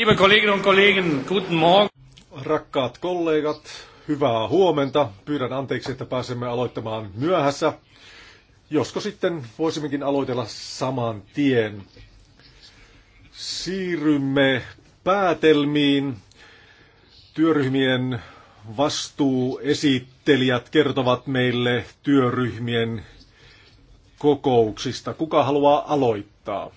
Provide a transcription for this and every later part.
Liebe Kolleginnen und Kollegen, guten Morgen. Rakkaat kollegat, hyvää huomenta. Pyydän anteeksi, että pääsemme aloittamaan myöhässä. Josko sitten voisimmekin aloitella saman tien. Siirrymme päätelmiin. Työryhmien vastuuesittelijät kertovat meille työryhmien kokouksista. Kuka haluaa aloittaa?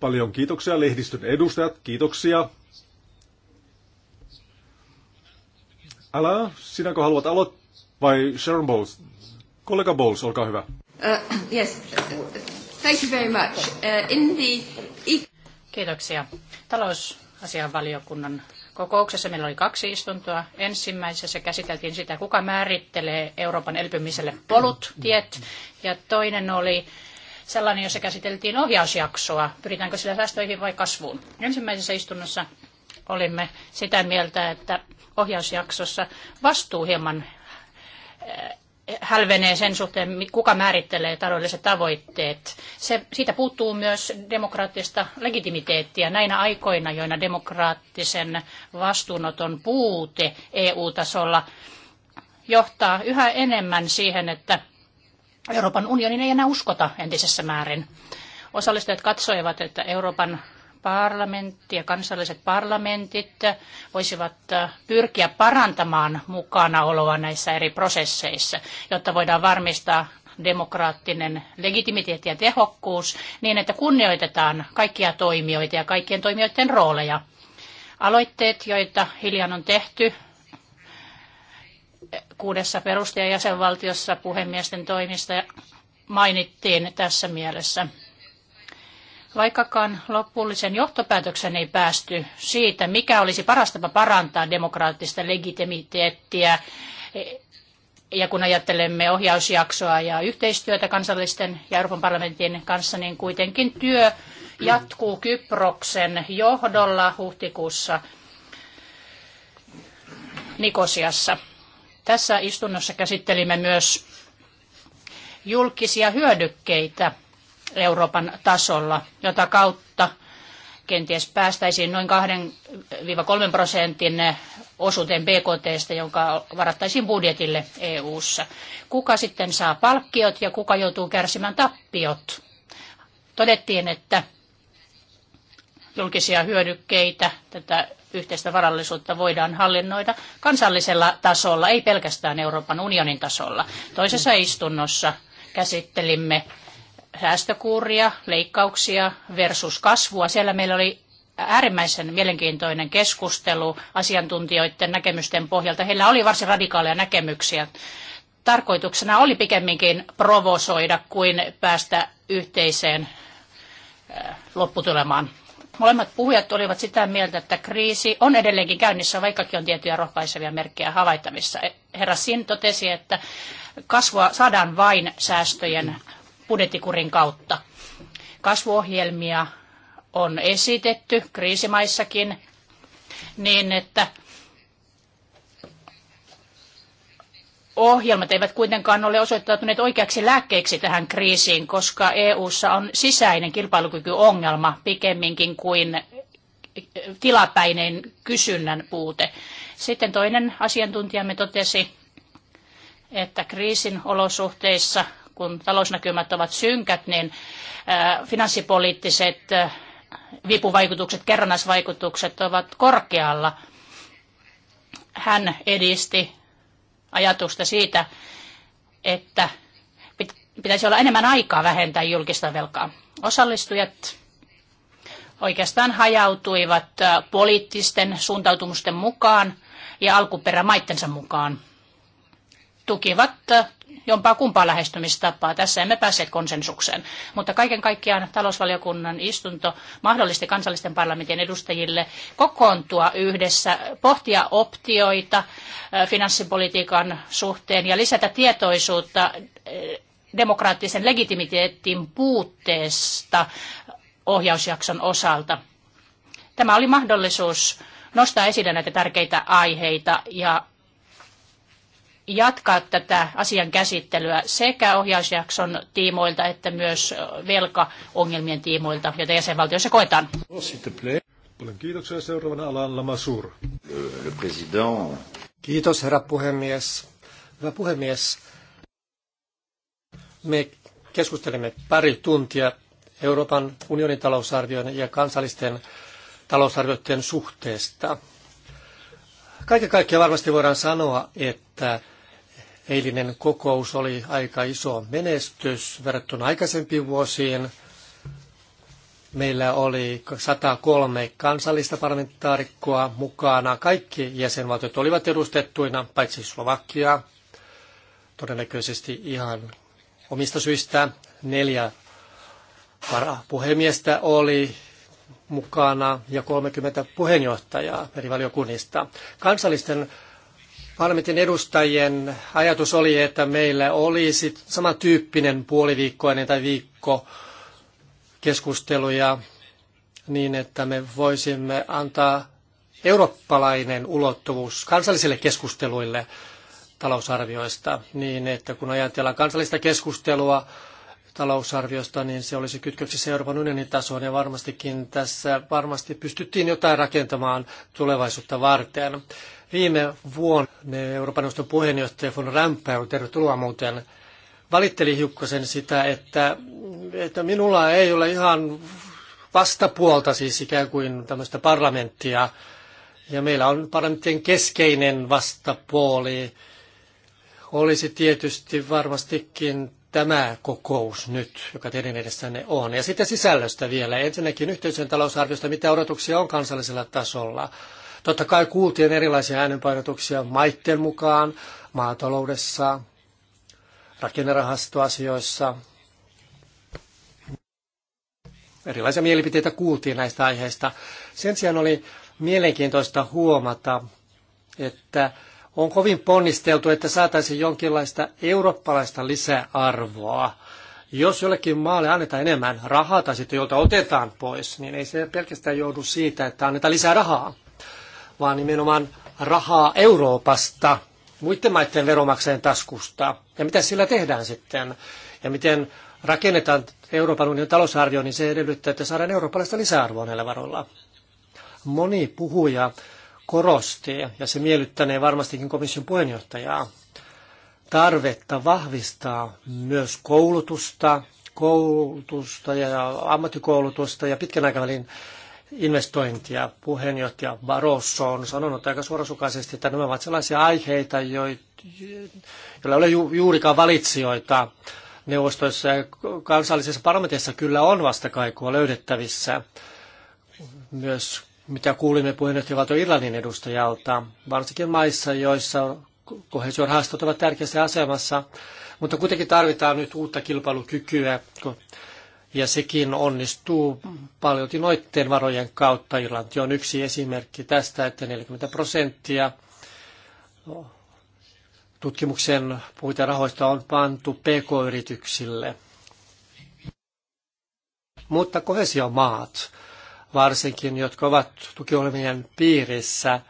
Paljon kiitoksia lehdistön edustajat, kiitoksia. Älä, sinäkö haluat aloittaa? Vai Sharon Bowles? Kollega Bowles, olkaa hyvä. Uh, yes, thank you very much. Uh, in the... E- kiitoksia. Talousasianvaliokunnan kokouksessa meillä oli kaksi istuntoa. Ensimmäisessä käsiteltiin sitä, kuka määrittelee Euroopan elpymiselle polut, tiet, ja toinen oli sellainen, jossa käsiteltiin ohjausjaksoa. Pyritäänkö sillä säästöihin vai kasvuun? Ensimmäisessä istunnossa olimme sitä mieltä, että ohjausjaksossa vastuu hieman eh, hälvenee sen suhteen, kuka määrittelee taloudelliset tavoitteet. Se, siitä puuttuu myös demokraattista legitimiteettiä näinä aikoina, joina demokraattisen vastuunoton puute EU-tasolla johtaa yhä enemmän siihen, että Euroopan unionin ei enää uskota entisessä määrin. Osallistujat katsoivat, että Euroopan parlamentti ja kansalliset parlamentit voisivat pyrkiä parantamaan mukanaoloa näissä eri prosesseissa, jotta voidaan varmistaa demokraattinen legitimiteetti ja tehokkuus niin, että kunnioitetaan kaikkia toimijoita ja kaikkien toimijoiden rooleja. Aloitteet, joita hiljan on tehty kuudessa perustajajäsenvaltiossa puhemiesten toimista mainittiin tässä mielessä. Vaikkakaan lopullisen johtopäätöksen ei päästy siitä, mikä olisi paras tapa parantaa demokraattista legitimiteettiä, ja kun ajattelemme ohjausjaksoa ja yhteistyötä kansallisten ja Euroopan parlamentin kanssa, niin kuitenkin työ jatkuu Kyproksen johdolla huhtikuussa Nikosiassa. Tässä istunnossa käsittelimme myös julkisia hyödykkeitä Euroopan tasolla, jota kautta kenties päästäisiin noin 2-3 prosentin osuuteen BKTstä, jonka varattaisiin budjetille EU:ssa. Kuka sitten saa palkkiot ja kuka joutuu kärsimään tappiot? Todettiin, että julkisia hyödykkeitä, tätä yhteistä varallisuutta voidaan hallinnoida kansallisella tasolla, ei pelkästään Euroopan unionin tasolla. Toisessa istunnossa käsittelimme säästökuuria, leikkauksia versus kasvua. Siellä meillä oli äärimmäisen mielenkiintoinen keskustelu asiantuntijoiden näkemysten pohjalta. Heillä oli varsin radikaaleja näkemyksiä. Tarkoituksena oli pikemminkin provosoida kuin päästä yhteiseen lopputulemaan. Molemmat puhujat olivat sitä mieltä, että kriisi on edelleenkin käynnissä, vaikkakin on tiettyjä rohkaisevia merkkejä havaittavissa. E, herra Sin totesi, että kasvua saadaan vain säästöjen budjettikurin kautta. Kasvuohjelmia on esitetty kriisimaissakin niin, että ohjelmat eivät kuitenkaan ole osoittautuneet oikeaksi lääkkeeksi tähän kriisiin, koska EU:ssa on sisäinen kilpailukykyongelma pikemminkin kuin tilapäinen kysynnän puute. Sitten toinen asiantuntijamme totesi, että kriisin olosuhteissa, kun talousnäkymät ovat synkät, niin finanssipoliittiset vipuvaikutukset, kerrannaisvaikutukset ovat korkealla. Hän edisti ajatusta siitä, että pitäisi olla enemmän aikaa vähentää julkista velkaa. Osallistujat oikeastaan hajautuivat äh, poliittisten suuntautumusten mukaan ja alkuperämaittensa mukaan. Tukivat äh, jompaa kumpaa lähestymistapaa. Tässä emme päässeet konsensukseen. Mutta kaiken kaikkiaan talousvaliokunnan istunto mahdollisti kansallisten parlamentin edustajille kokoontua yhdessä, pohtia optioita finanssipolitiikan suhteen ja lisätä tietoisuutta demokraattisen legitimiteettin puutteesta ohjausjakson osalta. Tämä oli mahdollisuus nostaa esille näitä tärkeitä aiheita ja jatkaa tätä asian käsittelyä sekä ohjausjakson tiimoilta että myös velkaongelmien tiimoilta, joita jäsenvaltioissa koetaan. Oh, Paljon kiitoksia. Seuraavana alan euh, Kiitos herra puhemies. Hyvä puhemies. Me keskustelimme pari tuntia Euroopan unionin talousarvion ja kansallisten talousarvioiden suhteesta. Kaiken kaikkiaan varmasti voidaan sanoa, että Eilinen kokous oli aika iso menestys verrattuna aikaisempiin vuosiin. Meillä oli 103 kansallista parlamentaarikkoa mukana. Kaikki jäsenvaltiot olivat edustettuina, paitsi Slovakia, todennäköisesti ihan omista syistä. Neljä puhemiestä oli mukana ja 30 puheenjohtajaa eri valiokunnista. Kansallisten parlamentin edustajien ajatus oli, että meillä olisi samantyyppinen puoliviikkoinen tai viikko keskusteluja niin, että me voisimme antaa eurooppalainen ulottuvuus kansallisille keskusteluille talousarvioista, niin että kun ajatellaan kansallista keskustelua, talousarviosta, niin se olisi kytköksissä Euroopan unionin tasoon ja varmastikin tässä varmasti pystyttiin jotain rakentamaan tulevaisuutta varten. Viime vuonna Euroopan neuvoston puheenjohtaja von Rampau, tervetuloa muuten, valitteli hiukkasen sitä, että, että minulla ei ole ihan vastapuolta siis ikään kuin tämmöistä parlamenttia. Ja meillä on parlamenttien keskeinen vastapuoli. Olisi tietysti varmastikin tämä kokous nyt, joka teidän edessänne on. Ja sitten sisällöstä vielä. Ensinnäkin yhteisön talousarviosta, mitä odotuksia on kansallisella tasolla. Totta kai kuultiin erilaisia äänenpainotuksia maitten mukaan, maataloudessa, rakennerahastoasioissa. Erilaisia mielipiteitä kuultiin näistä aiheista. Sen sijaan oli mielenkiintoista huomata, että on kovin ponnisteltu, että saataisiin jonkinlaista eurooppalaista lisäarvoa. Jos jollekin maalle annetaan enemmän rahaa tai sitten jolta otetaan pois, niin ei se pelkästään joudu siitä, että annetaan lisää rahaa, vaan nimenomaan rahaa Euroopasta, muiden maiden veromaksajien taskusta. Ja mitä sillä tehdään sitten? Ja miten rakennetaan Euroopan unionin talousarvio, niin se edellyttää, että saadaan eurooppalaista lisäarvoa näillä varoilla. Moni puhuja korosti, ja se miellyttänee varmastikin komission puheenjohtajaa, tarvetta vahvistaa myös koulutusta, koulutusta ja ammattikoulutusta ja pitkän aikavälin investointia. Puheenjohtaja Barroso on sanonut aika suorasukaisesti, että nämä ovat sellaisia aiheita, joilla ei ole juurikaan valitsijoita. Neuvostoissa ja kansallisessa parlamentissa kyllä on vastakaikua löydettävissä. Myös mitä kuulimme puheenjohtajavaltio Irlannin edustajalta, varsinkin maissa, joissa kohesiorahastot ovat tärkeässä asemassa, mutta kuitenkin tarvitaan nyt uutta kilpailukykyä, ja sekin onnistuu paljon noitten varojen kautta. Irlanti on yksi esimerkki tästä, että 40 prosenttia tutkimuksen rahoista on pantu pk-yrityksille. Mutta kohesiomaat maat varsinkin, jotka ovat tukiohjelmien piirissä.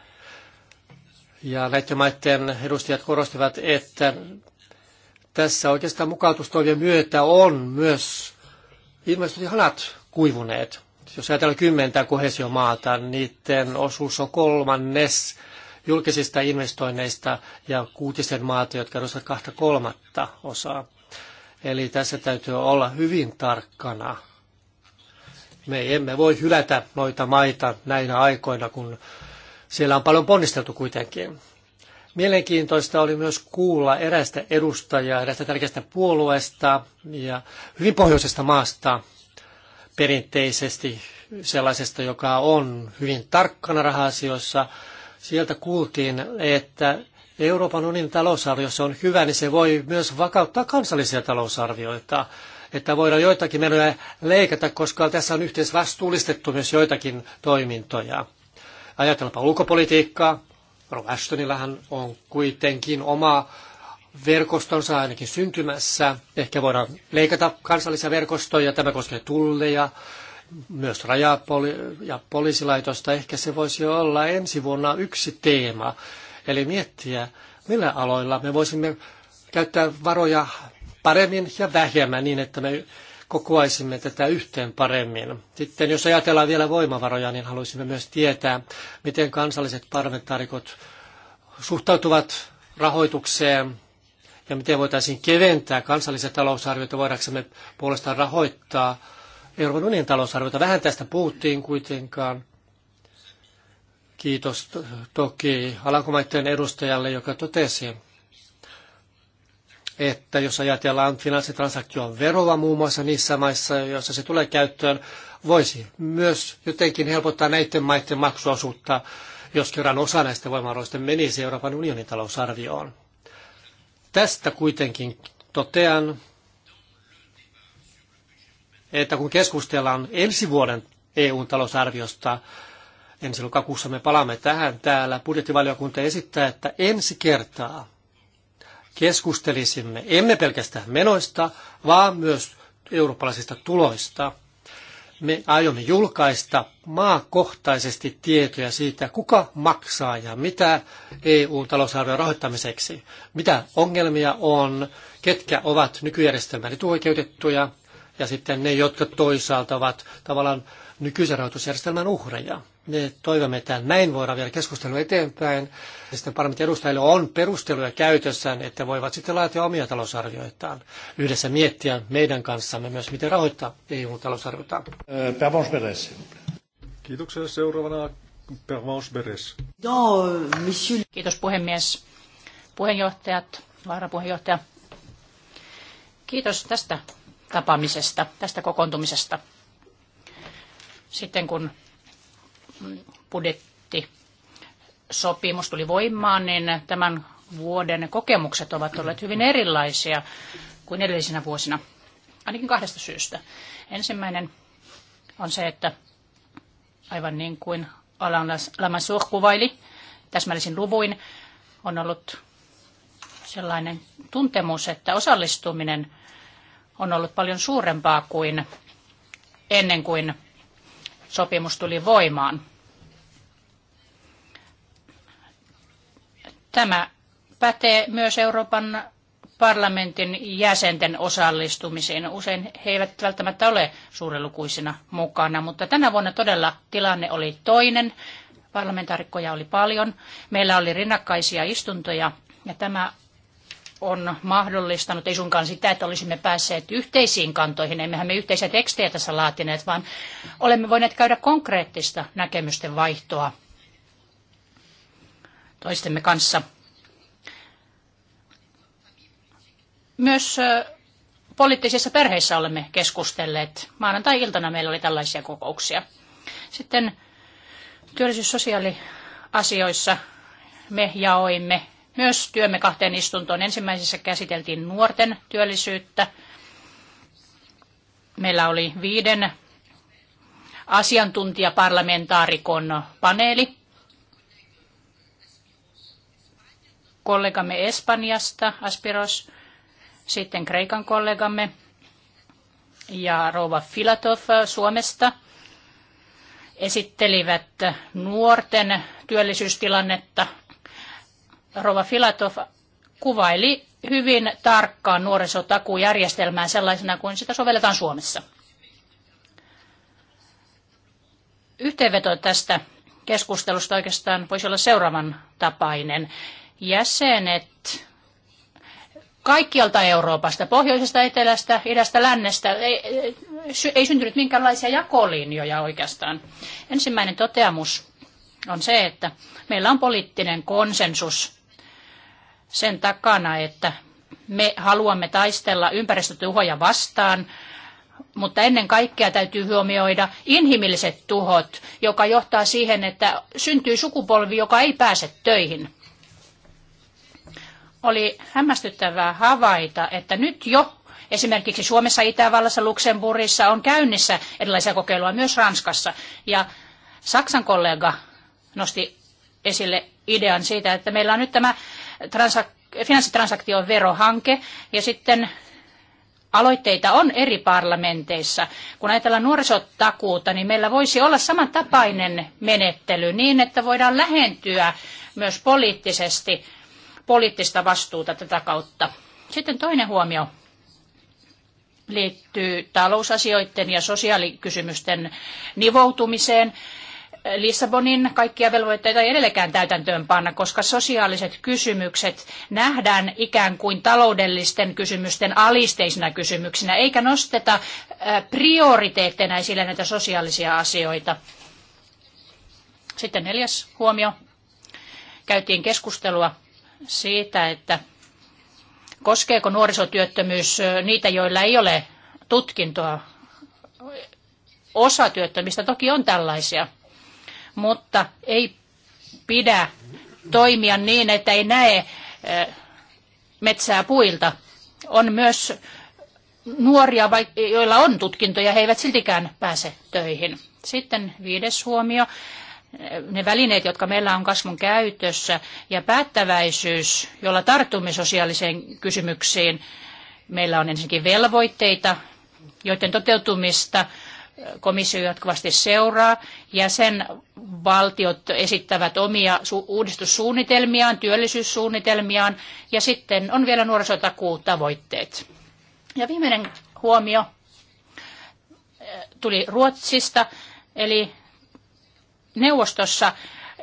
Ja näiden maiden edustajat korostivat, että tässä oikeastaan mukautustoimien myötä on myös investointihanat kuivuneet. Jos ajatellaan kymmentä kohesiomaata, niiden osuus on kolmannes julkisista investoinneista ja kuutisen maata, jotka edustavat kahta kolmatta osaa. Eli tässä täytyy olla hyvin tarkkana me emme voi hylätä noita maita näinä aikoina, kun siellä on paljon ponnisteltu kuitenkin. Mielenkiintoista oli myös kuulla erästä edustajaa, erästä tärkeästä puolueesta ja hyvin pohjoisesta maasta perinteisesti sellaisesta, joka on hyvin tarkkana raha-asioissa. Sieltä kuultiin, että Euroopan unionin talousarviossa on hyvä, niin se voi myös vakauttaa kansallisia talousarvioita että voidaan joitakin menoja leikata, koska tässä on yhteisvastuullistettu myös joitakin toimintoja. Ajatellaanpa ulkopolitiikkaa. Rovastonillahan on kuitenkin oma verkostonsa ainakin syntymässä. Ehkä voidaan leikata kansallisia verkostoja, tämä koskee tulleja, myös raja- ja poliisilaitosta. Ehkä se voisi olla ensi vuonna yksi teema. Eli miettiä, millä aloilla me voisimme käyttää varoja paremmin ja vähemmän niin, että me kokoaisimme tätä yhteen paremmin. Sitten jos ajatellaan vielä voimavaroja, niin haluaisimme myös tietää, miten kansalliset parlamentaarikot suhtautuvat rahoitukseen ja miten voitaisiin keventää kansallisia talousarvioita, voidaanko puolestaan rahoittaa Euroopan unionin talousarvioita. Vähän tästä puhuttiin kuitenkaan. Kiitos toki Alankomaiden edustajalle, joka totesi, että jos ajatellaan finanssitransaktion veroa muun muassa niissä maissa, joissa se tulee käyttöön, voisi myös jotenkin helpottaa näiden maiden maksuosuutta, jos kerran osa näistä voimavaroista menisi Euroopan unionin talousarvioon. Tästä kuitenkin totean, että kun keskustellaan ensi vuoden EUn talousarviosta, ensi lokakuussa me palaamme tähän täällä, budjettivaliokunta esittää, että ensi kertaa keskustelisimme emme pelkästään menoista, vaan myös eurooppalaisista tuloista. Me aiomme julkaista maakohtaisesti tietoja siitä, kuka maksaa ja mitä EU-talousarvion rahoittamiseksi, mitä ongelmia on, ketkä ovat nykyjärjestelmän etuoikeutettuja ja sitten ne, jotka toisaalta ovat tavallaan nykyisen rahoitusjärjestelmän uhreja. Me toivomme, että näin voidaan vielä keskustelua eteenpäin. Ja sitten parlamentin edustajille on perusteluja käytössään, että voivat sitten laatia omia talousarvioitaan. Yhdessä miettiä meidän kanssamme myös, miten rahoittaa EU-talousarviotaan. Äh, Kiitoksia. Seuraavana Pervance Beres. Kiitos puhemies. Puheenjohtajat, varapuheenjohtaja. Kiitos tästä tapaamisesta, tästä kokoontumisesta sitten kun budjetti sopimus tuli voimaan, niin tämän vuoden kokemukset ovat olleet hyvin erilaisia kuin edellisinä vuosina, ainakin kahdesta syystä. Ensimmäinen on se, että aivan niin kuin Alan Lamassur kuvaili täsmällisin luvuin, on ollut sellainen tuntemus, että osallistuminen on ollut paljon suurempaa kuin ennen kuin sopimus tuli voimaan. Tämä pätee myös Euroopan parlamentin jäsenten osallistumiseen. Usein he eivät välttämättä ole suurelukuisina mukana, mutta tänä vuonna todella tilanne oli toinen. Parlamentaarikkoja oli paljon. Meillä oli rinnakkaisia istuntoja ja tämä on mahdollistanut, ei suinkaan sitä, että olisimme päässeet yhteisiin kantoihin, emmehän me yhteisiä tekstejä tässä laatineet, vaan olemme voineet käydä konkreettista näkemysten vaihtoa toistemme kanssa. Myös poliittisissa perheissä olemme keskustelleet. Maanantai-iltana meillä oli tällaisia kokouksia. Sitten työllisyys- ja sosiaaliasioissa me jaoimme myös työmme kahteen istuntoon. Ensimmäisessä käsiteltiin nuorten työllisyyttä. Meillä oli viiden asiantuntijaparlamentaarikon paneeli. Kollegamme Espanjasta, Aspiros, sitten Kreikan kollegamme ja rova Filatov Suomesta esittelivät nuorten työllisyystilannetta Rova Filatov kuvaili hyvin tarkkaan nuorisotakujärjestelmää sellaisena kuin sitä sovelletaan Suomessa. Yhteenveto tästä keskustelusta oikeastaan voisi olla seuraavan tapainen. Jäsenet kaikkialta Euroopasta, pohjoisesta, etelästä, idästä, lännestä, ei, ei syntynyt minkäänlaisia jakolinjoja oikeastaan. Ensimmäinen toteamus on se, että meillä on poliittinen konsensus sen takana, että me haluamme taistella ympäristötuhoja vastaan, mutta ennen kaikkea täytyy huomioida inhimilliset tuhot, joka johtaa siihen, että syntyy sukupolvi, joka ei pääse töihin. Oli hämmästyttävää havaita, että nyt jo esimerkiksi Suomessa, Itävallassa, Luxemburgissa on käynnissä erilaisia kokeiluja myös Ranskassa. Ja Saksan kollega nosti esille idean siitä, että meillä on nyt tämä transak- finanssitransaktioverohanke ja sitten aloitteita on eri parlamenteissa. Kun ajatellaan nuorisotakuuta, niin meillä voisi olla samantapainen menettely niin, että voidaan lähentyä myös poliittisesti poliittista vastuuta tätä kautta. Sitten toinen huomio liittyy talousasioiden ja sosiaalikysymysten nivoutumiseen. Lissabonin kaikkia velvoitteita ei edelleenkään täytäntöönpanna, koska sosiaaliset kysymykset nähdään ikään kuin taloudellisten kysymysten alisteisina kysymyksinä, eikä nosteta äh, prioriteetteina esille näitä sosiaalisia asioita. Sitten neljäs huomio. Käytiin keskustelua siitä, että koskeeko nuorisotyöttömyys äh, niitä, joilla ei ole tutkintoa. Osa työttömistä toki on tällaisia – mutta ei pidä toimia niin, että ei näe eh, metsää puilta. On myös nuoria, joilla on tutkintoja, he eivät siltikään pääse töihin. Sitten viides huomio, eh, ne välineet, jotka meillä on kasvun käytössä ja päättäväisyys, jolla tartumme sosiaaliseen kysymyksiin. Meillä on ensinnäkin velvoitteita, joiden toteutumista komissio jatkuvasti seuraa. Jäsenvaltiot esittävät omia uudistussuunnitelmiaan, työllisyyssuunnitelmiaan ja sitten on vielä nuorisotakuutavoitteet. Ja viimeinen huomio eh, tuli Ruotsista, eli neuvostossa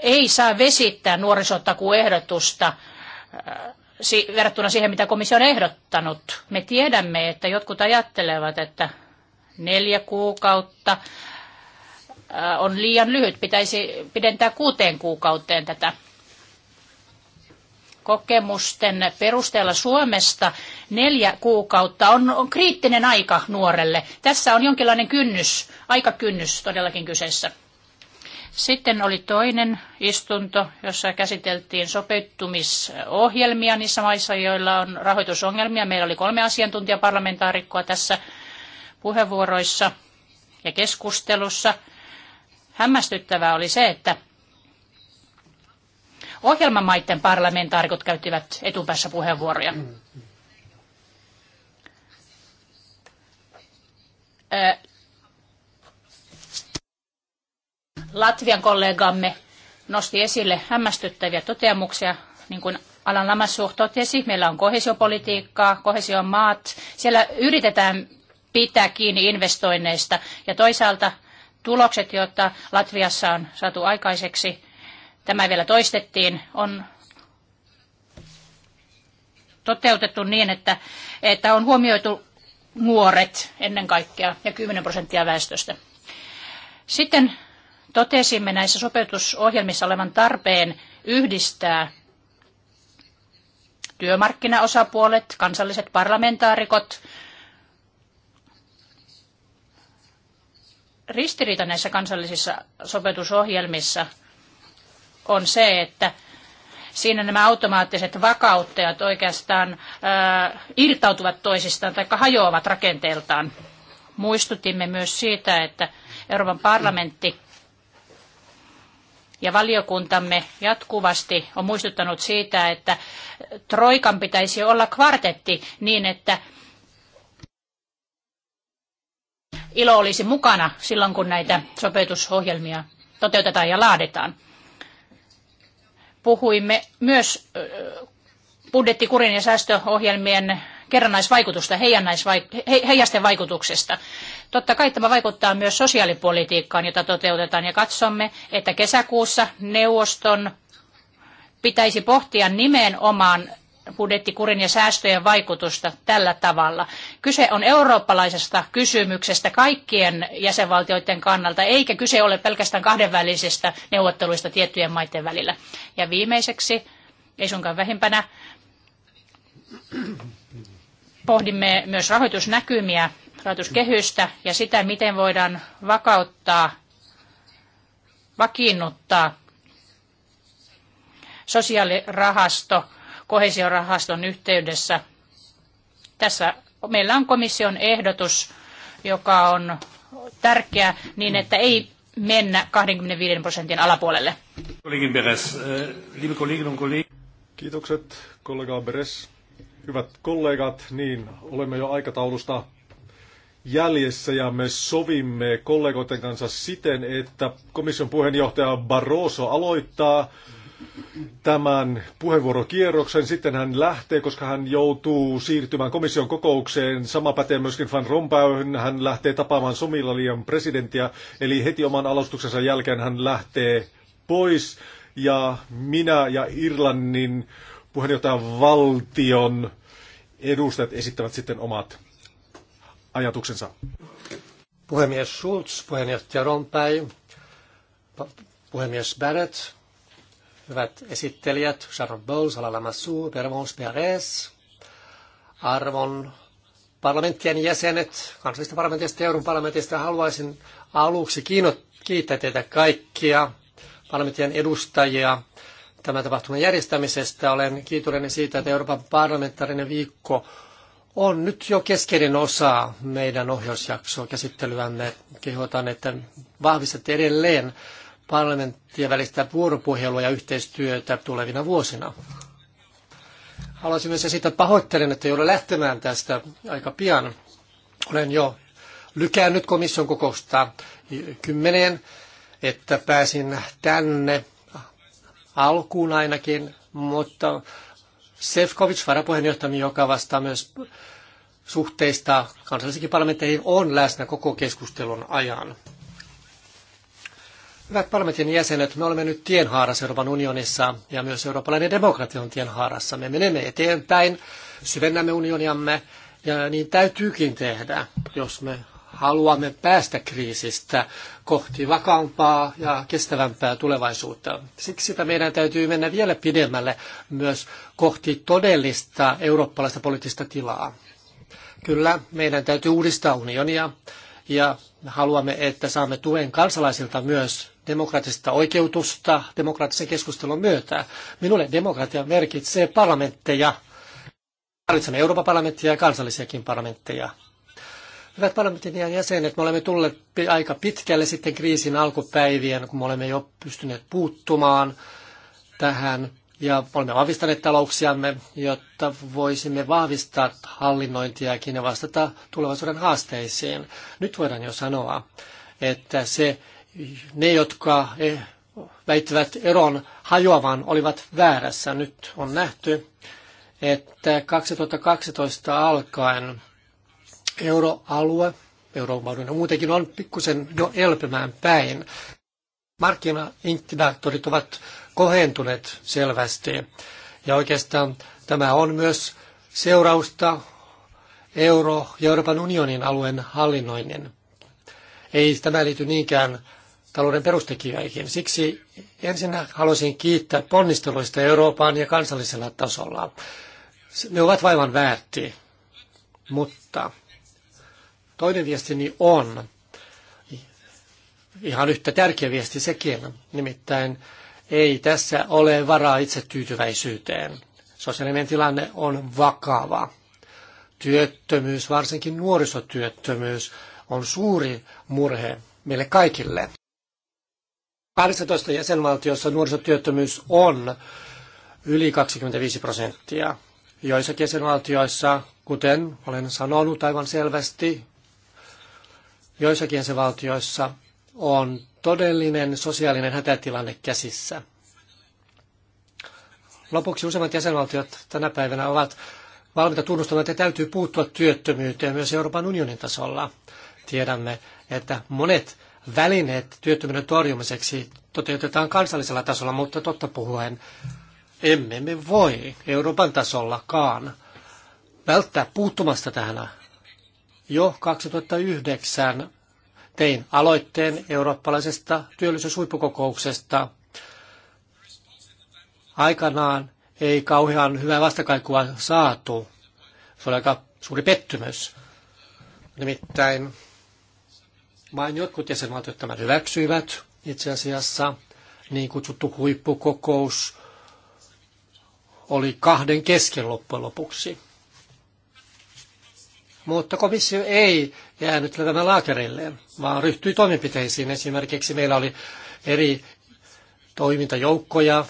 ei saa vesittää nuorisotakuehdotusta eh, verrattuna siihen, mitä komissio on ehdottanut. Me tiedämme, että jotkut ajattelevat, että Neljä kuukautta äh, on liian lyhyt. Pitäisi pidentää kuuteen kuukauteen tätä kokemusten perusteella Suomesta neljä kuukautta on, on kriittinen aika nuorelle. Tässä on jonkinlainen kynnys, aikakynnys todellakin kyseessä. Sitten oli toinen istunto, jossa käsiteltiin sopeuttumisohjelmia niissä maissa, joilla on rahoitusongelmia. Meillä oli kolme asiantuntijaparlamentaarikkoa tässä puheenvuoroissa ja keskustelussa. Hämmästyttävää oli se, että ohjelmamaiden parlamentaarikot käyttivät etupäässä puheenvuoroja. Latvian kollegamme nosti esille hämmästyttäviä toteamuksia, niin kuin Alan Lamassuh totesi, meillä on kohesiopolitiikkaa, kohesion maat. Siellä yritetään pitää kiinni investoinneista. Ja toisaalta tulokset, joita Latviassa on saatu aikaiseksi, tämä vielä toistettiin, on toteutettu niin, että, että on huomioitu nuoret ennen kaikkea ja 10 prosenttia väestöstä. Sitten totesimme näissä sopeutusohjelmissa olevan tarpeen yhdistää työmarkkinaosapuolet, kansalliset parlamentaarikot, ristiriita näissä kansallisissa sopetusohjelmissa on se, että siinä nämä automaattiset vakauttajat oikeastaan äh, irtautuvat toisistaan tai hajoavat rakenteeltaan. Muistutimme myös siitä, että Euroopan parlamentti ja valiokuntamme jatkuvasti on muistuttanut siitä, että Troikan pitäisi olla kvartetti niin, että ilo olisi mukana silloin, kun näitä sopeutusohjelmia toteutetaan ja laaditaan. Puhuimme myös budjettikurin ja säästöohjelmien kerrannaisvaikutusta, heijasten vaikutuksesta. Totta kai tämä vaikuttaa myös sosiaalipolitiikkaan, jota toteutetaan, ja katsomme, että kesäkuussa neuvoston pitäisi pohtia nimenomaan budjettikurin ja säästöjen vaikutusta tällä tavalla. Kyse on eurooppalaisesta kysymyksestä kaikkien jäsenvaltioiden kannalta, eikä kyse ole pelkästään kahdenvälisistä neuvotteluista tiettyjen maiden välillä. Ja viimeiseksi, ei suinkaan vähimpänä, pohdimme myös rahoitusnäkymiä, rahoituskehystä ja sitä, miten voidaan vakauttaa, vakiinnuttaa sosiaalirahasto – kohesiorahaston yhteydessä. Tässä meillä on komission ehdotus, joka on tärkeä niin, mm. että ei mennä 25 prosentin alapuolelle. Eh, Kiitokset kollega Beres. Hyvät kollegat, niin olemme jo aikataulusta jäljessä ja me sovimme kollegoiden kanssa siten, että komission puheenjohtaja Barroso aloittaa tämän puheenvuorokierroksen. Sitten hän lähtee, koska hän joutuu siirtymään komission kokoukseen. Sama pätee myöskin Van Rompuyhin. Hän lähtee tapaamaan Somilalian presidenttiä. Eli heti oman alustuksensa jälkeen hän lähtee pois. Ja minä ja Irlannin puheenjohtajan valtion edustajat esittävät sitten omat ajatuksensa. Puhemies Schulz, puheenjohtaja Rompäi, puhemies Barrett, Hyvät esittelijät, Sharon Bowles, Alala Massu, Pervons Perez, arvon parlamenttien jäsenet, kansallisesta parlamentista ja Euroopan parlamentista, haluaisin aluksi kiittää teitä kaikkia parlamenttien edustajia tämän tapahtuman järjestämisestä. Olen kiitollinen siitä, että Euroopan parlamentaarinen viikko on nyt jo keskeinen osa meidän ohjausjaksoa käsittelyämme. Kehotan, että vahvistatte edelleen parlamenttien välistä vuoropuhelua ja yhteistyötä tulevina vuosina. Haluaisin myös esittää pahoittelen, että joudun lähtemään tästä aika pian. Olen jo lykännyt komission kokousta kymmeneen, että pääsin tänne alkuun ainakin, mutta Sefcovic, varapuheenjohtaja, joka vastaa myös suhteista kansallisikin parlamentteihin, on läsnä koko keskustelun ajan. Hyvät parlamentin jäsenet, me olemme nyt tienhaarassa Euroopan unionissa ja myös eurooppalainen demokratia on tienhaarassa. Me menemme eteenpäin, syvennämme unioniamme ja niin täytyykin tehdä, jos me haluamme päästä kriisistä kohti vakaampaa ja kestävämpää tulevaisuutta. Siksi sitä meidän täytyy mennä vielä pidemmälle myös kohti todellista eurooppalaista poliittista tilaa. Kyllä, meidän täytyy uudistaa unionia ja haluamme, että saamme tuen kansalaisilta myös demokraattista oikeutusta demokraattisen keskustelun myötä. Minulle demokratia merkitsee parlamentteja. Tarvitsemme Euroopan parlamenttia ja kansallisiakin parlamentteja. Hyvät parlamentin jäsenet, me olemme tulleet aika pitkälle sitten kriisin alkupäivien, kun me olemme jo pystyneet puuttumaan tähän ja olemme vahvistaneet talouksiamme, jotta voisimme vahvistaa hallinnointiakin ja vastata tulevaisuuden haasteisiin. Nyt voidaan jo sanoa, että se ne, jotka eh, väittävät eron hajoavan, olivat väärässä. Nyt on nähty, että 2012 alkaen euroalue, euroalue, muutenkin on pikkusen jo elpymään päin. Markkinaindikaattorit ovat kohentuneet selvästi. Ja oikeastaan tämä on myös seurausta euro- ja Euroopan unionin alueen hallinnoinnin. Ei tämä liity niinkään talouden perustekijöihin. Siksi ensinnä haluaisin kiittää ponnisteluista Euroopan ja kansallisella tasolla. Ne ovat vaivan väärti, mutta toinen viestini on ihan yhtä tärkeä viesti sekin, nimittäin ei tässä ole varaa itse tyytyväisyyteen. Sosiaalinen tilanne on vakava. Työttömyys, varsinkin nuorisotyöttömyys, on suuri murhe meille kaikille. 18 jäsenvaltiossa nuorisotyöttömyys on yli 25 prosenttia. joissa jäsenvaltioissa, kuten olen sanonut aivan selvästi, joissakin jäsenvaltioissa on todellinen sosiaalinen hätätilanne käsissä. Lopuksi useimmat jäsenvaltiot tänä päivänä ovat valmiita tunnustamaan, että täytyy puuttua työttömyyteen myös Euroopan unionin tasolla. Tiedämme, että monet välineet työttömyyden torjumiseksi toteutetaan kansallisella tasolla, mutta totta puhuen emme me voi Euroopan tasollakaan välttää puuttumasta tähän. Jo 2009 tein aloitteen eurooppalaisesta työllisyyshuippukokouksesta. Aikanaan ei kauhean hyvää vastakaikua saatu. Se oli aika suuri pettymys. Nimittäin vain jotkut jäsenvaltiot tämän hyväksyivät. Itse asiassa niin kutsuttu huippukokous oli kahden kesken loppujen lopuksi. Mutta komissio ei jäänyt levämään laakerilleen, vaan ryhtyi toimenpiteisiin. Esimerkiksi meillä oli eri toimintajoukkoja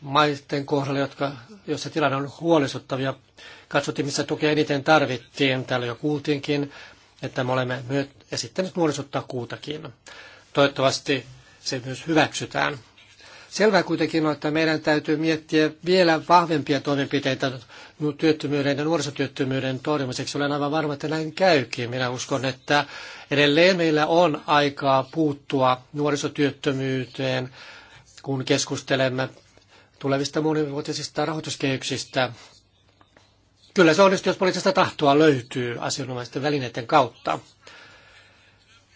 maiden kohdalla, jotka, joissa tilanne on huolestuttavia. Katsottiin, missä tukea eniten tarvittiin. Täällä jo kuultiinkin, että me olemme ja sitten nyt nuorisotakuutakin. Toivottavasti se myös hyväksytään. Selvää kuitenkin on, että meidän täytyy miettiä vielä vahvempia toimenpiteitä työttömyyden ja nuorisotyöttömyyden torjumiseksi. Olen aivan varma, että näin käykin. Minä uskon, että edelleen meillä on aikaa puuttua nuorisotyöttömyyteen, kun keskustelemme tulevista monivuotisista rahoituskehyksistä. Kyllä se onnistuu, jos poliittista tahtoa löytyy asianomaisten välineiden kautta.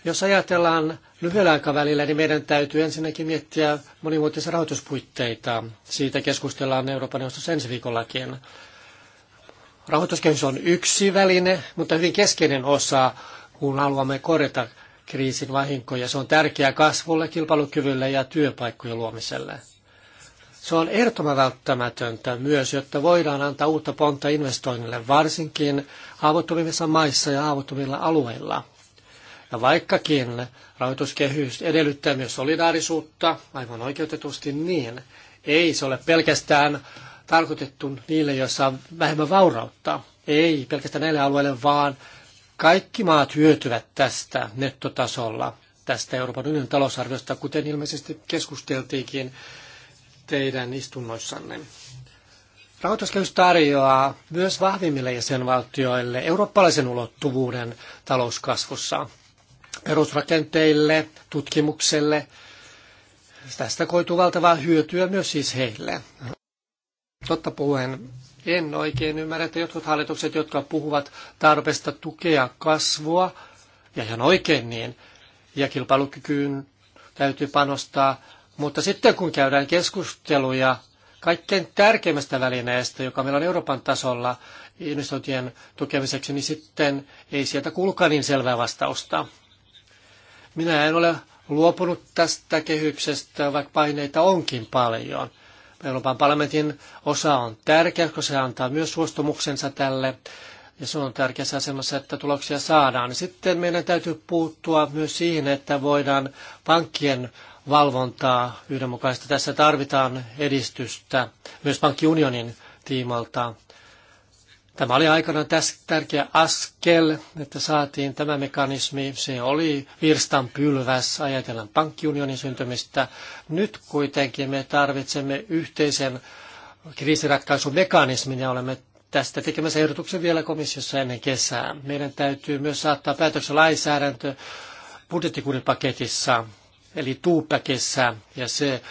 Jos ajatellaan lyhyellä aikavälillä, niin meidän täytyy ensinnäkin miettiä monivuotisia rahoituspuitteita. Siitä keskustellaan Euroopan neuvostossa ensi viikollakin. Rahoituskehys on yksi väline, mutta hyvin keskeinen osa, kun haluamme korjata kriisin vahinkoja. Se on tärkeää kasvulle, kilpailukyvylle ja työpaikkojen luomiselle. Se on ehdottoman välttämätöntä myös, jotta voidaan antaa uutta pontta investoinnille, varsinkin haavoittuvimmissa maissa ja haavoittuvilla alueilla. Ja vaikkakin rahoituskehys edellyttää myös solidaarisuutta, aivan oikeutetusti niin, ei se ole pelkästään tarkoitettu niille, joissa on vähemmän vaurautta. Ei pelkästään näille alueille, vaan kaikki maat hyötyvät tästä nettotasolla, tästä Euroopan unionin talousarviosta, kuten ilmeisesti keskusteltiinkin teidän istunnoissanne. Rahoituskehys tarjoaa myös vahvimmille jäsenvaltioille eurooppalaisen ulottuvuuden talouskasvussa perusrakenteille, tutkimukselle. Tästä koituu valtavaa hyötyä myös siis heille. Totta puhuen, en oikein ymmärrä, että jotkut hallitukset, jotka puhuvat tarpeesta tukea kasvua, ja ihan oikein niin, ja kilpailukykyyn täytyy panostaa, mutta sitten kun käydään keskusteluja kaikkein tärkeimmästä välineestä, joka meillä on Euroopan tasolla investointien tukemiseksi, niin sitten ei sieltä kuulukaan niin selvää vastausta. Minä en ole luopunut tästä kehyksestä, vaikka paineita onkin paljon. Euroopan parlamentin osa on tärkeä, koska se antaa myös suostumuksensa tälle, ja se on tärkeässä asemassa, että tuloksia saadaan. Sitten meidän täytyy puuttua myös siihen, että voidaan pankkien valvontaa yhdenmukaista. Tässä tarvitaan edistystä myös pankkiunionin tiimalta. Tämä oli aikanaan tärkeä askel, että saatiin tämä mekanismi. Se oli virstan pylväs, ajatellaan pankkiunionin syntymistä. Nyt kuitenkin me tarvitsemme yhteisen kriisiratkaisumekanismin ja olemme tästä tekemässä ehdotuksen vielä komissiossa ennen kesää. Meidän täytyy myös saattaa päätöksen lainsäädäntö budjettikuripaketissa, eli tuupäkissä, ja se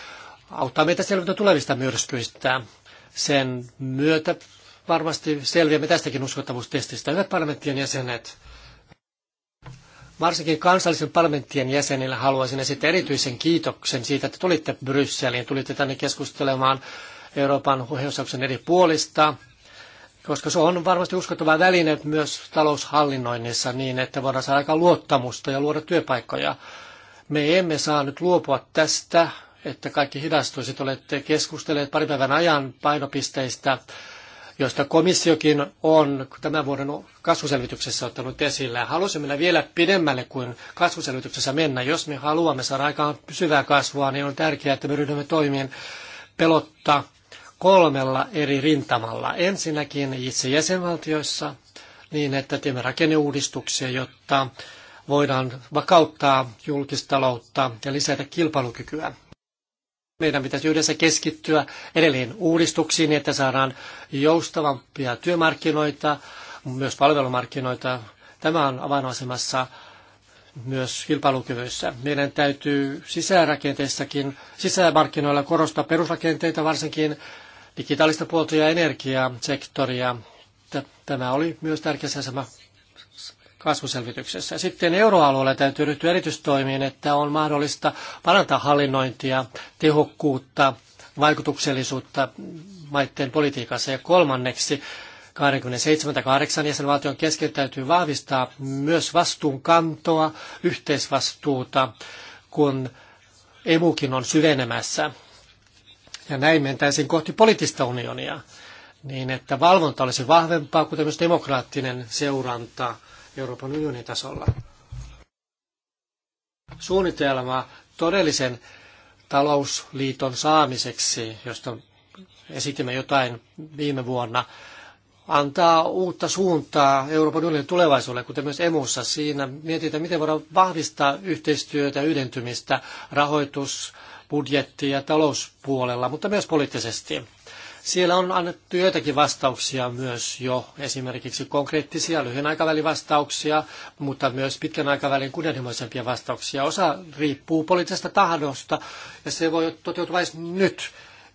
auttaa meitä selvitä tulevista myrskyistä. Sen myötä varmasti selviämme tästäkin uskottavuustestistä. Hyvät parlamenttien jäsenet, varsinkin kansallisen parlamenttien jäsenille haluaisin esittää erityisen kiitoksen siitä, että tulitte Brysseliin, tulitte tänne keskustelemaan Euroopan ohjausjakson eri puolista, koska se on varmasti uskottava väline myös taloushallinnoinnissa niin, että voidaan saada aika luottamusta ja luoda työpaikkoja. Me emme saa nyt luopua tästä, että kaikki hidastuisit. Olette keskustelleet pari päivän ajan painopisteistä josta komissiokin on tämän vuoden kasvuselvityksessä ottanut esille. Haluaisimme mennä vielä pidemmälle kuin kasvuselvityksessä mennä. Jos me haluamme saada aikaan pysyvää kasvua, niin on tärkeää, että me ryhdymme toimien pelotta kolmella eri rintamalla. Ensinnäkin itse jäsenvaltioissa niin, että teemme rakenneuudistuksia, jotta voidaan vakauttaa julkistaloutta ja lisätä kilpailukykyä. Meidän pitäisi yhdessä keskittyä edelleen uudistuksiin, niin että saadaan joustavampia työmarkkinoita, myös palvelumarkkinoita. Tämä on avainasemassa myös kilpailukyvyssä. Meidän täytyy sisärakenteissakin, sisämarkkinoilla korostaa perusrakenteita, varsinkin digitaalista puolta ja energiasektoria. Tämä oli myös tärkeässä asema kasvuselvityksessä. Sitten euroalueella täytyy ryhtyä erityistoimiin, että on mahdollista parantaa hallinnointia, tehokkuutta, vaikutuksellisuutta maiden politiikassa. Ja kolmanneksi 27-8 jäsenvaltion kesken täytyy vahvistaa myös vastuunkantoa, yhteisvastuuta, kun emukin on syvenemässä. Ja näin mentäisiin kohti poliittista unionia, niin että valvonta olisi vahvempaa, kuten myös demokraattinen seuranta Euroopan unionin tasolla. Suunnitelma todellisen talousliiton saamiseksi, josta esitimme jotain viime vuonna, antaa uutta suuntaa Euroopan unionin tulevaisuudelle, kuten myös emussa. Siinä mietitään, miten voidaan vahvistaa yhteistyötä, yhdentymistä, rahoitus, budjetti- ja talouspuolella, mutta myös poliittisesti. Siellä on annettu joitakin vastauksia myös jo, esimerkiksi konkreettisia lyhyen aikavälin vastauksia, mutta myös pitkän aikavälin kunnianhimoisempia vastauksia. Osa riippuu poliittisesta tahdosta ja se voi toteutua vain nyt.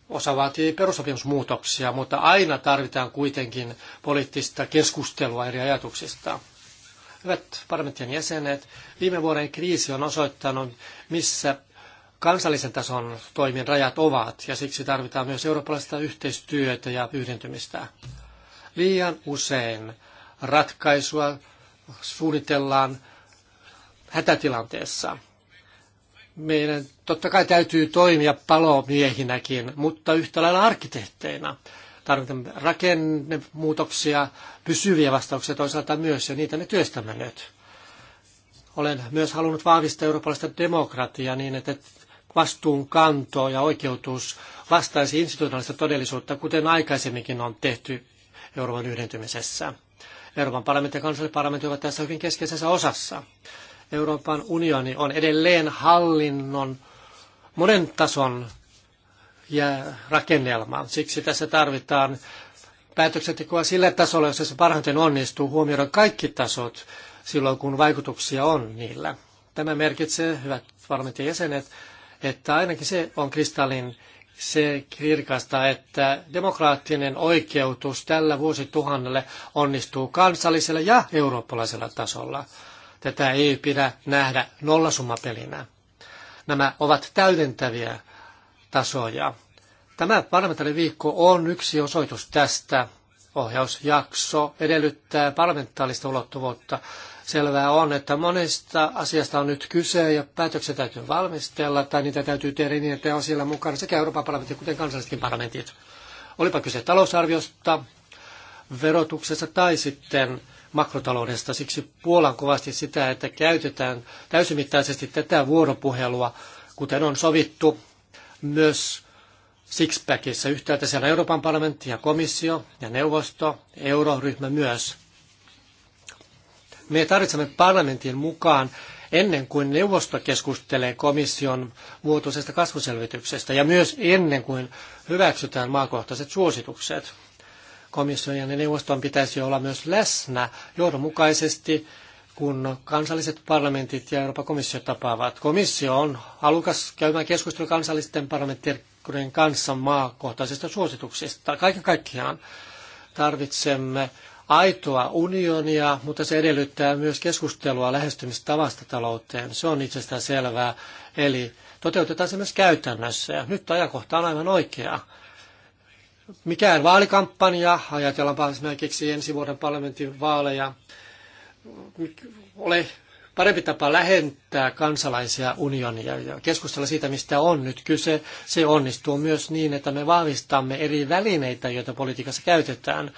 Osa vaatii perusopimusmuutoksia, mutta aina tarvitaan kuitenkin poliittista keskustelua eri ajatuksista. Hyvät parlamentin jäsenet, viime vuoden kriisi on osoittanut, missä kansallisen tason toimien rajat ovat, ja siksi tarvitaan myös eurooppalaista yhteistyötä ja yhdentymistä. Liian usein ratkaisua suunnitellaan hätätilanteessa. Meidän totta kai täytyy toimia palomiehinäkin, mutta yhtä lailla arkkitehteina. Tarvitaan rakennemuutoksia, pysyviä vastauksia toisaalta myös, ja niitä me työstämme nyt. Olen myös halunnut vahvistaa eurooppalaista demokratiaa niin, että vastuunkanto ja oikeutus vastaisi institutionaalista todellisuutta, kuten aikaisemminkin on tehty Euroopan yhdentymisessä. Euroopan parlamentti ja kansalliset parlamentit ovat tässä hyvin keskeisessä osassa. Euroopan unioni on edelleen hallinnon monen tason ja rakennelma. Siksi tässä tarvitaan päätöksentekoa sillä tasolla, jossa se parhaiten onnistuu, huomioida kaikki tasot silloin, kun vaikutuksia on niillä. Tämä merkitsee, hyvät parlamentin jäsenet, että ainakin se on kristallin se kirkasta, että demokraattinen oikeutus tällä vuosituhannelle onnistuu kansallisella ja eurooppalaisella tasolla. Tätä ei pidä nähdä nollasummapelinä. Nämä ovat täydentäviä tasoja. Tämä parlamentaarinen viikko on yksi osoitus tästä. Ohjausjakso edellyttää parlamentaarista ulottuvuutta selvää on, että monesta asiasta on nyt kyse ja päätöksiä täytyy valmistella tai niitä täytyy tehdä niin, että on siellä mukana sekä Euroopan parlamentti kuten kansallisetkin parlamentit. Olipa kyse talousarviosta, verotuksesta tai sitten makrotaloudesta. Siksi puolan kovasti sitä, että käytetään täysimittaisesti tätä vuoropuhelua, kuten on sovittu myös Sixpackissa. Yhtäältä siellä Euroopan parlamentti ja komissio ja neuvosto, euroryhmä myös – me tarvitsemme parlamentin mukaan ennen kuin neuvosto keskustelee komission vuotuisesta kasvuselvityksestä ja myös ennen kuin hyväksytään maakohtaiset suositukset. Komission ja neuvoston pitäisi olla myös läsnä johdonmukaisesti, kun kansalliset parlamentit ja Euroopan komissio tapaavat. Komissio on halukas käymään keskustelua kansallisten parlamenttien kanssa maakohtaisista suosituksista. Kaiken kaikkiaan tarvitsemme aitoa unionia, mutta se edellyttää myös keskustelua lähestymistavasta talouteen. Se on itsestään selvää. Eli toteutetaan se myös käytännössä. Ja nyt ajankohta on aivan oikea. Mikään vaalikampanja, ajatellaanpa esimerkiksi ensi vuoden parlamentin vaaleja, ole parempi tapa lähentää kansalaisia unionia ja keskustella siitä, mistä on nyt kyse. Se onnistuu myös niin, että me vahvistamme eri välineitä, joita politiikassa käytetään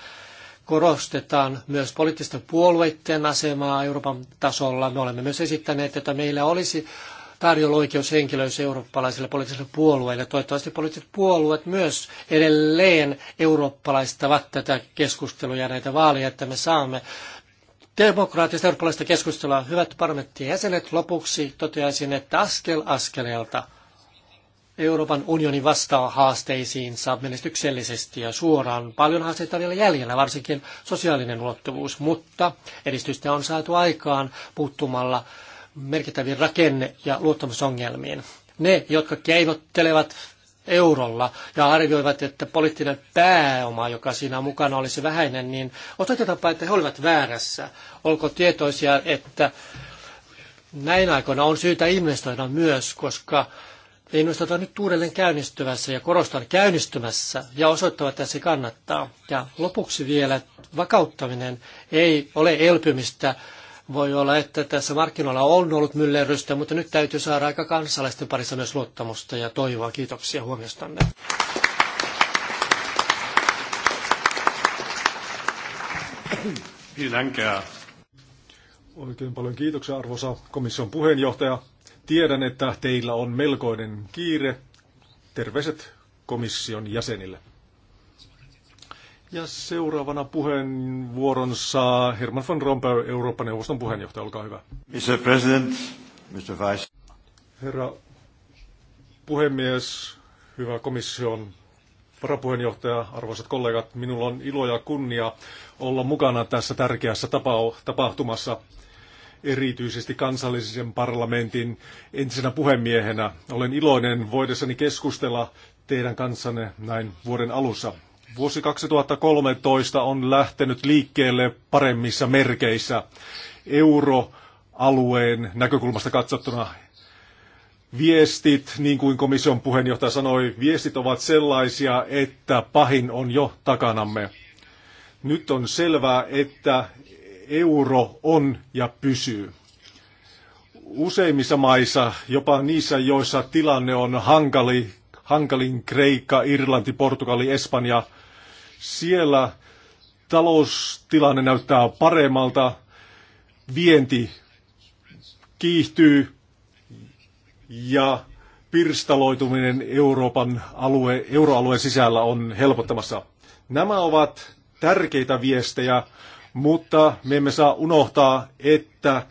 korostetaan myös poliittisten puolueiden asemaa Euroopan tasolla. Me olemme myös esittäneet, että meillä olisi tarjolla oikeus henkilöys eurooppalaisille poliittisille puolueille. Toivottavasti poliittiset puolueet myös edelleen eurooppalaistavat tätä keskustelua ja näitä vaaleja, että me saamme demokraattista eurooppalaista keskustelua. Hyvät parlamenttien jäsenet, lopuksi toteaisin, että askel askeleelta – Euroopan unioni vastaa haasteisiinsa menestyksellisesti ja suoraan. Paljon haasteita on vielä jäljellä, varsinkin sosiaalinen ulottuvuus, mutta edistystä on saatu aikaan puuttumalla merkittäviin rakenne- ja luottamusongelmiin. Ne, jotka keinottelevat eurolla ja arvioivat, että poliittinen pääoma, joka siinä mukana olisi vähäinen, niin osoitetaanpa, että he olivat väärässä. Olko tietoisia, että näin aikoina on syytä investoida myös, koska Investoinnit ovat nyt uudelleen käynnistyvässä ja korostan käynnistymässä ja osoittavat, että se kannattaa. Ja lopuksi vielä vakauttaminen ei ole elpymistä. Voi olla, että tässä markkinoilla on ollut myllerrystä, mutta nyt täytyy saada aika kansalaisten parissa myös luottamusta ja toivoa. Kiitoksia huomiostanne. Oikein paljon kiitoksia arvoisa komission puheenjohtaja. Tiedän, että teillä on melkoinen kiire. Terveiset komission jäsenille. Ja seuraavana puheenvuoron saa Herman van Rompuy, Eurooppa-neuvoston puheenjohtaja. Olkaa hyvä. Mr. President, Mr. Vice. Herra puhemies, hyvä komission varapuheenjohtaja, arvoisat kollegat, minulla on ilo ja kunnia olla mukana tässä tärkeässä tapahtumassa erityisesti kansallisen parlamentin entisenä puhemiehenä. Olen iloinen voidessani keskustella teidän kanssanne näin vuoden alussa. Vuosi 2013 on lähtenyt liikkeelle paremmissa merkeissä. Euroalueen näkökulmasta katsottuna viestit, niin kuin komission puheenjohtaja sanoi, viestit ovat sellaisia, että pahin on jo takanamme. Nyt on selvää, että euro on ja pysyy. Useimmissa maissa, jopa niissä, joissa tilanne on hankali, hankalin Kreikka, Irlanti, Portugali, Espanja, siellä taloustilanne näyttää paremmalta, vienti kiihtyy ja pirstaloituminen Euroopan alue, euroalueen sisällä on helpottamassa. Nämä ovat tärkeitä viestejä, mutta me emme saa unohtaa, että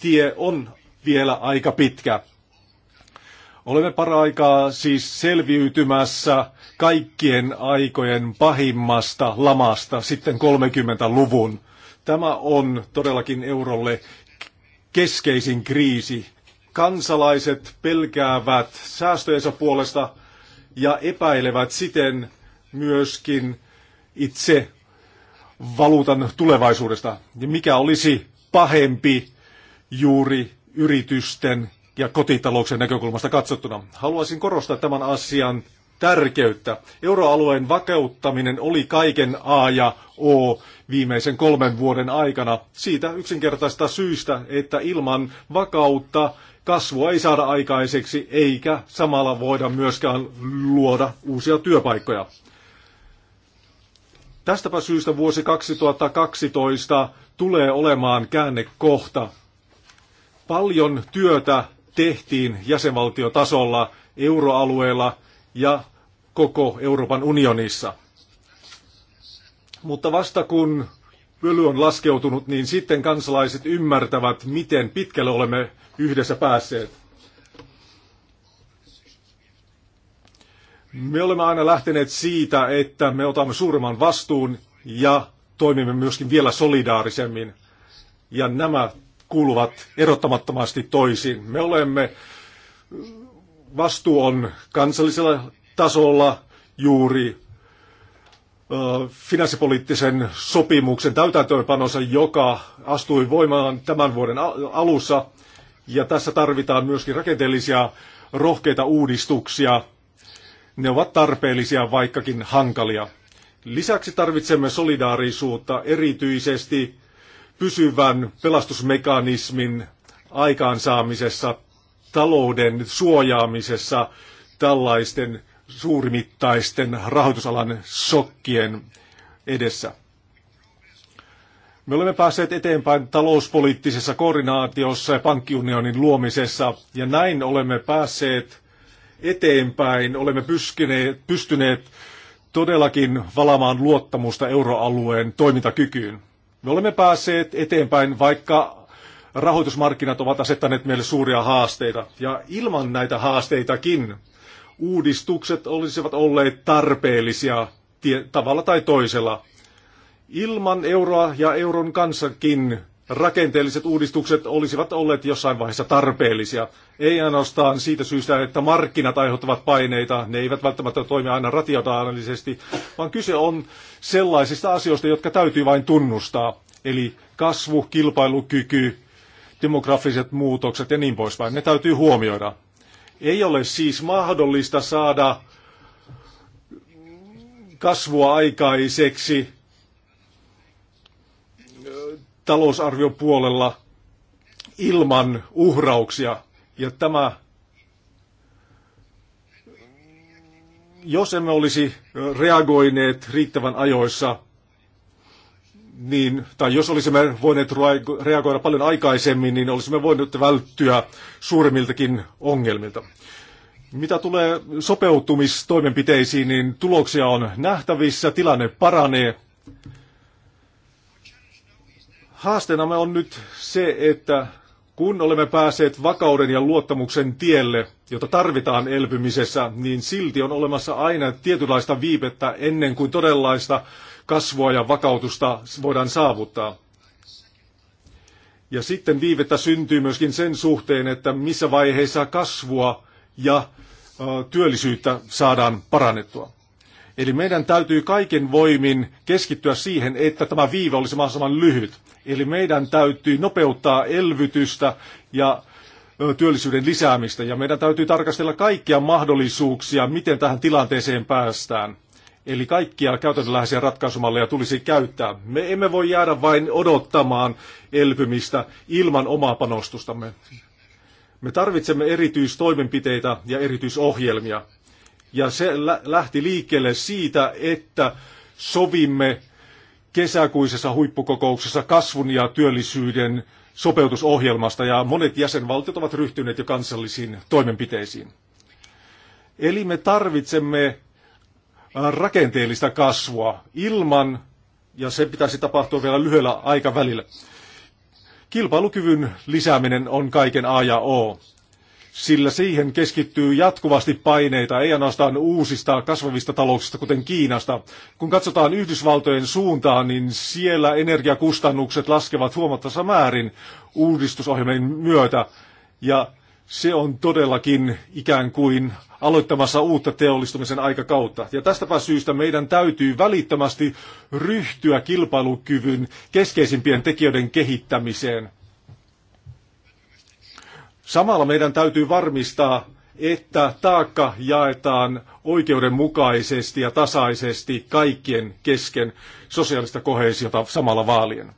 tie on vielä aika pitkä. Olemme paraikaa siis selviytymässä kaikkien aikojen pahimmasta lamasta sitten 30-luvun. Tämä on todellakin eurolle keskeisin kriisi. Kansalaiset pelkäävät säästöjensä puolesta ja epäilevät siten myöskin itse valuutan tulevaisuudesta. Ja niin mikä olisi pahempi juuri yritysten ja kotitalouksien näkökulmasta katsottuna. Haluaisin korostaa tämän asian tärkeyttä. Euroalueen vakeuttaminen oli kaiken A ja O viimeisen kolmen vuoden aikana siitä yksinkertaista syystä, että ilman vakautta kasvua ei saada aikaiseksi eikä samalla voida myöskään luoda uusia työpaikkoja. Tästäpä syystä vuosi 2012 tulee olemaan käännekohta. Paljon työtä tehtiin jäsenvaltiotasolla, euroalueella ja koko Euroopan unionissa. Mutta vasta kun pöly on laskeutunut, niin sitten kansalaiset ymmärtävät, miten pitkälle olemme yhdessä päässeet. Me olemme aina lähteneet siitä, että me otamme suuremman vastuun ja toimimme myöskin vielä solidaarisemmin. Ja nämä kuuluvat erottamattomasti toisiin. Me olemme, vastuu on kansallisella tasolla juuri finanssipoliittisen sopimuksen täytäntöönpanossa, joka astui voimaan tämän vuoden alussa. Ja tässä tarvitaan myöskin rakenteellisia rohkeita uudistuksia – ne ovat tarpeellisia, vaikkakin hankalia. Lisäksi tarvitsemme solidaarisuutta erityisesti pysyvän pelastusmekanismin aikaansaamisessa, talouden suojaamisessa tällaisten suurimittaisten rahoitusalan sokkien edessä. Me olemme päässeet eteenpäin talouspoliittisessa koordinaatiossa ja pankkiunionin luomisessa, ja näin olemme päässeet eteenpäin olemme pystyneet, pystyneet todellakin valamaan luottamusta euroalueen toimintakykyyn. Me olemme päässeet eteenpäin, vaikka rahoitusmarkkinat ovat asettaneet meille suuria haasteita. Ja ilman näitä haasteitakin uudistukset olisivat olleet tarpeellisia tavalla tai toisella. Ilman euroa ja euron kanssakin rakenteelliset uudistukset olisivat olleet jossain vaiheessa tarpeellisia. Ei ainoastaan siitä syystä, että markkinat aiheuttavat paineita, ne eivät välttämättä toimi aina rationaalisesti, vaan kyse on sellaisista asioista, jotka täytyy vain tunnustaa. Eli kasvu, kilpailukyky, demografiset muutokset ja niin poispäin. Ne täytyy huomioida. Ei ole siis mahdollista saada kasvua aikaiseksi talousarviopuolella ilman uhrauksia. Ja tämä, jos emme olisi reagoineet riittävän ajoissa, niin, tai jos olisimme voineet reagoida paljon aikaisemmin, niin olisimme voineet välttyä suurimmiltakin ongelmilta. Mitä tulee sopeutumistoimenpiteisiin, niin tuloksia on nähtävissä, tilanne paranee Haasteenamme on nyt se, että kun olemme päässeet vakauden ja luottamuksen tielle, jota tarvitaan elpymisessä, niin silti on olemassa aina tietynlaista viipettä ennen kuin todellaista kasvua ja vakautusta voidaan saavuttaa. Ja sitten viivettä syntyy myöskin sen suhteen, että missä vaiheessa kasvua ja työllisyyttä saadaan parannettua. Eli meidän täytyy kaiken voimin keskittyä siihen, että tämä viive olisi mahdollisimman lyhyt. Eli meidän täytyy nopeuttaa elvytystä ja työllisyyden lisäämistä ja meidän täytyy tarkastella kaikkia mahdollisuuksia, miten tähän tilanteeseen päästään. Eli kaikkia käytännönläheisiä ratkaisumalleja tulisi käyttää. Me emme voi jäädä vain odottamaan elpymistä ilman omaa panostustamme. Me tarvitsemme erityistoimenpiteitä ja erityisohjelmia. Ja se lähti liikkeelle siitä, että sovimme kesäkuisessa huippukokouksessa kasvun ja työllisyyden sopeutusohjelmasta ja monet jäsenvaltiot ovat ryhtyneet jo kansallisiin toimenpiteisiin. Eli me tarvitsemme rakenteellista kasvua ilman, ja se pitäisi tapahtua vielä lyhyellä aikavälillä. Kilpailukyvyn lisääminen on kaiken A ja O sillä siihen keskittyy jatkuvasti paineita, ei ainoastaan uusista kasvavista talouksista, kuten Kiinasta. Kun katsotaan Yhdysvaltojen suuntaan, niin siellä energiakustannukset laskevat huomattavassa määrin uudistusohjelmien myötä, ja se on todellakin ikään kuin aloittamassa uutta teollistumisen aikakautta. Ja tästäpä syystä meidän täytyy välittömästi ryhtyä kilpailukyvyn keskeisimpien tekijöiden kehittämiseen – Samalla meidän täytyy varmistaa, että taakka jaetaan oikeudenmukaisesti ja tasaisesti kaikkien kesken sosiaalista koheesiota samalla vaalien.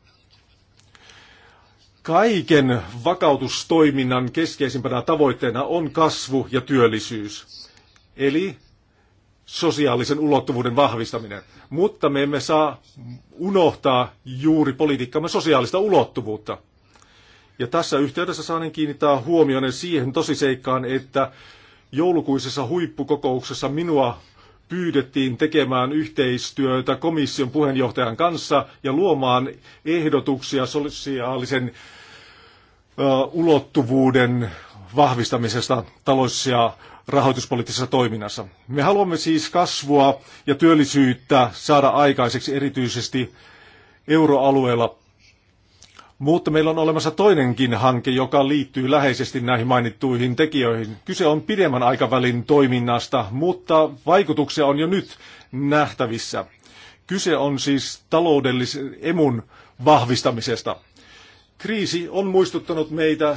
Kaiken vakautustoiminnan keskeisimpänä tavoitteena on kasvu ja työllisyys, eli sosiaalisen ulottuvuuden vahvistaminen. Mutta me emme saa unohtaa juuri politiikkamme sosiaalista ulottuvuutta. Ja tässä yhteydessä saanen kiinnittää huomioon siihen tosiseikkaan, että joulukuisessa huippukokouksessa minua pyydettiin tekemään yhteistyötä komission puheenjohtajan kanssa ja luomaan ehdotuksia sosiaalisen ulottuvuuden vahvistamisesta talous- ja rahoituspoliittisessa toiminnassa. Me haluamme siis kasvua ja työllisyyttä saada aikaiseksi erityisesti euroalueella mutta meillä on olemassa toinenkin hanke, joka liittyy läheisesti näihin mainittuihin tekijöihin. Kyse on pidemmän aikavälin toiminnasta, mutta vaikutuksia on jo nyt nähtävissä. Kyse on siis taloudellisen emun vahvistamisesta. Kriisi on muistuttanut meitä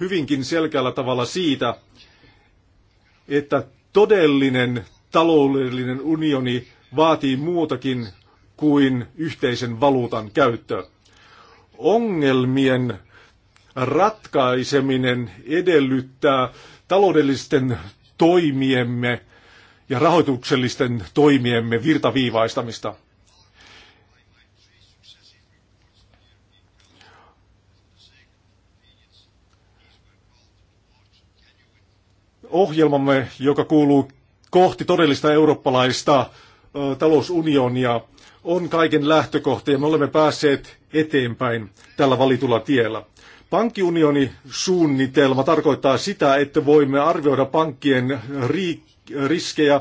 hyvinkin selkeällä tavalla siitä, että todellinen taloudellinen unioni vaatii muutakin kuin yhteisen valuutan käyttöä ongelmien ratkaiseminen edellyttää taloudellisten toimiemme ja rahoituksellisten toimiemme virtaviivaistamista. Ohjelmamme, joka kuuluu kohti todellista eurooppalaista talousunionia, on kaiken lähtökohta ja me olemme päässeet eteenpäin tällä valitulla tiellä. Pankkiunioni suunnitelma tarkoittaa sitä, että voimme arvioida pankkien riskejä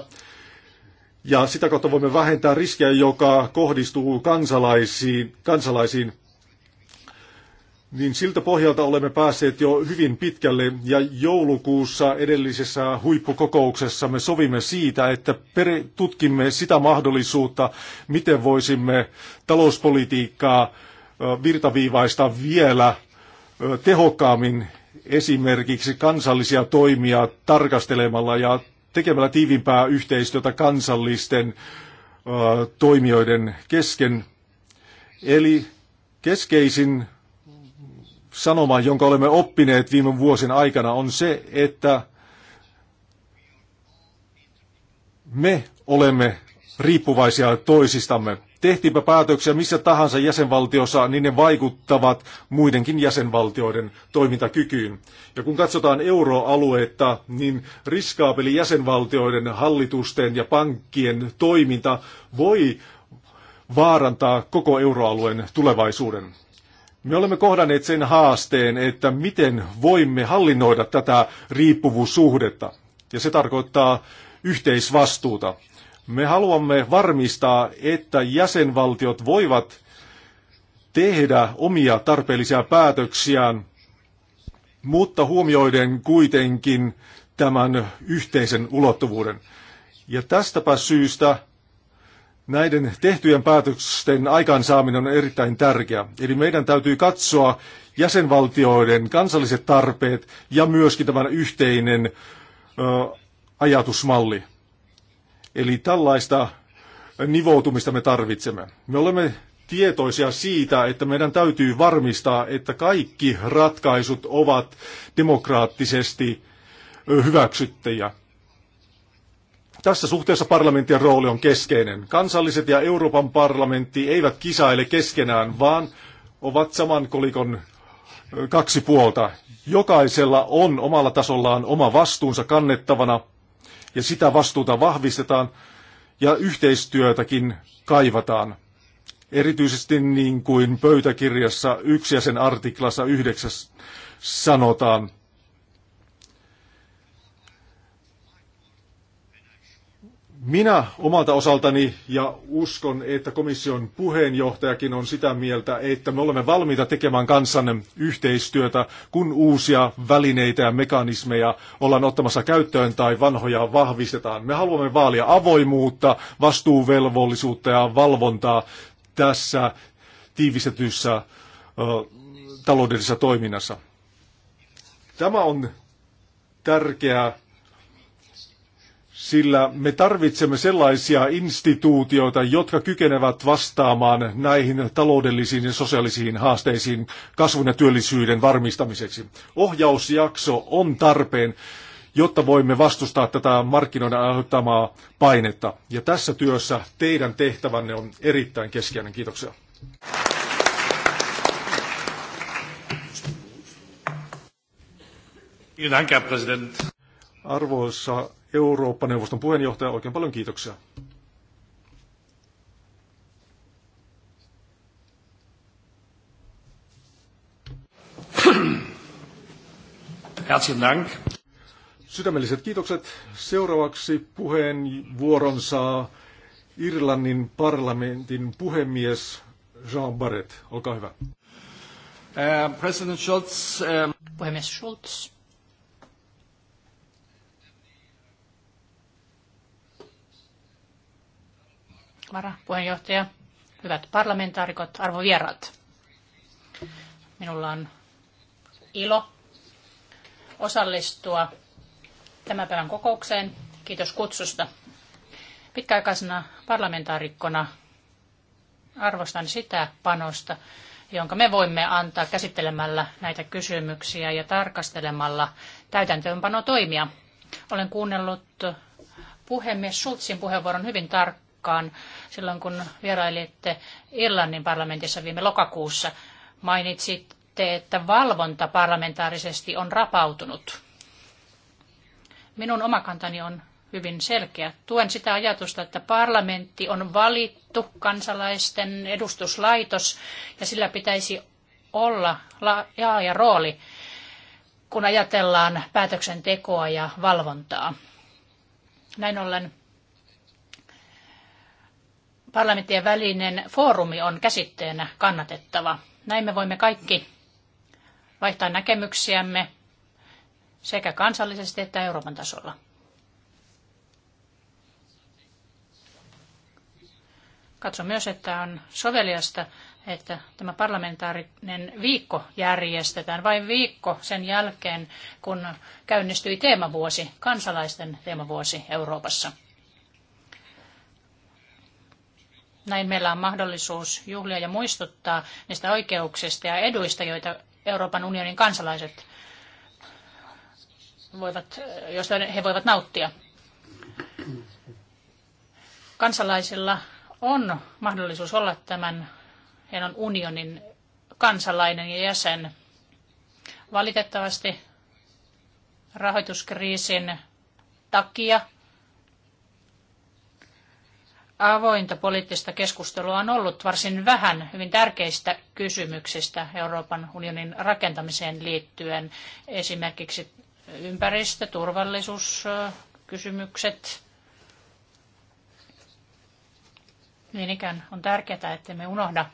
ja sitä kautta voimme vähentää riskejä, joka kohdistuu kansalaisiin, kansalaisiin niin siltä pohjalta olemme päässeet jo hyvin pitkälle ja joulukuussa edellisessä huippukokouksessa me sovimme siitä, että tutkimme sitä mahdollisuutta, miten voisimme talouspolitiikkaa virtaviivaista vielä tehokkaammin esimerkiksi kansallisia toimia tarkastelemalla ja tekemällä tiivimpää yhteistyötä kansallisten toimijoiden kesken. Eli keskeisin sanoma, jonka olemme oppineet viime vuosien aikana, on se, että me olemme riippuvaisia toisistamme. Tehtiinpä päätöksiä missä tahansa jäsenvaltiossa, niin ne vaikuttavat muidenkin jäsenvaltioiden toimintakykyyn. Ja kun katsotaan euroalueetta, niin riskaapeli jäsenvaltioiden hallitusten ja pankkien toiminta voi vaarantaa koko euroalueen tulevaisuuden. Me olemme kohdanneet sen haasteen, että miten voimme hallinnoida tätä riippuvuussuhdetta. Ja se tarkoittaa yhteisvastuuta. Me haluamme varmistaa, että jäsenvaltiot voivat tehdä omia tarpeellisia päätöksiään, mutta huomioiden kuitenkin tämän yhteisen ulottuvuuden. Ja tästäpä syystä näiden tehtyjen päätösten aikaansaaminen on erittäin tärkeä, Eli meidän täytyy katsoa jäsenvaltioiden kansalliset tarpeet ja myöskin tämän yhteinen ö, ajatusmalli. Eli tällaista nivoutumista me tarvitsemme. Me olemme tietoisia siitä, että meidän täytyy varmistaa, että kaikki ratkaisut ovat demokraattisesti hyväksyttäjä. Tässä suhteessa parlamentin rooli on keskeinen. Kansalliset ja Euroopan parlamentti eivät kisaile keskenään, vaan ovat saman kolikon kaksi puolta. Jokaisella on omalla tasollaan oma vastuunsa kannettavana ja sitä vastuuta vahvistetaan ja yhteistyötäkin kaivataan. Erityisesti niin kuin pöytäkirjassa yksi ja sen artiklassa yhdeksäs sanotaan – Minä omalta osaltani ja uskon, että komission puheenjohtajakin on sitä mieltä, että me olemme valmiita tekemään kanssanne yhteistyötä, kun uusia välineitä ja mekanismeja ollaan ottamassa käyttöön tai vanhoja vahvistetaan. Me haluamme vaalia avoimuutta, vastuuvelvollisuutta ja valvontaa tässä tiivistetyssä taloudellisessa toiminnassa. Tämä on tärkeää sillä me tarvitsemme sellaisia instituutioita, jotka kykenevät vastaamaan näihin taloudellisiin ja sosiaalisiin haasteisiin kasvun ja työllisyyden varmistamiseksi. Ohjausjakso on tarpeen, jotta voimme vastustaa tätä markkinoiden aiheuttamaa painetta. Ja tässä työssä teidän tehtävänne on erittäin keskeinen. Kiitoksia. Arvoisa Eurooppa-neuvoston puheenjohtaja. Oikein paljon kiitoksia. Dank. Sydämelliset kiitokset. Seuraavaksi puheenvuoron saa Irlannin parlamentin puhemies Jean Barrett. Olkaa hyvä. Uh, President Schultz, um, Puhemies Schultz, varapuheenjohtaja, hyvät parlamentaarikot, arvovieraat. Minulla on ilo osallistua tämän päivän kokoukseen. Kiitos kutsusta. Pitkäaikaisena parlamentaarikkona arvostan sitä panosta, jonka me voimme antaa käsittelemällä näitä kysymyksiä ja tarkastelemalla täytäntöönpanotoimia. Olen kuunnellut puhemies Schulzin puheenvuoron hyvin tarkkaan tarkkaan. Silloin kun vierailitte Irlannin parlamentissa viime lokakuussa, mainitsitte, että valvonta parlamentaarisesti on rapautunut. Minun oma kantani on hyvin selkeä. Tuen sitä ajatusta, että parlamentti on valittu kansalaisten edustuslaitos ja sillä pitäisi olla laaja rooli, kun ajatellaan päätöksentekoa ja valvontaa. Näin ollen parlamenttien välinen foorumi on käsitteenä kannatettava. Näin me voimme kaikki vaihtaa näkemyksiämme sekä kansallisesti että Euroopan tasolla. Katson myös, että on soveliasta, että tämä parlamentaarinen viikko järjestetään vain viikko sen jälkeen, kun käynnistyi teemavuosi, kansalaisten teemavuosi Euroopassa. Näin meillä on mahdollisuus juhlia ja muistuttaa niistä oikeuksista ja eduista, joita Euroopan unionin kansalaiset voivat, joista he voivat nauttia. Kansalaisilla on mahdollisuus olla tämän heidän unionin kansalainen ja jäsen. Valitettavasti rahoituskriisin takia avointa poliittista keskustelua on ollut varsin vähän hyvin tärkeistä kysymyksistä Euroopan unionin rakentamiseen liittyen, esimerkiksi ympäristö, turvallisuuskysymykset. Niin ikään on tärkeää, että me unohda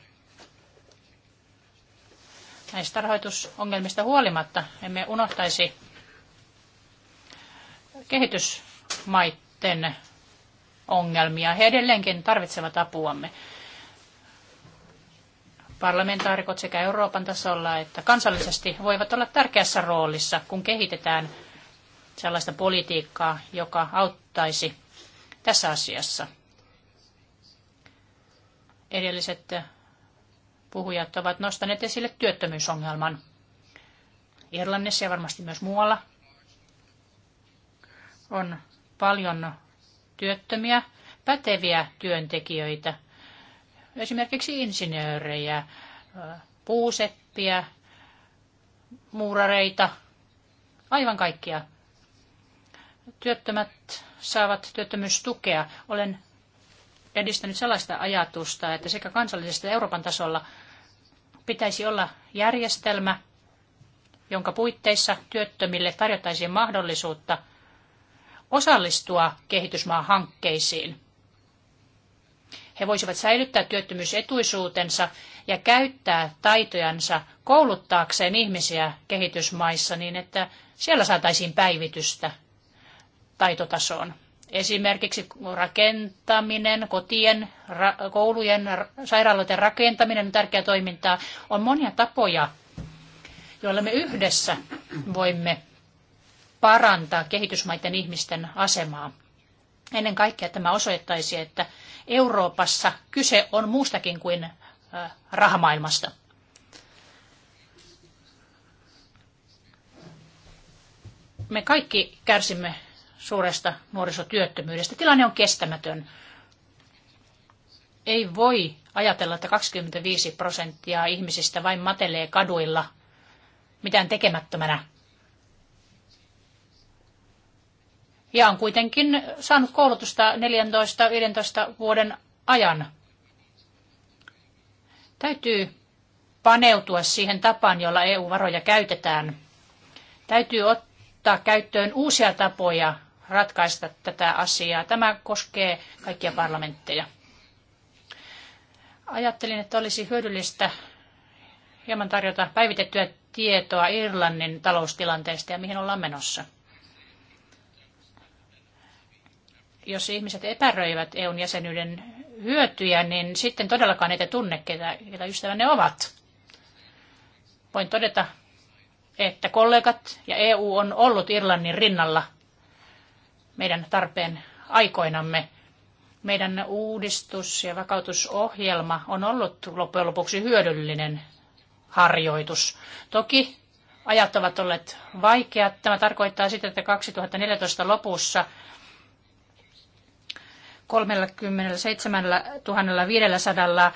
näistä rahoitusongelmista huolimatta, emme unohtaisi kehitysmaiden ongelmia. He edelleenkin tarvitsevat apuamme. Parlamentaarikot sekä Euroopan tasolla että kansallisesti voivat olla tärkeässä roolissa, kun kehitetään sellaista politiikkaa, joka auttaisi tässä asiassa. Edelliset puhujat ovat nostaneet esille työttömyysongelman. Irlannissa ja varmasti myös muualla on paljon työttömiä päteviä työntekijöitä, esimerkiksi insinöörejä, puuseppiä, muurareita, aivan kaikkia. Työttömät saavat työttömyystukea. Olen edistänyt sellaista ajatusta, että sekä kansallisesta että Euroopan tasolla pitäisi olla järjestelmä, jonka puitteissa työttömille tarjottaisiin mahdollisuutta osallistua kehitysmaan hankkeisiin. He voisivat säilyttää työttömyysetuisuutensa ja käyttää taitojansa kouluttaakseen ihmisiä kehitysmaissa niin, että siellä saataisiin päivitystä taitotasoon. Esimerkiksi rakentaminen, kotien, ra- koulujen, sairaaloiden rakentaminen on tärkeää toimintaa. On monia tapoja, joilla me yhdessä voimme parantaa kehitysmaiden ihmisten asemaa. Ennen kaikkea tämä osoittaisi, että Euroopassa kyse on muustakin kuin rahamaailmasta. Me kaikki kärsimme suuresta nuorisotyöttömyydestä. Tilanne on kestämätön. Ei voi ajatella, että 25 prosenttia ihmisistä vain matelee kaduilla mitään tekemättömänä. ja on kuitenkin saanut koulutusta 14-15 vuoden ajan. Täytyy paneutua siihen tapaan, jolla EU-varoja käytetään. Täytyy ottaa käyttöön uusia tapoja ratkaista tätä asiaa. Tämä koskee kaikkia parlamentteja. Ajattelin, että olisi hyödyllistä hieman tarjota päivitettyä tietoa Irlannin taloustilanteesta ja mihin ollaan menossa. jos ihmiset epäröivät EUn jäsenyyden hyötyjä, niin sitten todellakaan ette tunne, ketä, ketä ystävänne ovat. Voin todeta, että kollegat ja EU on ollut Irlannin rinnalla meidän tarpeen aikoinamme. Meidän uudistus- ja vakautusohjelma on ollut loppujen lopuksi hyödyllinen harjoitus. Toki ajat ovat olleet vaikeat. Tämä tarkoittaa sitä, että 2014 lopussa 37 500 äh,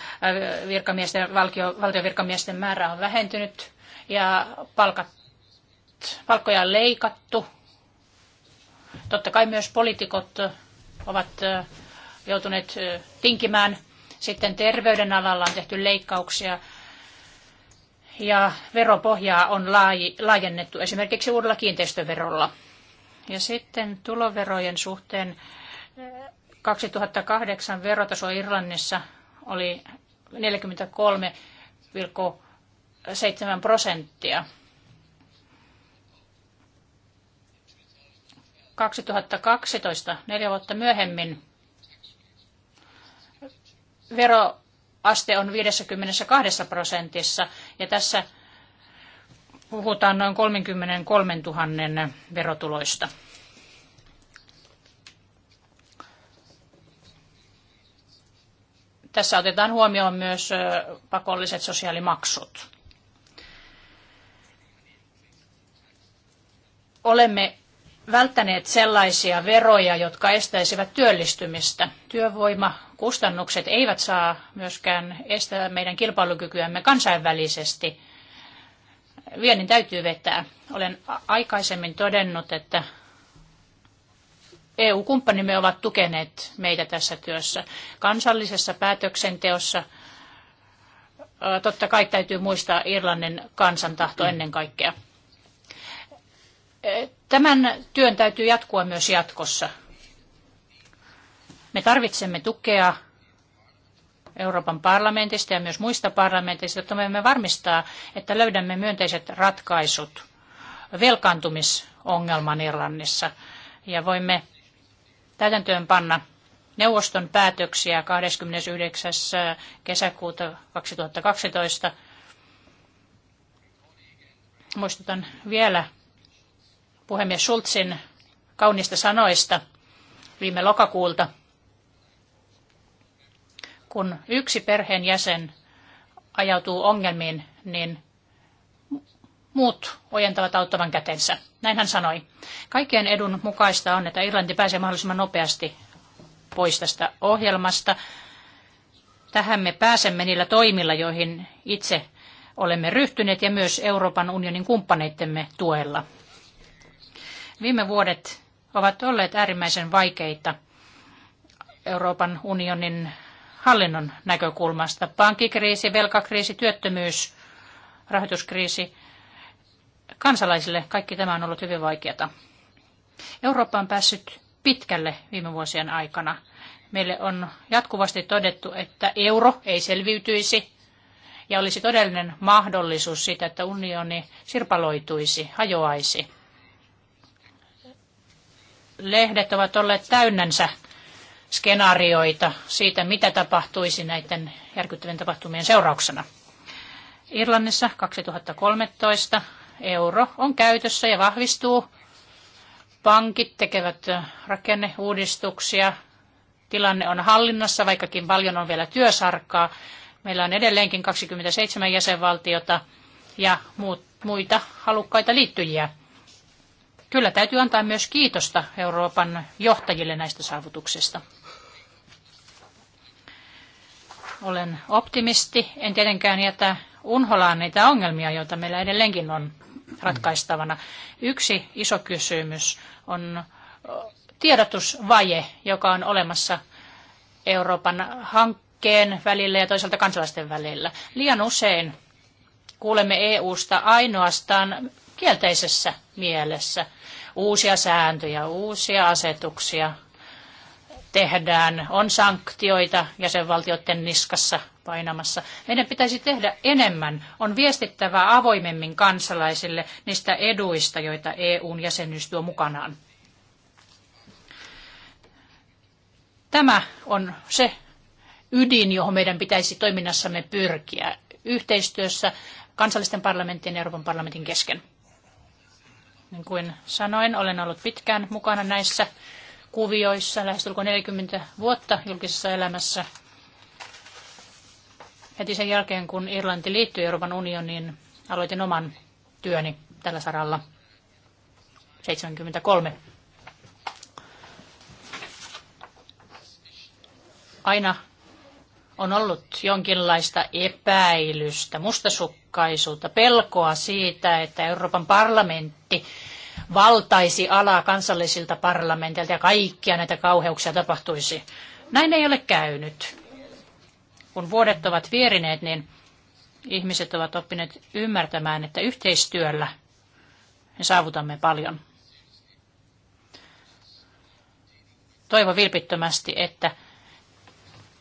virkamiesten, valtio, valtion virkamiesten määrä on vähentynyt ja palkat, palkkoja on leikattu. Totta kai myös poliitikot äh, ovat äh, joutuneet tinkimään. Sitten terveyden alalla on tehty leikkauksia ja veropohjaa on laajennettu esimerkiksi uudella kiinteistöverolla. Ja sitten tuloverojen suhteen 2008 verotaso Irlannissa oli 43,7 prosenttia. 2012, neljä vuotta myöhemmin, veroaste on 52 prosentissa ja tässä puhutaan noin 33 000 verotuloista. Tässä otetaan huomioon myös pakolliset sosiaalimaksut. Olemme välttäneet sellaisia veroja, jotka estäisivät työllistymistä. Työvoimakustannukset eivät saa myöskään estää meidän kilpailukykyämme kansainvälisesti. Viennin täytyy vetää. Olen aikaisemmin todennut, että EU-kumppanimme ovat tukeneet meitä tässä työssä. Kansallisessa päätöksenteossa totta kai täytyy muistaa Irlannin kansantahto ennen kaikkea. E, tämän työn täytyy jatkua myös jatkossa. Me tarvitsemme tukea Euroopan parlamentista ja myös muista parlamenteista, jotta me varmistaa, että löydämme myönteiset ratkaisut velkaantumisongelman Irlannissa ja voimme täytäntöönpanna panna neuvoston päätöksiä 29. kesäkuuta 2012. Muistutan vielä puhemies Schulzin kaunista sanoista viime lokakuulta, kun yksi perheenjäsen ajautuu ongelmiin, niin muut ojentavat auttavan kätensä. Näin hän sanoi. Kaikkien edun mukaista on, että Irlanti pääsee mahdollisimman nopeasti pois tästä ohjelmasta. Tähän me pääsemme niillä toimilla, joihin itse olemme ryhtyneet ja myös Euroopan unionin kumppaneittemme tuella. Viime vuodet ovat olleet äärimmäisen vaikeita Euroopan unionin hallinnon näkökulmasta. Pankkikriisi, velkakriisi, työttömyys, rahoituskriisi – kansalaisille kaikki tämä on ollut hyvin vaikeata. Eurooppa on päässyt pitkälle viime vuosien aikana. Meille on jatkuvasti todettu, että euro ei selviytyisi ja olisi todellinen mahdollisuus siitä, että unioni sirpaloituisi, hajoaisi. Lehdet ovat olleet täynnänsä skenaarioita siitä, mitä tapahtuisi näiden järkyttävien tapahtumien seurauksena. Irlannissa 2013 euro on käytössä ja vahvistuu. Pankit tekevät rakenneuudistuksia. Tilanne on hallinnassa, vaikkakin paljon on vielä työsarkaa. Meillä on edelleenkin 27 jäsenvaltiota ja muut, muita halukkaita liittyjiä. Kyllä täytyy antaa myös kiitosta Euroopan johtajille näistä saavutuksista. Olen optimisti. En tietenkään jätä unholaan niitä ongelmia, joita meillä edelleenkin on ratkaistavana. Yksi iso kysymys on tiedotusvaje, joka on olemassa Euroopan hankkeen välillä ja toisaalta kansalaisten välillä. Liian usein kuulemme EUsta ainoastaan kielteisessä mielessä uusia sääntöjä, uusia asetuksia, tehdään, on sanktioita jäsenvaltioiden niskassa painamassa. Meidän pitäisi tehdä enemmän, on viestittävää avoimemmin kansalaisille niistä eduista, joita EUn jäsenyys tuo mukanaan. Tämä on se ydin, johon meidän pitäisi toiminnassamme pyrkiä yhteistyössä kansallisten parlamenttien ja Euroopan parlamentin kesken. Niin kuin sanoin, olen ollut pitkään mukana näissä kuvioissa lähestulkoon 40 vuotta julkisessa elämässä. Heti sen jälkeen, kun Irlanti liittyi Euroopan unioniin, aloitin oman työni tällä saralla 73. Aina on ollut jonkinlaista epäilystä, mustasukkaisuutta, pelkoa siitä, että Euroopan parlamentti valtaisi alaa kansallisilta parlamentilta ja kaikkia näitä kauheuksia tapahtuisi. Näin ei ole käynyt. Kun vuodet ovat vierineet, niin ihmiset ovat oppineet ymmärtämään, että yhteistyöllä me saavutamme paljon. Toivo vilpittömästi, että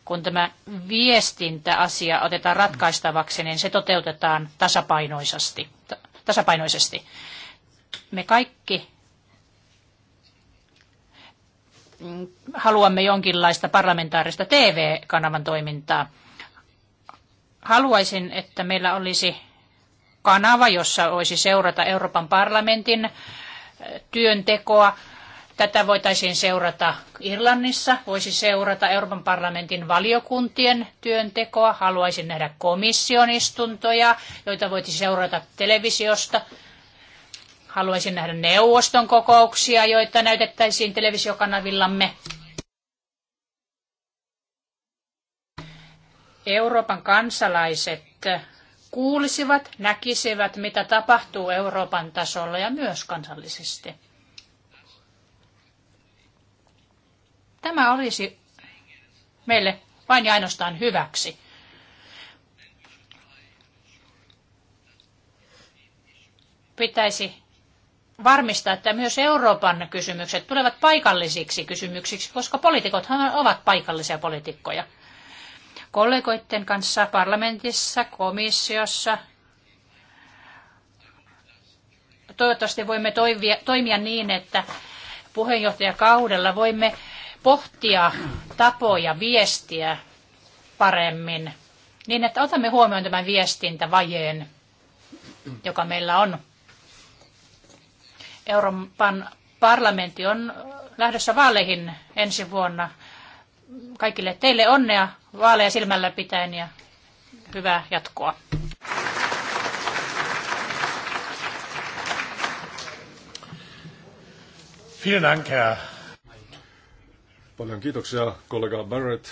kun tämä viestintäasia otetaan ratkaistavaksi, niin se toteutetaan tasapainoisesti. tasapainoisesti me kaikki haluamme jonkinlaista parlamentaarista TV-kanavan toimintaa. Haluaisin, että meillä olisi kanava, jossa voisi seurata Euroopan parlamentin eh, työntekoa. Tätä voitaisiin seurata Irlannissa, voisi seurata Euroopan parlamentin valiokuntien työntekoa. Haluaisin nähdä komission istuntoja, joita voisi seurata televisiosta. Haluaisin nähdä neuvoston kokouksia, joita näytettäisiin televisiokanavillamme. Euroopan kansalaiset kuulisivat, näkisivät, mitä tapahtuu Euroopan tasolla ja myös kansallisesti. Tämä olisi meille vain ja ainoastaan hyväksi. Pitäisi varmistaa, että myös Euroopan kysymykset tulevat paikallisiksi kysymyksiksi, koska poliitikothan ovat paikallisia poliitikkoja. Kollegoiden kanssa parlamentissa, komissiossa, toivottavasti voimme toimia niin, että puheenjohtajakaudella voimme pohtia tapoja viestiä paremmin, niin että otamme huomioon tämän viestintävajeen, joka meillä on Euroopan parlamentti on lähdössä vaaleihin ensi vuonna. Kaikille teille onnea vaaleja silmällä pitäen ja hyvää jatkoa. Vielen Dank, Paljon kiitoksia kollega Barrett.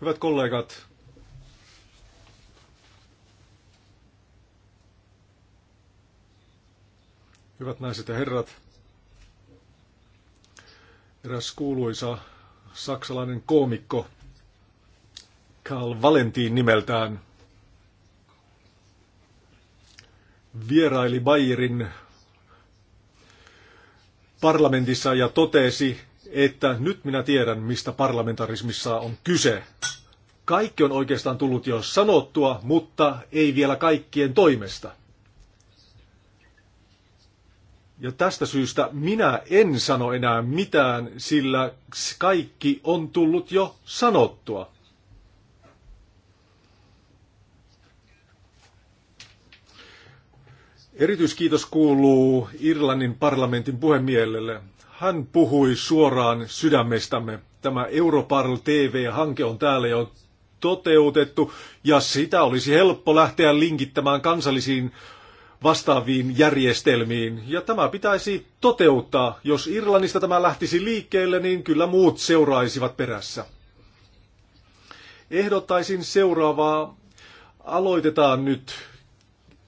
Hyvät kollegat, Hyvät naiset ja herrat, eräs kuuluisa saksalainen koomikko Karl Valentin nimeltään vieraili Bayerin parlamentissa ja totesi, että nyt minä tiedän, mistä parlamentarismissa on kyse. Kaikki on oikeastaan tullut jo sanottua, mutta ei vielä kaikkien toimesta. Ja tästä syystä minä en sano enää mitään, sillä kaikki on tullut jo sanottua. Erityiskiitos kuuluu Irlannin parlamentin puhemielelle. Hän puhui suoraan sydämestämme. Tämä Europarl TV-hanke on täällä jo toteutettu ja sitä olisi helppo lähteä linkittämään kansallisiin vastaaviin järjestelmiin. Ja tämä pitäisi toteuttaa. Jos Irlannista tämä lähtisi liikkeelle, niin kyllä muut seuraisivat perässä. Ehdottaisin seuraavaa. Aloitetaan nyt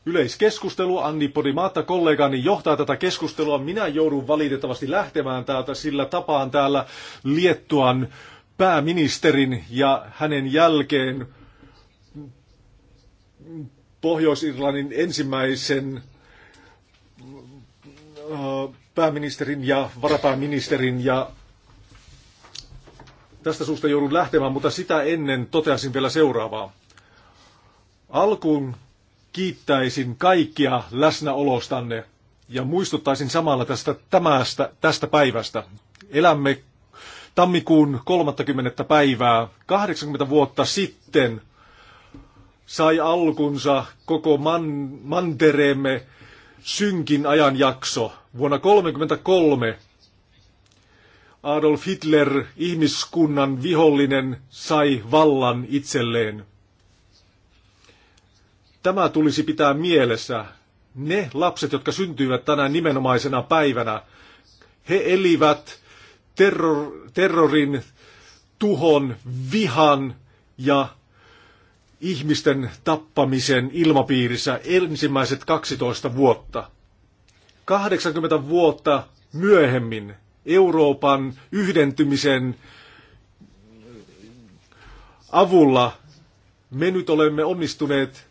yleiskeskustelu. Anni Podimaatta kollegani johtaa tätä keskustelua. Minä joudun valitettavasti lähtemään täältä, sillä tapaan täällä Liettuan pääministerin ja hänen jälkeen Pohjois-Irlannin ensimmäisen äh, pääministerin ja varapääministerin ja tästä suusta joudun lähtemään, mutta sitä ennen toteasin vielä seuraavaa. Alkuun kiittäisin kaikkia läsnäolostanne ja muistuttaisin samalla tästä, tämästä, tästä päivästä. Elämme tammikuun 30. päivää 80 vuotta sitten – sai alkunsa koko man, mantereemme synkin ajanjakso. Vuonna 1933 Adolf Hitler, ihmiskunnan vihollinen, sai vallan itselleen. Tämä tulisi pitää mielessä. Ne lapset, jotka syntyivät tänä nimenomaisena päivänä, he elivät terror, terrorin, tuhon, vihan ja ihmisten tappamisen ilmapiirissä ensimmäiset 12 vuotta. 80 vuotta myöhemmin Euroopan yhdentymisen avulla me nyt olemme onnistuneet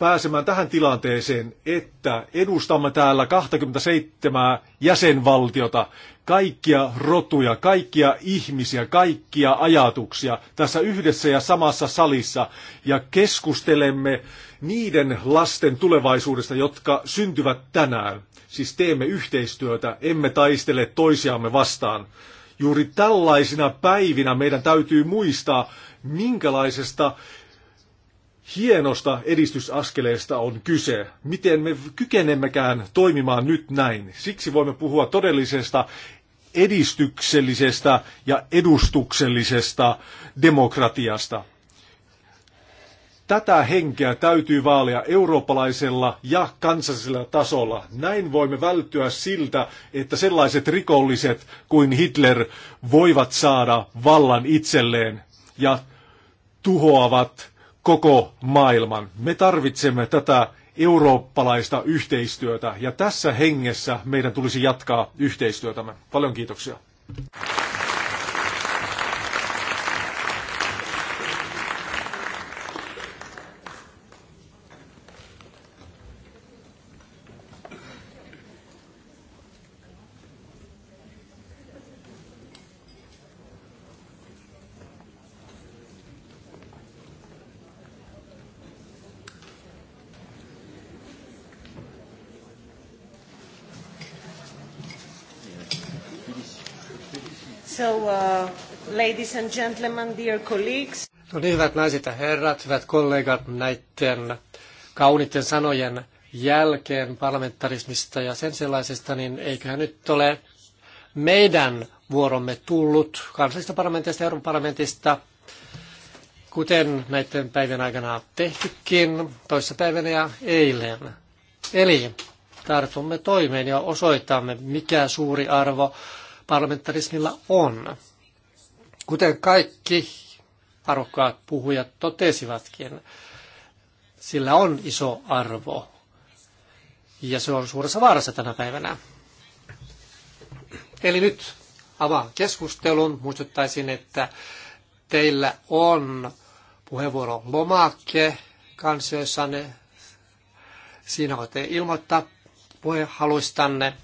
pääsemään tähän tilanteeseen, että edustamme täällä 27 jäsenvaltiota, kaikkia rotuja, kaikkia ihmisiä, kaikkia ajatuksia tässä yhdessä ja samassa salissa ja keskustelemme niiden lasten tulevaisuudesta, jotka syntyvät tänään. Siis teemme yhteistyötä, emme taistele toisiamme vastaan. Juuri tällaisina päivinä meidän täytyy muistaa, minkälaisesta hienosta edistysaskeleesta on kyse. Miten me kykenemmekään toimimaan nyt näin? Siksi voimme puhua todellisesta edistyksellisestä ja edustuksellisesta demokratiasta. Tätä henkeä täytyy vaalia eurooppalaisella ja kansallisella tasolla. Näin voimme välttyä siltä, että sellaiset rikolliset kuin Hitler voivat saada vallan itselleen ja tuhoavat koko maailman. Me tarvitsemme tätä eurooppalaista yhteistyötä ja tässä hengessä meidän tulisi jatkaa yhteistyötämme. Paljon kiitoksia. ladies and gentlemen, dear colleagues. No niin, hyvät naiset ja herrat, hyvät kollegat, näiden kauniitten sanojen jälkeen parlamentarismista ja sen sellaisesta, niin eiköhän nyt ole meidän vuoromme tullut kansallisesta parlamentista ja Euroopan parlamentista, kuten näiden päivien aikana tehtykin, toissa päivänä ja eilen. Eli tartumme toimeen ja osoitamme, mikä suuri arvo parlamentarismilla on. Kuten kaikki arvokkaat puhujat totesivatkin, sillä on iso arvo ja se on suuressa vaarassa tänä päivänä. Eli nyt avaan keskustelun. Muistuttaisin, että teillä on puheenvuoro lomake kansioissanne. Siinä voitte ilmoittaa puhehaluistanne.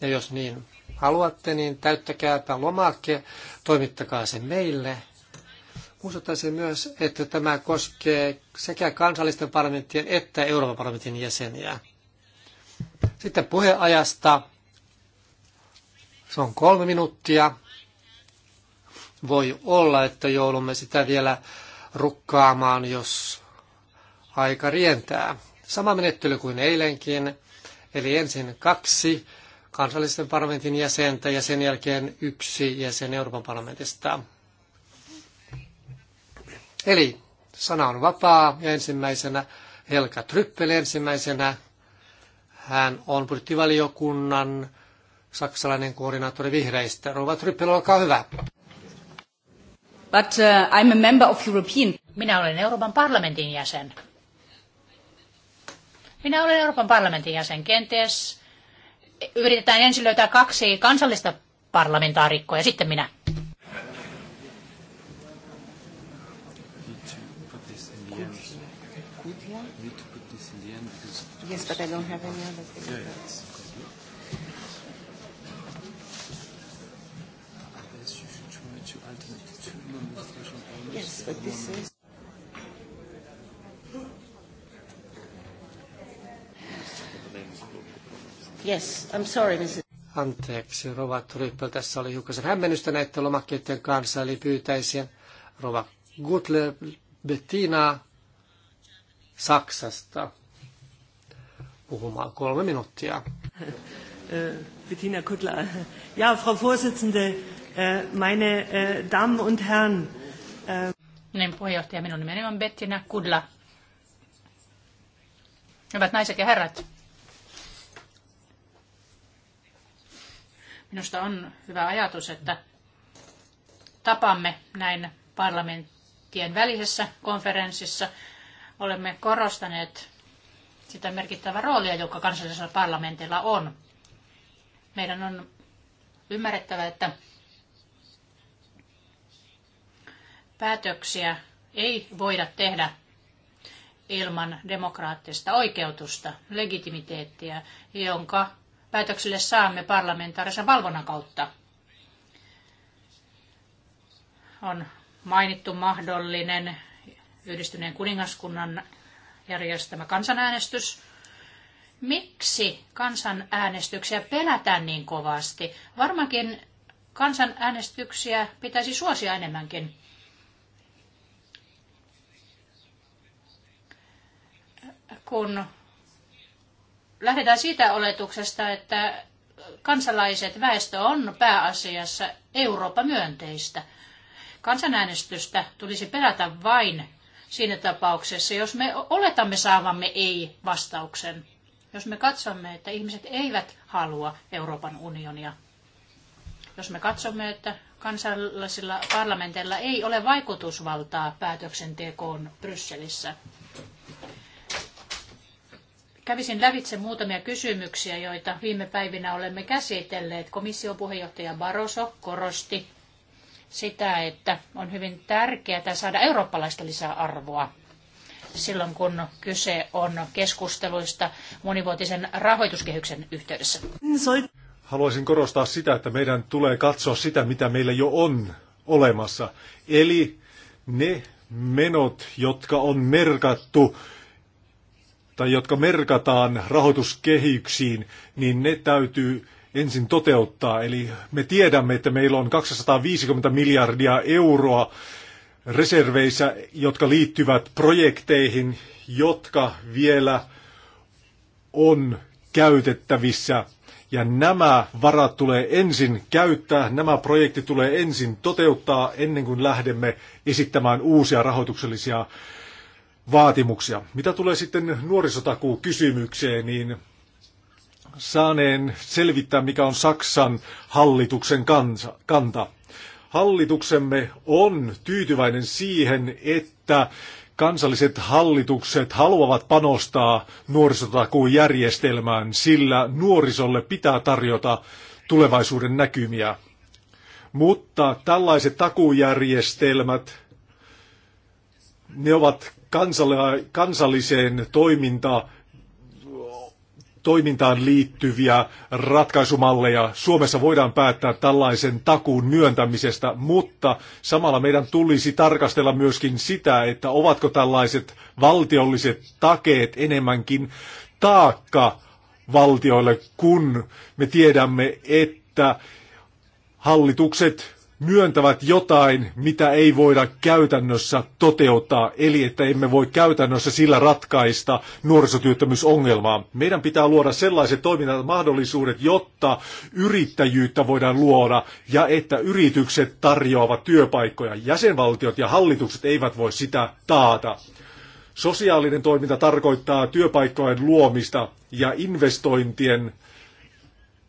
Ja jos niin haluatte, niin täyttäkää tämä lomake, toimittakaa se meille. Muistuttaisin myös, että tämä koskee sekä kansallisten parlamenttien että Euroopan parlamentin jäseniä. Sitten puheajasta. Se on kolme minuuttia. Voi olla, että joudumme sitä vielä rukkaamaan, jos aika rientää. Sama menettely kuin eilenkin, eli ensin kaksi kansallisten parlamentin jäsentä ja sen jälkeen yksi jäsen Euroopan parlamentista. Eli sana on vapaa ja ensimmäisenä Helka Tryppel ensimmäisenä. Hän on budjettivaliokunnan saksalainen koordinaattori vihreistä. Rouva Tryppel, olkaa hyvä. But uh, I'm a member of European. Minä olen Euroopan parlamentin jäsen. Minä olen Euroopan parlamentin jäsen. Kenties yritetään ensin löytää kaksi kansallista parlamentaarikkoa ja sitten minä. Yes, but I don't have any other Yeah, yeah. Yes, but this is Yes, I'm sorry, Mrs. Anteeksi, Rova Tryppel, tässä oli hiukkasen hämmennystä näiden lomakkeiden kanssa, eli pyytäisin Rova Gutler Bettina Saksasta puhumaan kolme minuuttia. Äh, Bettina Kuttler. Ja, Frau Vorsitzende, äh, meine äh, Damen und Herren. Niin, puheenjohtaja, minun nimeni on Bettina Kudla. Hyvät naiset ja herrat, Minusta on hyvä ajatus, että tapamme näin parlamenttien välisessä konferenssissa. Olemme korostaneet sitä merkittävää roolia, joka kansallisella parlamentilla on. Meidän on ymmärrettävä, että päätöksiä ei voida tehdä ilman demokraattista oikeutusta, legitimiteettiä, jonka päätöksille saamme parlamentaarisen valvonnan kautta. On mainittu mahdollinen yhdistyneen kuningaskunnan järjestämä kansanäänestys. Miksi kansanäänestyksiä pelätään niin kovasti? Varmaankin kansanäänestyksiä pitäisi suosia enemmänkin. Kun lähdetään siitä oletuksesta, että kansalaiset, väestö on pääasiassa Eurooppa-myönteistä. Kansanäänestystä tulisi pelätä vain siinä tapauksessa, jos me oletamme saavamme ei-vastauksen. Jos me katsomme, että ihmiset eivät halua Euroopan unionia. Jos me katsomme, että kansallisilla parlamenteilla ei ole vaikutusvaltaa päätöksentekoon Brysselissä kävisin lävitse muutamia kysymyksiä, joita viime päivinä olemme käsitelleet. Komission puheenjohtaja Barroso korosti sitä, että on hyvin tärkeää saada eurooppalaista lisäarvoa silloin, kun kyse on keskusteluista monivuotisen rahoituskehyksen yhteydessä. Haluaisin korostaa sitä, että meidän tulee katsoa sitä, mitä meillä jo on olemassa. Eli ne menot, jotka on merkattu tai jotka merkataan rahoituskehyksiin, niin ne täytyy ensin toteuttaa. Eli me tiedämme, että meillä on 250 miljardia euroa reserveissä, jotka liittyvät projekteihin, jotka vielä on käytettävissä. Ja nämä varat tulee ensin käyttää, nämä projektit tulee ensin toteuttaa ennen kuin lähdemme esittämään uusia rahoituksellisia vaatimuksia. Mitä tulee sitten nuorisotakuu kysymykseen, niin saaneen selvittää, mikä on Saksan hallituksen kansa, kanta. Hallituksemme on tyytyväinen siihen, että kansalliset hallitukset haluavat panostaa nuorisotakuun järjestelmään, sillä nuorisolle pitää tarjota tulevaisuuden näkymiä. Mutta tällaiset takujärjestelmät, ne ovat kansalliseen toimintaan toimintaan liittyviä ratkaisumalleja. Suomessa voidaan päättää tällaisen takuun myöntämisestä, mutta samalla meidän tulisi tarkastella myöskin sitä, että ovatko tällaiset valtiolliset takeet enemmänkin taakka valtioille, kun me tiedämme, että hallitukset myöntävät jotain, mitä ei voida käytännössä toteuttaa, eli että emme voi käytännössä sillä ratkaista nuorisotyöttömyysongelmaa. Meidän pitää luoda sellaiset mahdollisuudet, jotta yrittäjyyttä voidaan luoda ja että yritykset tarjoavat työpaikkoja. Jäsenvaltiot ja hallitukset eivät voi sitä taata. Sosiaalinen toiminta tarkoittaa työpaikkojen luomista ja investointien,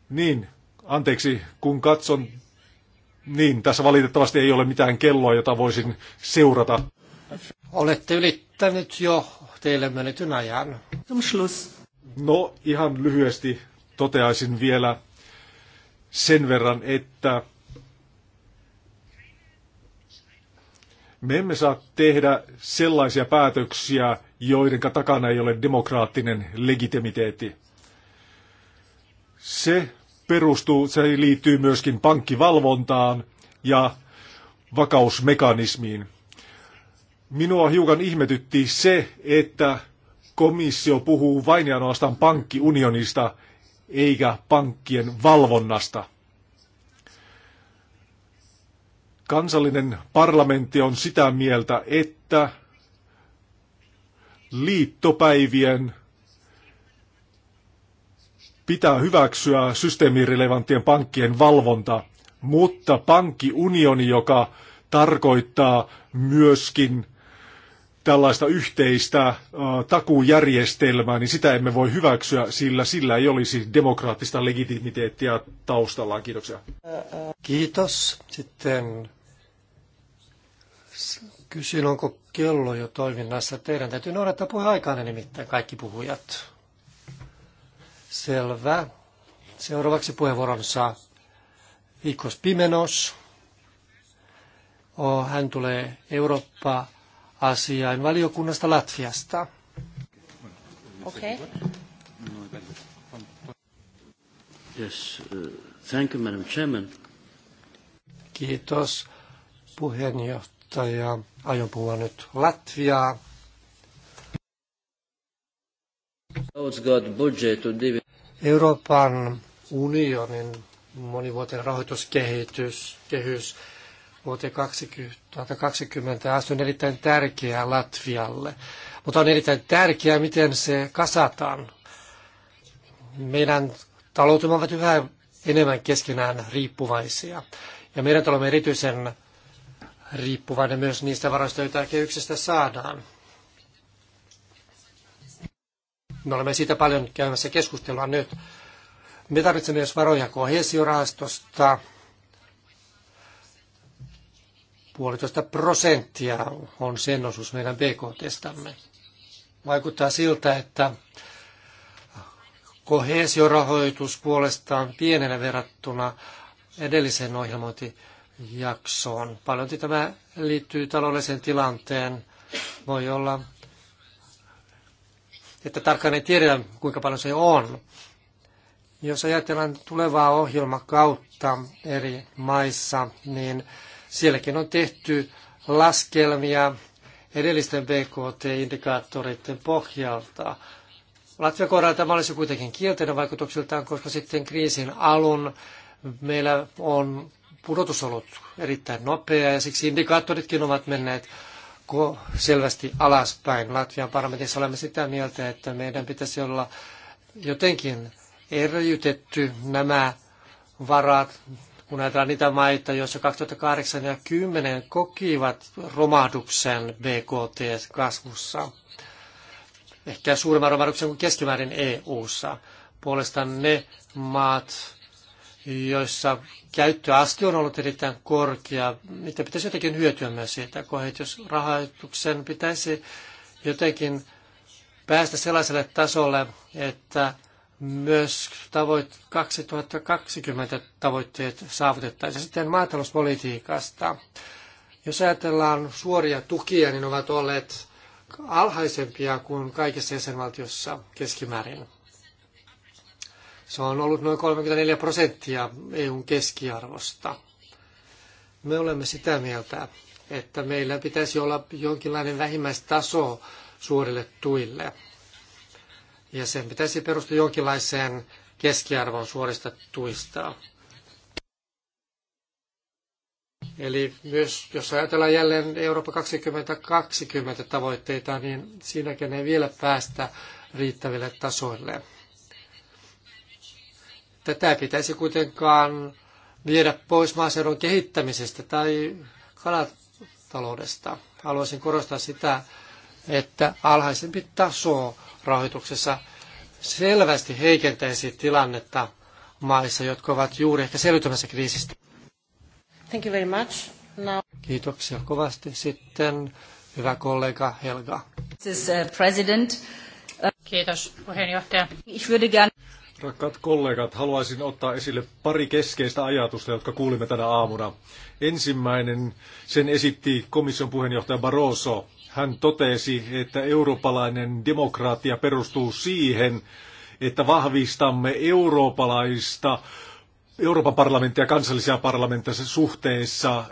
niin anteeksi, kun katson niin, tässä valitettavasti ei ole mitään kelloa, jota voisin seurata. Olette ylittänyt jo teille menetyn ajan. No, ihan lyhyesti toteaisin vielä sen verran, että me emme saa tehdä sellaisia päätöksiä, joiden takana ei ole demokraattinen legitimiteetti. Se perustuu, se liittyy myöskin pankkivalvontaan ja vakausmekanismiin. Minua hiukan ihmetytti se, että komissio puhuu vain ja ainoastaan pankkiunionista eikä pankkien valvonnasta. Kansallinen parlamentti on sitä mieltä, että liittopäivien pitää hyväksyä systeemirelevanttien pankkien valvonta, mutta pankkiunioni, joka tarkoittaa myöskin tällaista yhteistä äh, takuujärjestelmää, niin sitä emme voi hyväksyä, sillä sillä ei olisi demokraattista legitimiteettiä taustallaan. Kiitoksia. Kiitos. Sitten kysyn, onko kello jo toiminnassa. Teidän täytyy noudattaa aikaan, nimittäin kaikki puhujat. Selvä. Seuraavaksi puheenvuoron saa Vikos Pimenos. Oh, hän tulee Eurooppa-asiain valiokunnasta Latviasta. Okay. Yes, uh, thank you, Madam Chairman. Kiitos puheenjohtaja. Aion puhua nyt Latviaa. Euroopan unionin monivuotinen rahoituskehitys, kehys vuoteen 2020 asti on erittäin tärkeää Latvialle. Mutta on erittäin tärkeää, miten se kasataan. Meidän taloutemme ovat yhä enemmän keskenään riippuvaisia. Ja meidän olemme erityisen riippuvainen myös niistä varoista, joita kehyksestä saadaan. Me olemme siitä paljon käymässä keskustelua nyt. Me tarvitsemme myös varoja kohesiorahastosta. Puolitoista prosenttia on sen osuus meidän bkt BKT-stamme. Vaikuttaa siltä, että kohesiorahoitus puolestaan pienenä verrattuna edelliseen ohjelmointijaksoon. Paljon tämä liittyy taloudelliseen tilanteen. Voi olla että tarkkaan ei tiedä, kuinka paljon se on. Jos ajatellaan tulevaa ohjelmakautta eri maissa, niin sielläkin on tehty laskelmia edellisten BKT-indikaattoreiden pohjalta. Latvian kohdalla tämä olisi kuitenkin kielteinen vaikutuksiltaan, koska sitten kriisin alun meillä on pudotus ollut erittäin nopea ja siksi indikaattoritkin ovat menneet selvästi alaspäin. Latvian parlamentissa olemme sitä mieltä, että meidän pitäisi olla jotenkin eriytetty nämä varat, kun ajatellaan niitä maita, joissa 2008 ja 2010 kokivat romahduksen BKT-kasvussa. Ehkä suuremman romahduksen kuin keskimäärin EU-ssa. Puolestaan ne maat, joissa käyttöaste on ollut erittäin korkea, niitä pitäisi jotenkin hyötyä myös siitä, kun jos rahoituksen pitäisi jotenkin päästä sellaiselle tasolle, että myös tavoit 2020 tavoitteet saavutettaisiin. Sitten maatalouspolitiikasta. Jos ajatellaan suoria tukia, niin ovat olleet alhaisempia kuin kaikissa jäsenvaltiossa keskimäärin. Se on ollut noin 34 prosenttia EUn keskiarvosta. Me olemme sitä mieltä, että meillä pitäisi olla jonkinlainen vähimmäistaso suorille tuille. Ja sen pitäisi perustua jonkinlaiseen keskiarvoon suorista tuista. Eli myös jos ajatellaan jälleen Eurooppa 2020 tavoitteita, niin siinäkin ei vielä päästä riittäville tasoille. Tätä pitäisi kuitenkaan viedä pois maaseudun kehittämisestä tai kalataloudesta. Haluaisin korostaa sitä, että alhaisempi taso rahoituksessa selvästi heikentäisi tilannetta maissa, jotka ovat juuri ehkä selviytymässä kriisistä. Thank you very much. Now... Kiitoksia kovasti. Sitten hyvä kollega Helga. This is, uh, president. Kiitos puheenjohtaja. Ich würde gern... Rakkaat kollegat, haluaisin ottaa esille pari keskeistä ajatusta, jotka kuulimme tänä aamuna. Ensimmäinen, sen esitti komission puheenjohtaja Barroso. Hän totesi, että eurooppalainen demokratia perustuu siihen, että vahvistamme eurooppalaista Euroopan parlamenttia ja kansallisia parlamentteja suhteessa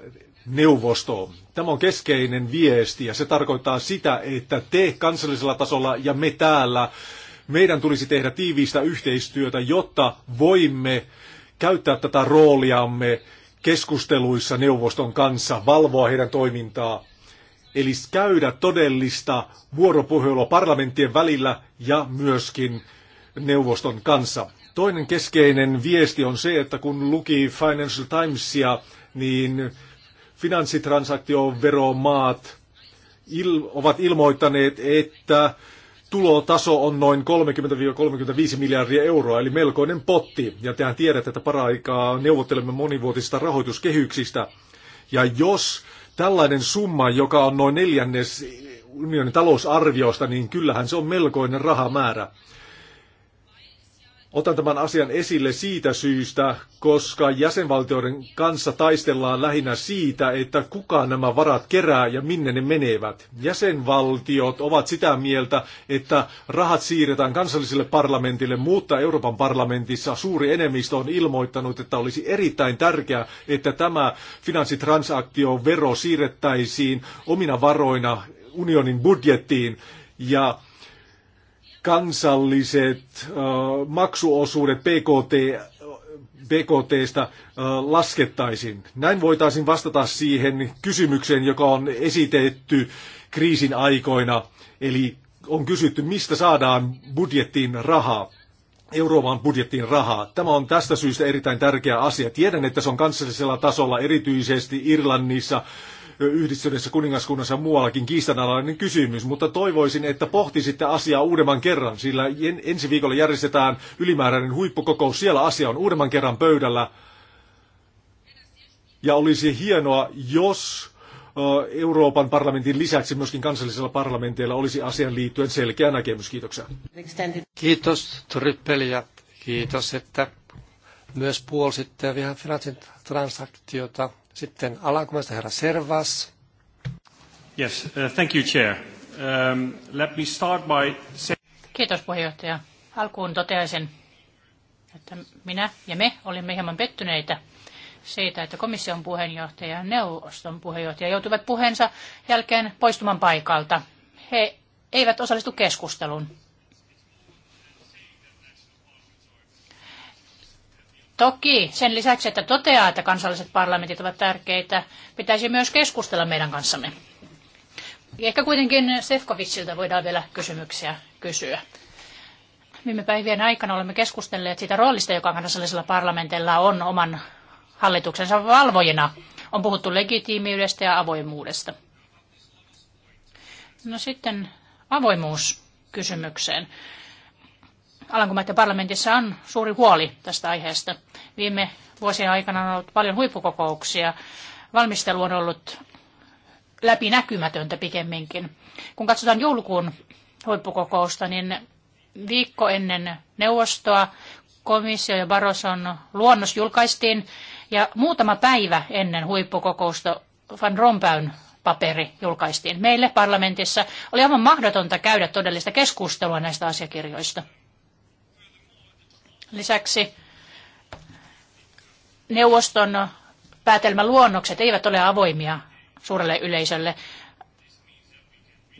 neuvostoon. Tämä on keskeinen viesti ja se tarkoittaa sitä, että te kansallisella tasolla ja me täällä meidän tulisi tehdä tiiviistä yhteistyötä, jotta voimme käyttää tätä rooliamme keskusteluissa neuvoston kanssa, valvoa heidän toimintaa, eli käydä todellista vuoropuhelua parlamenttien välillä ja myöskin neuvoston kanssa. Toinen keskeinen viesti on se, että kun luki Financial Timesia, niin finanssitransaktioveromaat il- ovat ilmoittaneet, että tulotaso on noin 30-35 miljardia euroa, eli melkoinen potti. Ja tehän tiedät, että paraikaa neuvottelemme monivuotisista rahoituskehyksistä. Ja jos tällainen summa, joka on noin neljännes unionin talousarviosta, niin kyllähän se on melkoinen rahamäärä. Otan tämän asian esille siitä syystä, koska jäsenvaltioiden kanssa taistellaan lähinnä siitä, että kuka nämä varat kerää ja minne ne menevät. Jäsenvaltiot ovat sitä mieltä, että rahat siirretään kansalliselle parlamentille, mutta Euroopan parlamentissa suuri enemmistö on ilmoittanut, että olisi erittäin tärkeää, että tämä finanssitransaktiovero siirrettäisiin omina varoina unionin budjettiin ja kansalliset maksuosuudet PKT, BKTstä laskettaisiin. Näin voitaisiin vastata siihen kysymykseen, joka on esitetty kriisin aikoina, eli on kysytty, mistä saadaan budjettiin rahaa. Euroopan budjettiin rahaa. Tämä on tästä syystä erittäin tärkeä asia. Tiedän, että se on kansallisella tasolla, erityisesti Irlannissa, yhdistyneessä kuningaskunnassa ja muuallakin kiistanalainen kysymys, mutta toivoisin, että pohtisitte asiaa uudemman kerran, sillä ensi viikolla järjestetään ylimääräinen huippukokous, siellä asia on uudemman kerran pöydällä. Ja olisi hienoa, jos Euroopan parlamentin lisäksi myöskin kansallisella parlamentilla olisi asian liittyen selkeä näkemys. Kiitoksia. Kiitos Trippel ja kiitos, että myös puolsitte vielä finanssitransaktiota. transaktiota sitten Alankomaista herra Servas. Yes, uh, thank you, Chair. Um, let me start by... Kiitos puheenjohtaja. Alkuun toteaisin, että minä ja me olimme hieman pettyneitä siitä, että komission puheenjohtaja ja neuvoston puheenjohtaja joutuivat puheensa jälkeen poistumaan paikalta. He eivät osallistu keskusteluun. Toki sen lisäksi, että toteaa, että kansalliset parlamentit ovat tärkeitä, pitäisi myös keskustella meidän kanssamme. Ehkä kuitenkin Sefkovicilta voidaan vielä kysymyksiä kysyä. Viime päivien aikana olemme keskustelleet siitä roolista, joka kansallisella parlamentilla on oman hallituksensa valvojina. On puhuttu legitiimiydestä ja avoimuudesta. No sitten avoimuuskysymykseen. Alankomaiden parlamentissa on suuri huoli tästä aiheesta. Viime vuosien aikana on ollut paljon huippukokouksia. Valmistelu on ollut läpinäkymätöntä pikemminkin. Kun katsotaan joulukuun huippukokousta, niin viikko ennen neuvostoa komissio ja Baroson luonnos julkaistiin ja muutama päivä ennen huippukokousta Van Rompuyn paperi julkaistiin meille parlamentissa. Oli aivan mahdotonta käydä todellista keskustelua näistä asiakirjoista. Lisäksi neuvoston päätelmäluonnokset eivät ole avoimia suurelle yleisölle.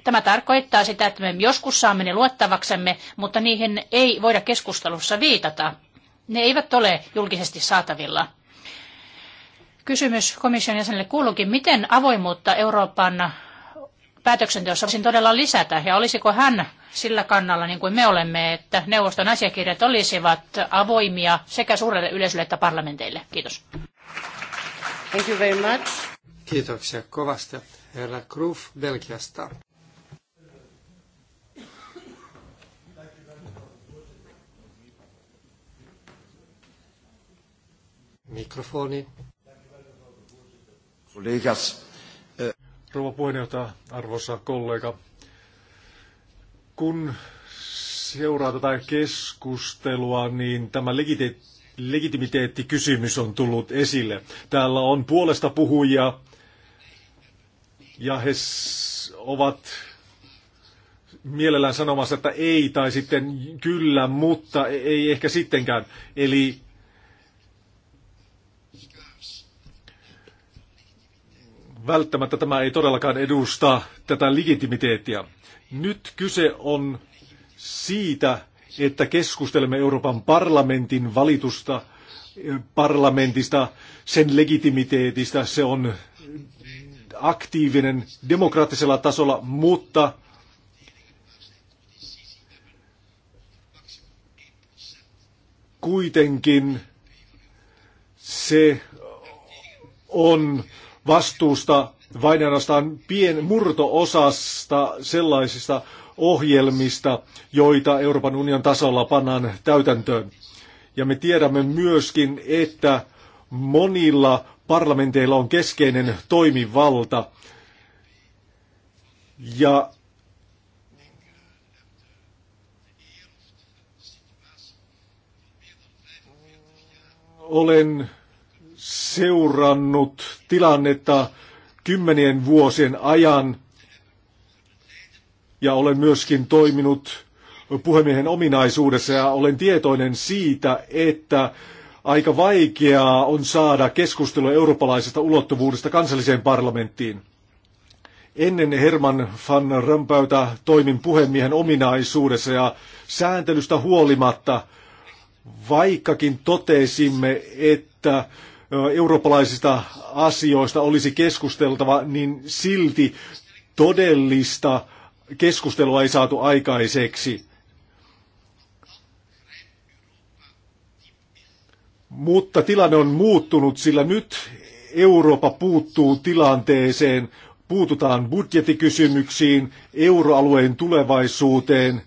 Tämä tarkoittaa sitä, että me joskus saamme ne luottavaksemme, mutta niihin ei voida keskustelussa viitata. Ne eivät ole julkisesti saatavilla. Kysymys komission jäsenelle kuuluukin, miten avoimuutta Euroopan päätöksenteossa voisin todella lisätä, ja olisiko hän sillä kannalla, niin kuin me olemme, että neuvoston asiakirjat olisivat avoimia sekä suurelle yleisölle että parlamenteille. Kiitos. Thank you very much. Kiitoksia kovasti, herra Kruf Belgiasta. Mikrofoni. Kollegas rouva puheenjohtaja, arvoisa kollega. Kun seuraa tätä keskustelua, niin tämä legitimiteettikysymys on tullut esille. Täällä on puolesta puhujia ja he ovat mielellään sanomassa, että ei tai sitten kyllä, mutta ei ehkä sittenkään. Eli välttämättä tämä ei todellakaan edusta tätä legitimiteettiä. Nyt kyse on siitä, että keskustelemme Euroopan parlamentin valitusta parlamentista, sen legitimiteetistä. Se on aktiivinen demokraattisella tasolla, mutta kuitenkin se on vastuusta vain ainoastaan pien murto-osasta sellaisista ohjelmista, joita Euroopan unionin tasolla pannaan täytäntöön. Ja me tiedämme myöskin, että monilla parlamenteilla on keskeinen toimivalta. Ja olen seurannut tilannetta kymmenien vuosien ajan ja olen myöskin toiminut puhemiehen ominaisuudessa ja olen tietoinen siitä, että aika vaikeaa on saada keskustelua eurooppalaisesta ulottuvuudesta kansalliseen parlamenttiin. Ennen Herman van Römpöytä toimin puhemiehen ominaisuudessa ja sääntelystä huolimatta, vaikkakin totesimme, että eurooppalaisista asioista olisi keskusteltava, niin silti todellista keskustelua ei saatu aikaiseksi. Mutta tilanne on muuttunut, sillä nyt Eurooppa puuttuu tilanteeseen, puututaan budjettikysymyksiin, euroalueen tulevaisuuteen,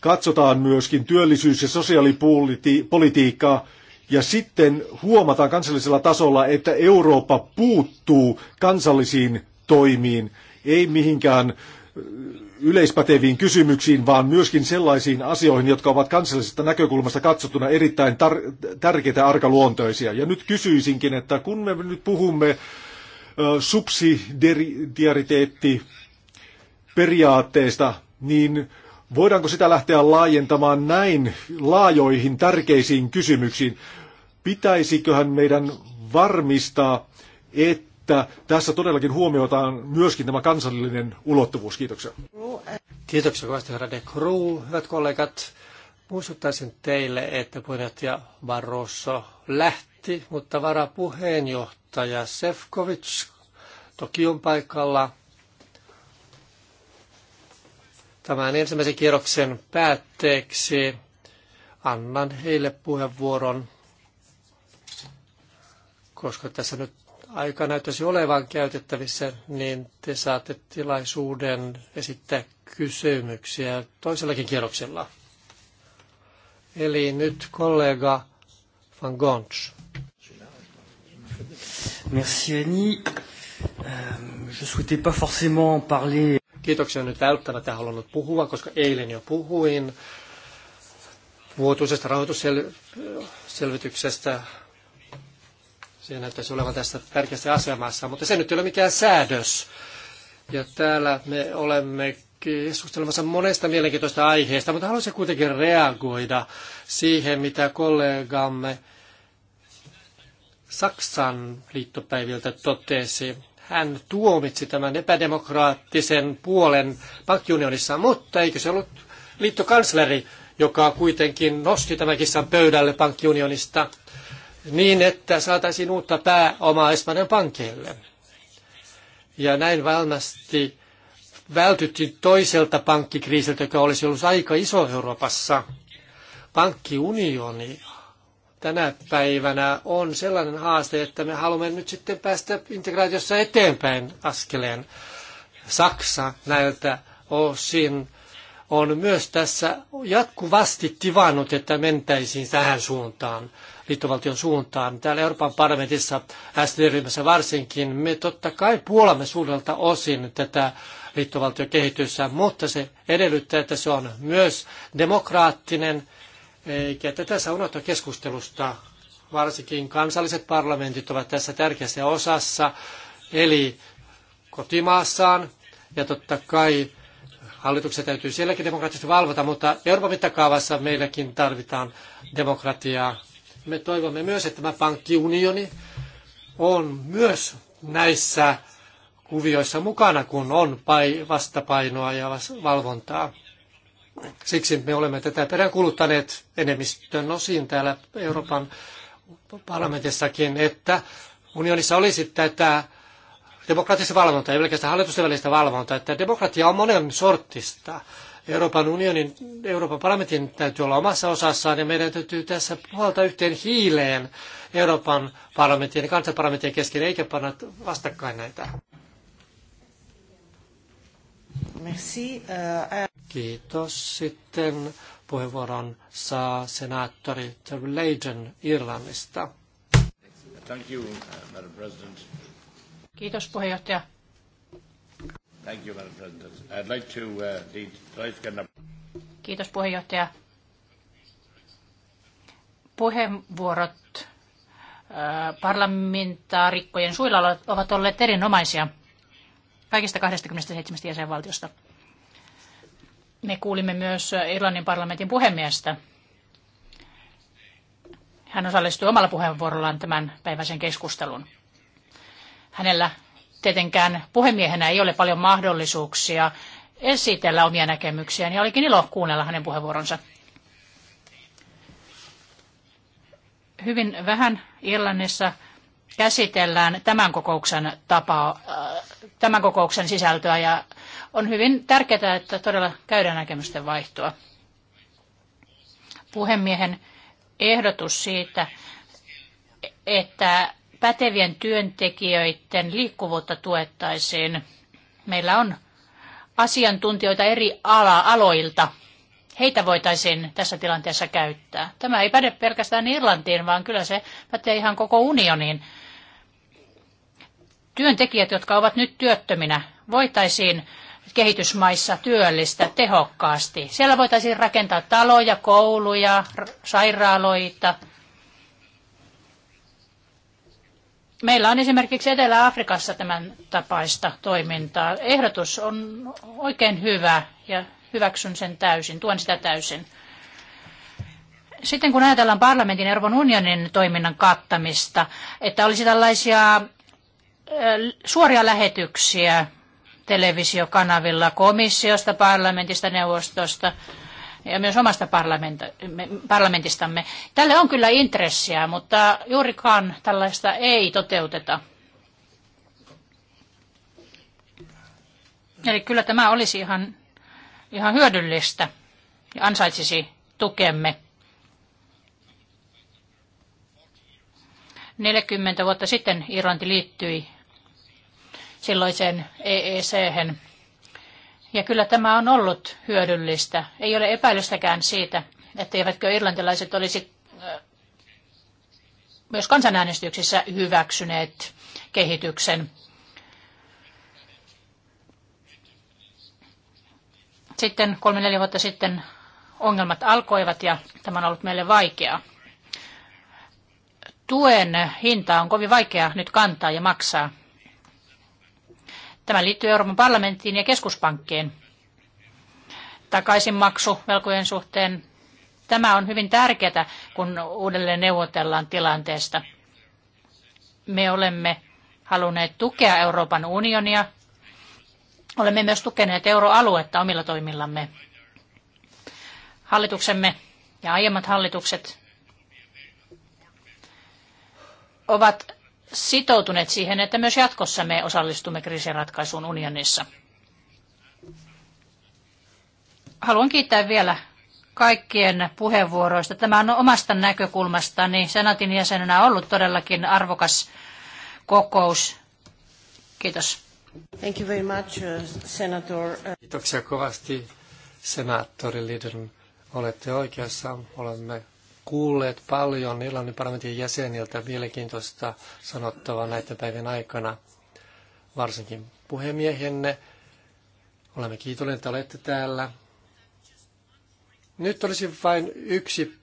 katsotaan myöskin työllisyys- ja sosiaalipolitiikkaa, ja sitten huomataan kansallisella tasolla, että Eurooppa puuttuu kansallisiin toimiin, ei mihinkään yleispäteviin kysymyksiin, vaan myöskin sellaisiin asioihin, jotka ovat kansallisesta näkökulmasta katsottuna erittäin tar- tärkeitä arkaluontoisia. Ja nyt kysyisinkin, että kun me nyt puhumme subsidiariteettiperiaatteesta, niin Voidaanko sitä lähteä laajentamaan näin laajoihin tärkeisiin kysymyksiin? Pitäisiköhän meidän varmistaa, että tässä todellakin huomioitaan myöskin tämä kansallinen ulottuvuus? Kiitoksia. Kiitoksia kovasti, herra De Croo. Hyvät kollegat, muistuttaisin teille, että puheenjohtaja Barroso lähti, mutta varapuheenjohtaja Sefkovic toki on paikalla – Tämän ensimmäisen kierroksen päätteeksi annan heille puheenvuoron, koska tässä nyt aika näyttäisi olevan käytettävissä, niin te saatte tilaisuuden esittää kysymyksiä toisellakin kierroksella. Eli nyt kollega Van Gonch. Merci Annie. Euh, je souhaitais pas forcément parler Kiitoksia nyt välttämättä halunnut puhua, koska eilen jo puhuin vuotuisesta rahoitusselvityksestä. Se näyttäisi olevan tässä tärkeässä asemassa, mutta se nyt ei ole mikään säädös. Ja täällä me olemme keskustelemassa monesta mielenkiintoista aiheesta, mutta haluaisin kuitenkin reagoida siihen, mitä kollegamme Saksan liittopäiviltä totesi hän tuomitsi tämän epädemokraattisen puolen pankkiunionissa, mutta eikö se ollut liittokansleri, joka kuitenkin nosti tämän kissan pöydälle pankkiunionista niin, että saataisiin uutta pääomaa Espanjan pankeille. Ja näin varmasti vältyttiin toiselta pankkikriisiltä, joka olisi ollut aika iso Euroopassa. Pankkiunioni tänä päivänä on sellainen haaste, että me haluamme nyt sitten päästä integraatiossa eteenpäin askeleen. Saksa näiltä osin on myös tässä jatkuvasti tivannut, että mentäisiin tähän suuntaan, liittovaltion suuntaan. Täällä Euroopan parlamentissa SD-ryhmässä varsinkin me totta kai puolamme suurelta osin tätä liittovaltiokehitystä, mutta se edellyttää, että se on myös demokraattinen eikä tätä saa unohtaa keskustelusta. Varsinkin kansalliset parlamentit ovat tässä tärkeässä osassa, eli kotimaassaan. Ja totta kai hallituksen täytyy sielläkin demokraattisesti valvota, mutta Euroopan mittakaavassa meilläkin tarvitaan demokratiaa. Me toivomme myös, että tämä pankkiunioni on myös näissä kuvioissa mukana, kun on vastapainoa ja valvontaa. Siksi me olemme tätä peräänkuluttaneet enemmistön osin täällä Euroopan parlamentissakin, että unionissa olisi tätä demokraattista valvontaa, ei pelkästään hallitusten välistä valvontaa, että demokratia on monen sortista. Euroopan unionin, Euroopan parlamentin täytyy olla omassa osassaan ja meidän täytyy tässä puhaltaa yhteen hiileen Euroopan parlamentin ja kansanparlamentin kesken, eikä panna vastakkain näitä. Merci. Euh, Kiitos. Sitten puheenvuoron saa senaattori Leiden Irlannista. Thank you, uh, Madam President. Kiitos puheenjohtaja. Thank you, Madam President. I'd like to lead uh, Raiskanna. Kiitos puheenjohtaja. Puheenvuorot uh, parlamentaarikkojen suilla ovat olleet erinomaisia kaikista 27 jäsenvaltiosta. Me kuulimme myös Irlannin parlamentin puhemiestä. Hän osallistui omalla puheenvuorollaan tämän päiväisen keskustelun. Hänellä tietenkään puhemiehenä ei ole paljon mahdollisuuksia esitellä omia näkemyksiään ja olikin ilo kuunnella hänen puheenvuoronsa. Hyvin vähän Irlannissa käsitellään tämän kokouksen, tapa, äh, tämän kokouksen sisältöä ja on hyvin tärkeää, että todella käydään näkemysten vaihtoa. Puhemiehen ehdotus siitä, että pätevien työntekijöiden liikkuvuutta tuettaisiin. Meillä on asiantuntijoita eri ala- aloilta heitä voitaisiin tässä tilanteessa käyttää. Tämä ei päde pelkästään Irlantiin, vaan kyllä se pätee ihan koko unioniin. Työntekijät, jotka ovat nyt työttöminä, voitaisiin kehitysmaissa työllistä tehokkaasti. Siellä voitaisiin rakentaa taloja, kouluja, sairaaloita. Meillä on esimerkiksi Etelä-Afrikassa tämän tapaista toimintaa. Ehdotus on oikein hyvä ja hyväksyn sen täysin, tuen sitä täysin. Sitten kun ajatellaan parlamentin Euroopan unionin toiminnan kattamista, että olisi tällaisia suoria lähetyksiä televisiokanavilla komissiosta, parlamentista, neuvostosta ja myös omasta parlamentistamme. Tälle on kyllä intressiä, mutta juurikaan tällaista ei toteuteta. Eli kyllä tämä olisi ihan ihan hyödyllistä ja ansaitsisi tukemme. 40 vuotta sitten Irlanti liittyi silloiseen eec -hän. Ja kyllä tämä on ollut hyödyllistä. Ei ole epäilystäkään siitä, että eivätkö irlantilaiset olisi myös kansanäänestyksissä hyväksyneet kehityksen Sitten kolme neljä vuotta sitten ongelmat alkoivat ja tämä on ollut meille vaikeaa. Tuen hinta on kovin vaikea nyt kantaa ja maksaa. Tämä liittyy Euroopan parlamenttiin ja keskuspankkiin. Takaisinmaksu velkojen suhteen. Tämä on hyvin tärkeää, kun uudelleen neuvotellaan tilanteesta. Me olemme halunneet tukea Euroopan unionia Olemme myös tukeneet euroaluetta omilla toimillamme. Hallituksemme ja aiemmat hallitukset ovat sitoutuneet siihen, että myös jatkossa me osallistumme kriisiratkaisuun unionissa. Haluan kiittää vielä kaikkien puheenvuoroista. Tämä on omasta näkökulmastani senaatin jäsenenä ollut todellakin arvokas kokous. Kiitos. Thank you very much, uh, senator. Kiitoksia kovasti, senaattori Liden. Olette oikeassa. Olemme kuulleet paljon Irlannin parlamentin jäseniltä mielenkiintoista sanottavaa näiden päivien aikana, varsinkin puhemiehenne. Olemme kiitollinen, että olette täällä. Nyt olisi vain yksi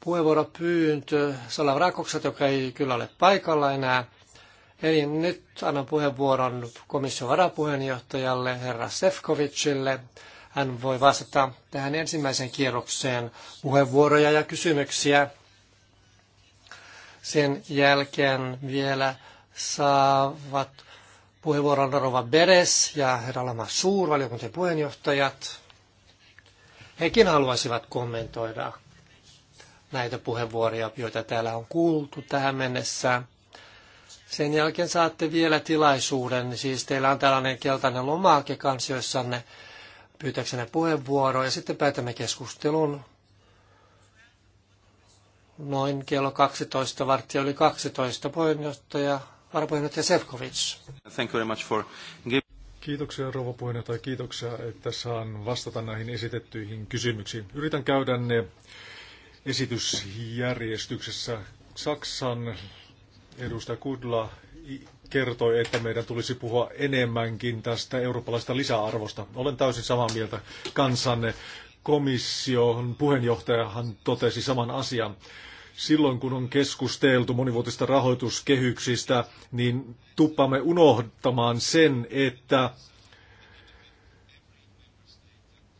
puheenvuoropyyntö Salavrakokset, joka ei kyllä ole paikalla enää. Eli nyt annan puheenvuoron komission varapuheenjohtajalle herra Sefkovicille. Hän voi vastata tähän ensimmäiseen kierrokseen puheenvuoroja ja kysymyksiä. Sen jälkeen vielä saavat puheenvuoron Rova Beres ja herra Lama Suur, valiokuntien puheenjohtajat. Hekin haluaisivat kommentoida näitä puheenvuoroja, joita täällä on kuultu tähän mennessä. Sen jälkeen saatte vielä tilaisuuden, siis teillä on tällainen keltainen lomake kansiossanne pyytäksenne puheenvuoro ja sitten päätämme keskustelun noin kello 12, varttia oli 12, puheenjohtaja, varapuheenjohtaja Sefkovic. Thank you very much for Kiitoksia rouva puheenjohtaja, kiitoksia, että saan vastata näihin esitettyihin kysymyksiin. Yritän käydä ne esitysjärjestyksessä. Saksan Edustaja Kudla kertoi, että meidän tulisi puhua enemmänkin tästä eurooppalaisesta lisäarvosta. Olen täysin samaa mieltä kansanne. Komission puheenjohtajahan totesi saman asian. Silloin kun on keskusteltu monivuotista rahoituskehyksistä, niin tuppamme unohtamaan sen, että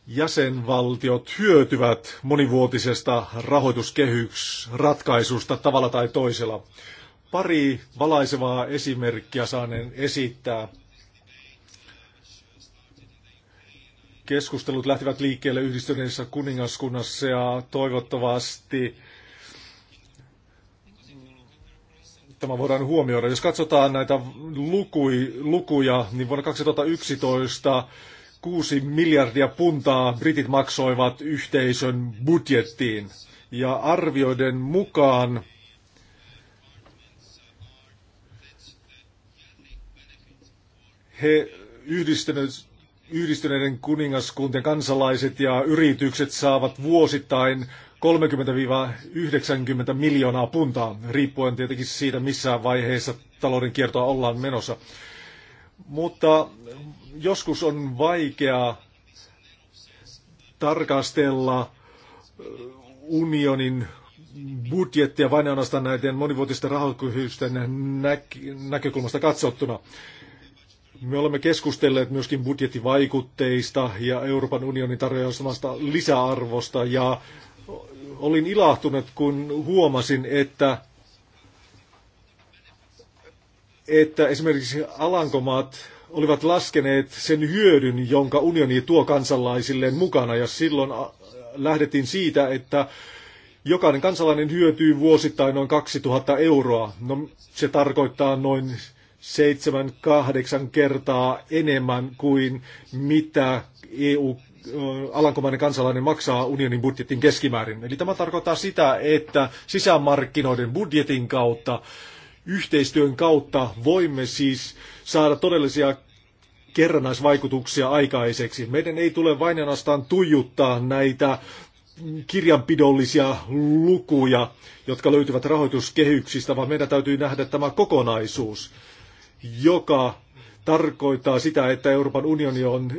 jäsenvaltiot hyötyvät monivuotisesta rahoituskehyksratkaisusta tavalla tai toisella pari valaisevaa esimerkkiä saanen esittää. Keskustelut lähtivät liikkeelle yhdistyneessä kuningaskunnassa ja toivottavasti tämä voidaan huomioida. Jos katsotaan näitä lukui, lukuja, niin vuonna 2011 6 miljardia puntaa britit maksoivat yhteisön budjettiin. Ja arvioiden mukaan he yhdistyneiden kuningaskuntien kansalaiset ja yritykset saavat vuosittain 30-90 miljoonaa puntaa, riippuen tietenkin siitä, missä vaiheessa talouden kiertoa ollaan menossa. Mutta joskus on vaikea tarkastella unionin budjettia vain ainoastaan näiden monivuotisten rahoituskehysten näkökulmasta katsottuna. Me olemme keskustelleet myöskin budjettivaikutteista ja Euroopan unionin tarjoamasta lisäarvosta ja olin ilahtunut, kun huomasin, että, että esimerkiksi Alankomaat olivat laskeneet sen hyödyn, jonka unioni tuo kansalaisilleen mukana ja silloin äh, lähdettiin siitä, että jokainen kansalainen hyötyy vuosittain noin 2000 euroa. No, se tarkoittaa noin seitsemän, kahdeksan kertaa enemmän kuin mitä EU alankomainen kansalainen maksaa unionin budjetin keskimäärin. Eli tämä tarkoittaa sitä, että sisämarkkinoiden budjetin kautta, yhteistyön kautta voimme siis saada todellisia kerrannaisvaikutuksia aikaiseksi. Meidän ei tule vain ainoastaan tuijuttaa näitä kirjanpidollisia lukuja, jotka löytyvät rahoituskehyksistä, vaan meidän täytyy nähdä tämä kokonaisuus joka tarkoittaa sitä, että Euroopan unioni on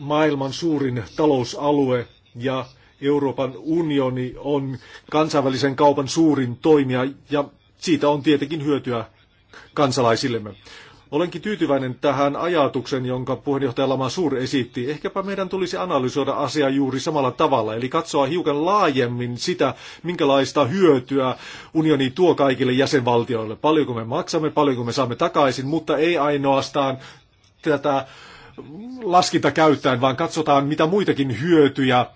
maailman suurin talousalue ja Euroopan unioni on kansainvälisen kaupan suurin toimija ja siitä on tietenkin hyötyä kansalaisillemme. Olenkin tyytyväinen tähän ajatuksen, jonka puheenjohtaja Lama Suur esitti. Ehkäpä meidän tulisi analysoida asiaa juuri samalla tavalla, eli katsoa hiukan laajemmin sitä, minkälaista hyötyä unioni tuo kaikille jäsenvaltioille. Paljonko me maksamme, paljonko me saamme takaisin, mutta ei ainoastaan tätä laskinta käyttäen, vaan katsotaan mitä muitakin hyötyjä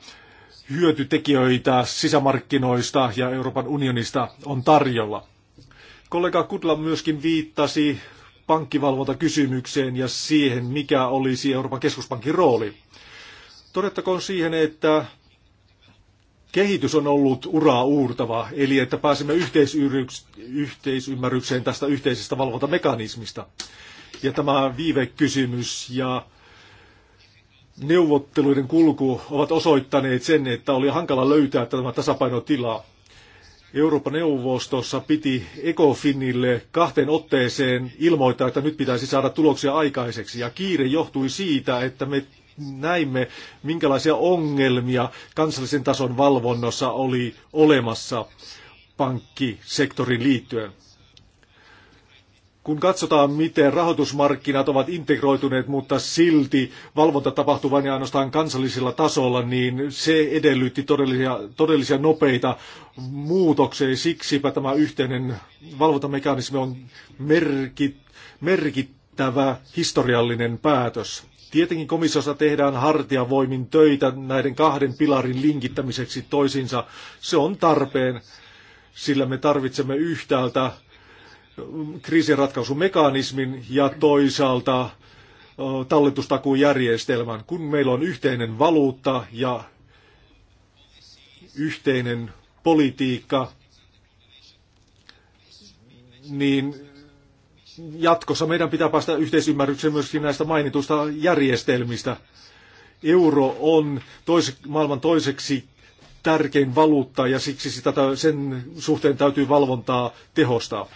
hyötytekijöitä sisämarkkinoista ja Euroopan unionista on tarjolla. Kollega Kudla myöskin viittasi pankkivalvontakysymykseen ja siihen, mikä olisi Euroopan keskuspankin rooli. Todettakoon siihen, että kehitys on ollut uraa uurtava, eli että pääsemme yhteisymmärrykseen tästä yhteisestä valvontamekanismista. Ja tämä viivekysymys ja neuvotteluiden kulku ovat osoittaneet sen, että oli hankala löytää tämä tasapainotila. Euroopan neuvostossa piti Ecofinille kahteen otteeseen ilmoittaa, että nyt pitäisi saada tuloksia aikaiseksi. Ja kiire johtui siitä, että me näimme, minkälaisia ongelmia kansallisen tason valvonnassa oli olemassa pankkisektorin liittyen kun katsotaan, miten rahoitusmarkkinat ovat integroituneet, mutta silti valvonta tapahtuu vain ja ainoastaan kansallisella tasolla, niin se edellytti todellisia, todellisia nopeita muutoksia. Siksipä tämä yhteinen valvontamekanismi on merkit, merkittävä historiallinen päätös. Tietenkin komissiossa tehdään hartiavoimin töitä näiden kahden pilarin linkittämiseksi toisiinsa. Se on tarpeen, sillä me tarvitsemme yhtäältä kriisinratkaisumekanismin ja toisaalta talletustakujärjestelmän, kun meillä on yhteinen valuutta ja yhteinen politiikka, niin jatkossa meidän pitää päästä yhteisymmärrykseen myöskin näistä mainituista järjestelmistä. Euro on tois, maailman toiseksi tärkein valuutta ja siksi sitä, sen suhteen täytyy valvontaa tehostaa.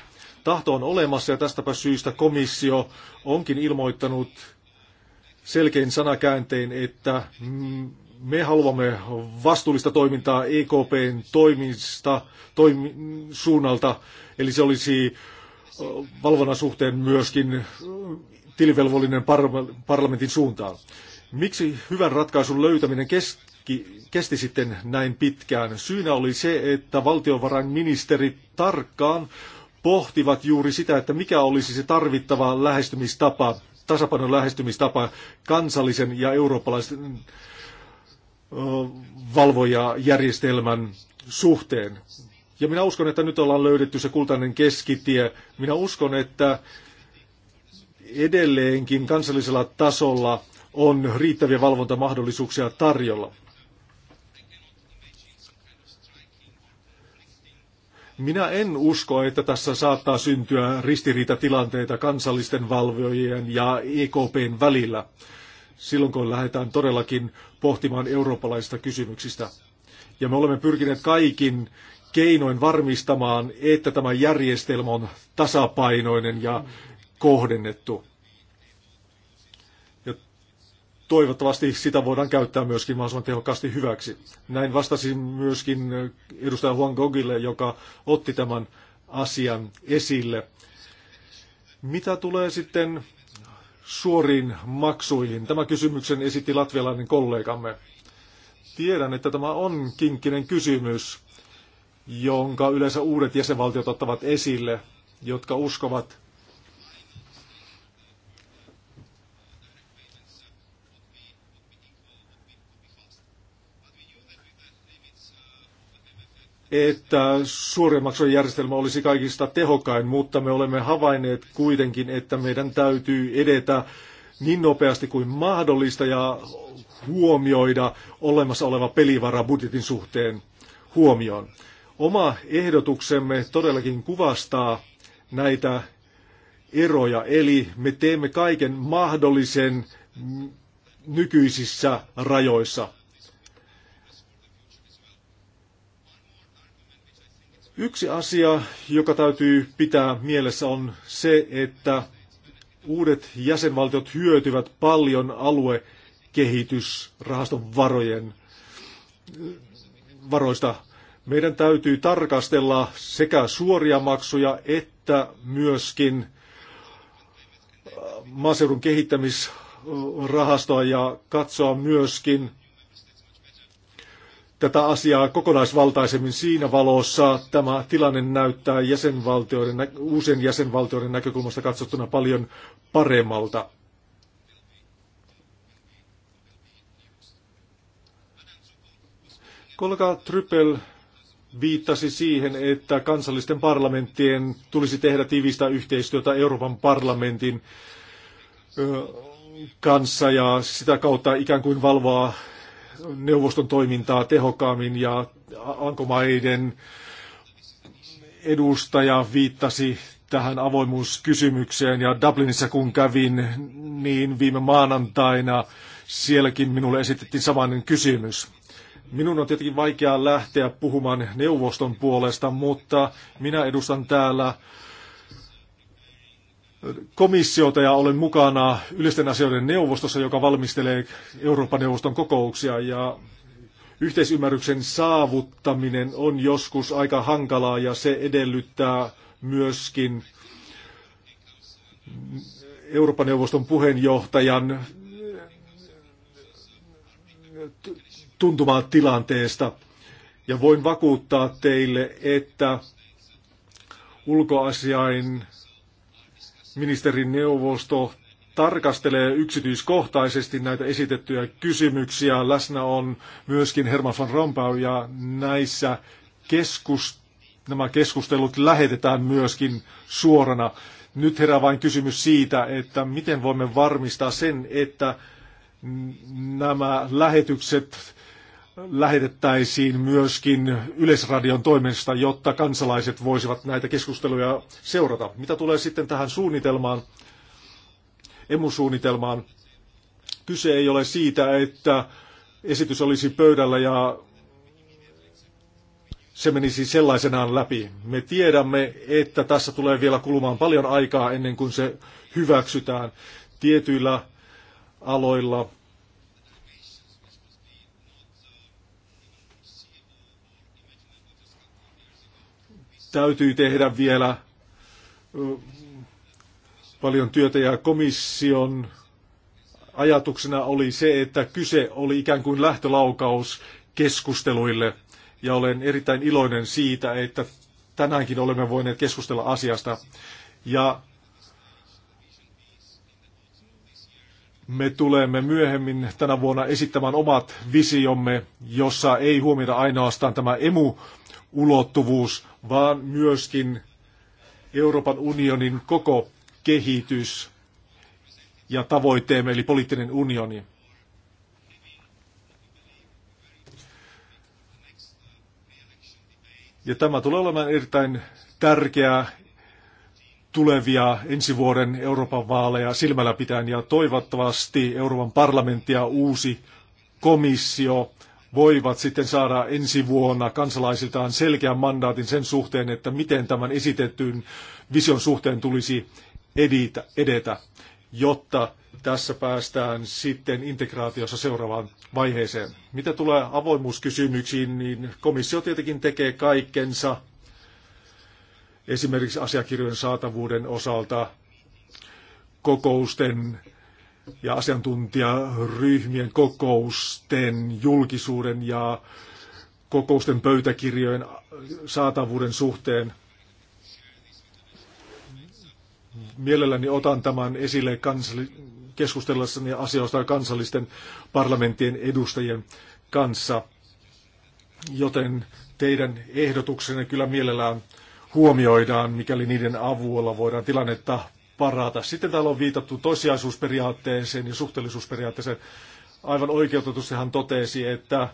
Tahto on olemassa ja tästäpä syystä komissio onkin ilmoittanut selkein sanakääntein, että mm, me haluamme vastuullista toimintaa EKPn toimista, toimi, suunnalta, eli se olisi valvonnan suhteen myöskin tilivelvollinen parlamentin suuntaan. Miksi hyvän ratkaisun löytäminen keski, kesti sitten näin pitkään? Syynä oli se, että valtiovarainministerit tarkkaan pohtivat juuri sitä, että mikä olisi se tarvittava lähestymistapa, tasapainon lähestymistapa kansallisen ja eurooppalaisen valvojajärjestelmän suhteen. Ja minä uskon, että nyt ollaan löydetty se kultainen keskitie. Minä uskon, että edelleenkin kansallisella tasolla on riittäviä valvontamahdollisuuksia tarjolla. Minä en usko, että tässä saattaa syntyä ristiriitatilanteita kansallisten valvojien ja EKPn välillä, silloin kun lähdetään todellakin pohtimaan eurooppalaisista kysymyksistä. Ja me olemme pyrkineet kaikin keinoin varmistamaan, että tämä järjestelmä on tasapainoinen ja kohdennettu toivottavasti sitä voidaan käyttää myöskin mahdollisimman tehokkaasti hyväksi. Näin vastasin myöskin edustaja Juan Gogille, joka otti tämän asian esille. Mitä tulee sitten suoriin maksuihin? Tämä kysymyksen esitti latvialainen kollegamme. Tiedän, että tämä on kinkkinen kysymys, jonka yleensä uudet jäsenvaltiot ottavat esille, jotka uskovat, että suorien järjestelmä olisi kaikista tehokkain, mutta me olemme havainneet kuitenkin, että meidän täytyy edetä niin nopeasti kuin mahdollista ja huomioida olemassa oleva pelivara budjetin suhteen huomioon. Oma ehdotuksemme todellakin kuvastaa näitä eroja, eli me teemme kaiken mahdollisen nykyisissä rajoissa. Yksi asia, joka täytyy pitää mielessä on se, että uudet jäsenvaltiot hyötyvät paljon aluekehitysrahaston varojen varoista. Meidän täytyy tarkastella sekä suoria maksuja että myöskin maaseudun kehittämisrahastoa ja katsoa myöskin tätä asiaa kokonaisvaltaisemmin siinä valossa. Tämä tilanne näyttää jäsenvaltioiden, uusien jäsenvaltioiden näkökulmasta katsottuna paljon paremmalta. Kolka Trypel viittasi siihen, että kansallisten parlamenttien tulisi tehdä tiivistä yhteistyötä Euroopan parlamentin kanssa ja sitä kautta ikään kuin valvoa neuvoston toimintaa tehokkaammin ja Ankomaiden edustaja viittasi tähän avoimuuskysymykseen ja Dublinissa kun kävin, niin viime maanantaina sielläkin minulle esitettiin samainen kysymys. Minun on tietenkin vaikea lähteä puhumaan neuvoston puolesta, mutta minä edustan täällä komissiota ja olen mukana yleisten asioiden neuvostossa, joka valmistelee Euroopan neuvoston kokouksia ja yhteisymmärryksen saavuttaminen on joskus aika hankalaa ja se edellyttää myöskin Euroopan neuvoston puheenjohtajan tuntumaa tilanteesta. Ja voin vakuuttaa teille, että ulkoasiain Ministerin neuvosto tarkastelee yksityiskohtaisesti näitä esitettyjä kysymyksiä. Läsnä on myöskin Herman van Rompuy ja näissä keskus, nämä keskustelut lähetetään myöskin suorana. Nyt herää vain kysymys siitä, että miten voimme varmistaa sen, että nämä lähetykset lähetettäisiin myöskin Yleisradion toimesta, jotta kansalaiset voisivat näitä keskusteluja seurata. Mitä tulee sitten tähän suunnitelmaan, emusuunnitelmaan, kyse ei ole siitä, että esitys olisi pöydällä ja se menisi sellaisenaan läpi. Me tiedämme, että tässä tulee vielä kulumaan paljon aikaa ennen kuin se hyväksytään tietyillä aloilla täytyy tehdä vielä paljon työtä ja komission ajatuksena oli se, että kyse oli ikään kuin lähtölaukaus keskusteluille ja olen erittäin iloinen siitä, että tänäänkin olemme voineet keskustella asiasta ja me tulemme myöhemmin tänä vuonna esittämään omat visiomme, jossa ei huomioida ainoastaan tämä emu-ulottuvuus, vaan myöskin Euroopan unionin koko kehitys ja tavoitteemme, eli poliittinen unioni. Ja tämä tulee olemaan erittäin tärkeää tulevia ensi vuoden Euroopan vaaleja silmällä pitäen ja toivottavasti Euroopan parlamentti ja uusi komissio voivat sitten saada ensi vuonna kansalaisiltaan selkeän mandaatin sen suhteen, että miten tämän esitetyn vision suhteen tulisi editä, edetä, jotta tässä päästään sitten integraatiossa seuraavaan vaiheeseen. Mitä tulee avoimuuskysymyksiin, niin komissio tietenkin tekee kaikkensa esimerkiksi asiakirjojen saatavuuden osalta, kokousten ja asiantuntijaryhmien kokousten julkisuuden ja kokousten pöytäkirjojen saatavuuden suhteen. Mielelläni otan tämän esille kansali- keskustellessani asioista kansallisten parlamenttien edustajien kanssa, joten teidän ehdotuksenne kyllä mielellään huomioidaan, mikäli niiden avulla voidaan tilannetta parata. Sitten täällä on viitattu toisiaisuusperiaatteeseen ja suhteellisuusperiaatteeseen. Aivan oikeutetusti hän totesi, että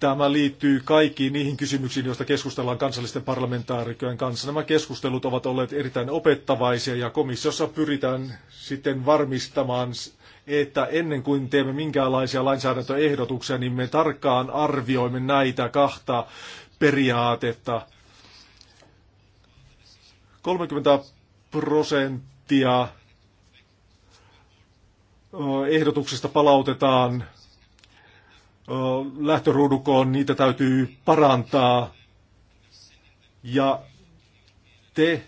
tämä liittyy kaikkiin niihin kysymyksiin, joista keskustellaan kansallisten parlamentaarikkojen kanssa. Nämä keskustelut ovat olleet erittäin opettavaisia ja komissiossa pyritään sitten varmistamaan, että ennen kuin teemme minkäänlaisia lainsäädäntöehdotuksia, niin me tarkkaan arvioimme näitä kahta periaatetta. 30 prosenttia ehdotuksista palautetaan lähtöruudukoon, niitä täytyy parantaa. Ja te,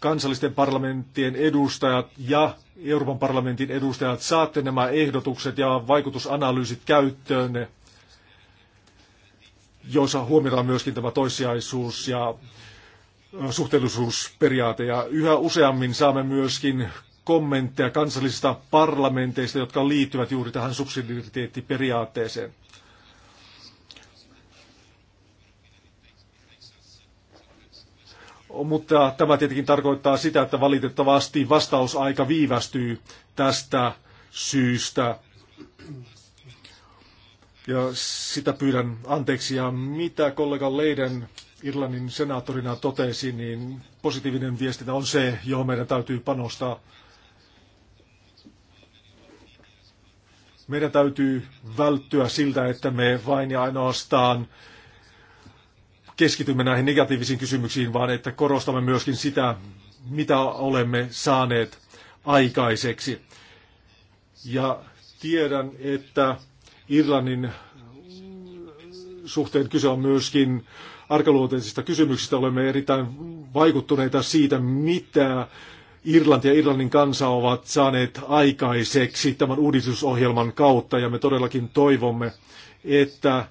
kansallisten parlamenttien edustajat ja Euroopan parlamentin edustajat, saatte nämä ehdotukset ja vaikutusanalyysit käyttöönne, joissa huomioidaan myöskin tämä toissijaisuus ja suhteellisuusperiaate. Ja yhä useammin saamme myöskin kommentteja kansallisista parlamenteista, jotka liittyvät juuri tähän subsidiariteettiperiaatteeseen. Mutta tämä tietenkin tarkoittaa sitä, että valitettavasti vastausaika viivästyy tästä syystä. Ja sitä pyydän anteeksi. Ja mitä kollega Leiden Irlannin senaattorina totesi, niin positiivinen viestintä on se, johon meidän täytyy panostaa. Meidän täytyy välttyä siltä, että me vain ja ainoastaan keskitymme näihin negatiivisiin kysymyksiin, vaan että korostamme myöskin sitä, mitä olemme saaneet aikaiseksi. Ja tiedän, että Irlannin suhteen kyse on myöskin arkaluonteisista kysymyksistä. Olemme erittäin vaikuttuneita siitä, mitä Irlanti ja Irlannin kansa ovat saaneet aikaiseksi tämän uudistusohjelman kautta, ja me todellakin toivomme, että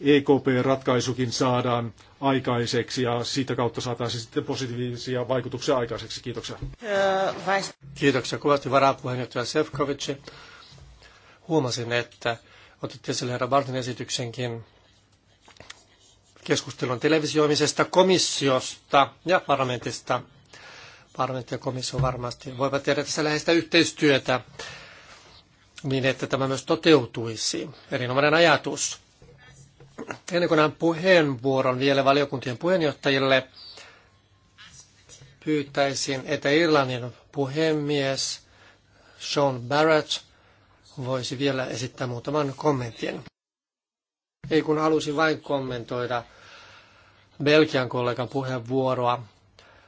EKP-ratkaisukin saadaan aikaiseksi ja siitä kautta saataisiin sitten positiivisia vaikutuksia aikaiseksi. Kiitoksia. Kiitoksia kovasti varapuheenjohtaja Sefkovic. Huomasin, että otitte esille herra Bartin esityksenkin keskustelun televisioimisesta komissiosta ja parlamentista. Parlamentti ja komissio varmasti voivat tehdä tässä läheistä yhteistyötä niin, että tämä myös toteutuisi. Erinomainen ajatus. Ennen kuin näen puheenvuoron vielä valiokuntien puheenjohtajille, pyytäisin, että Irlannin puhemies Sean Barrett voisi vielä esittää muutaman kommentin. Ei kun halusin vain kommentoida Belgian kollegan puheenvuoroa.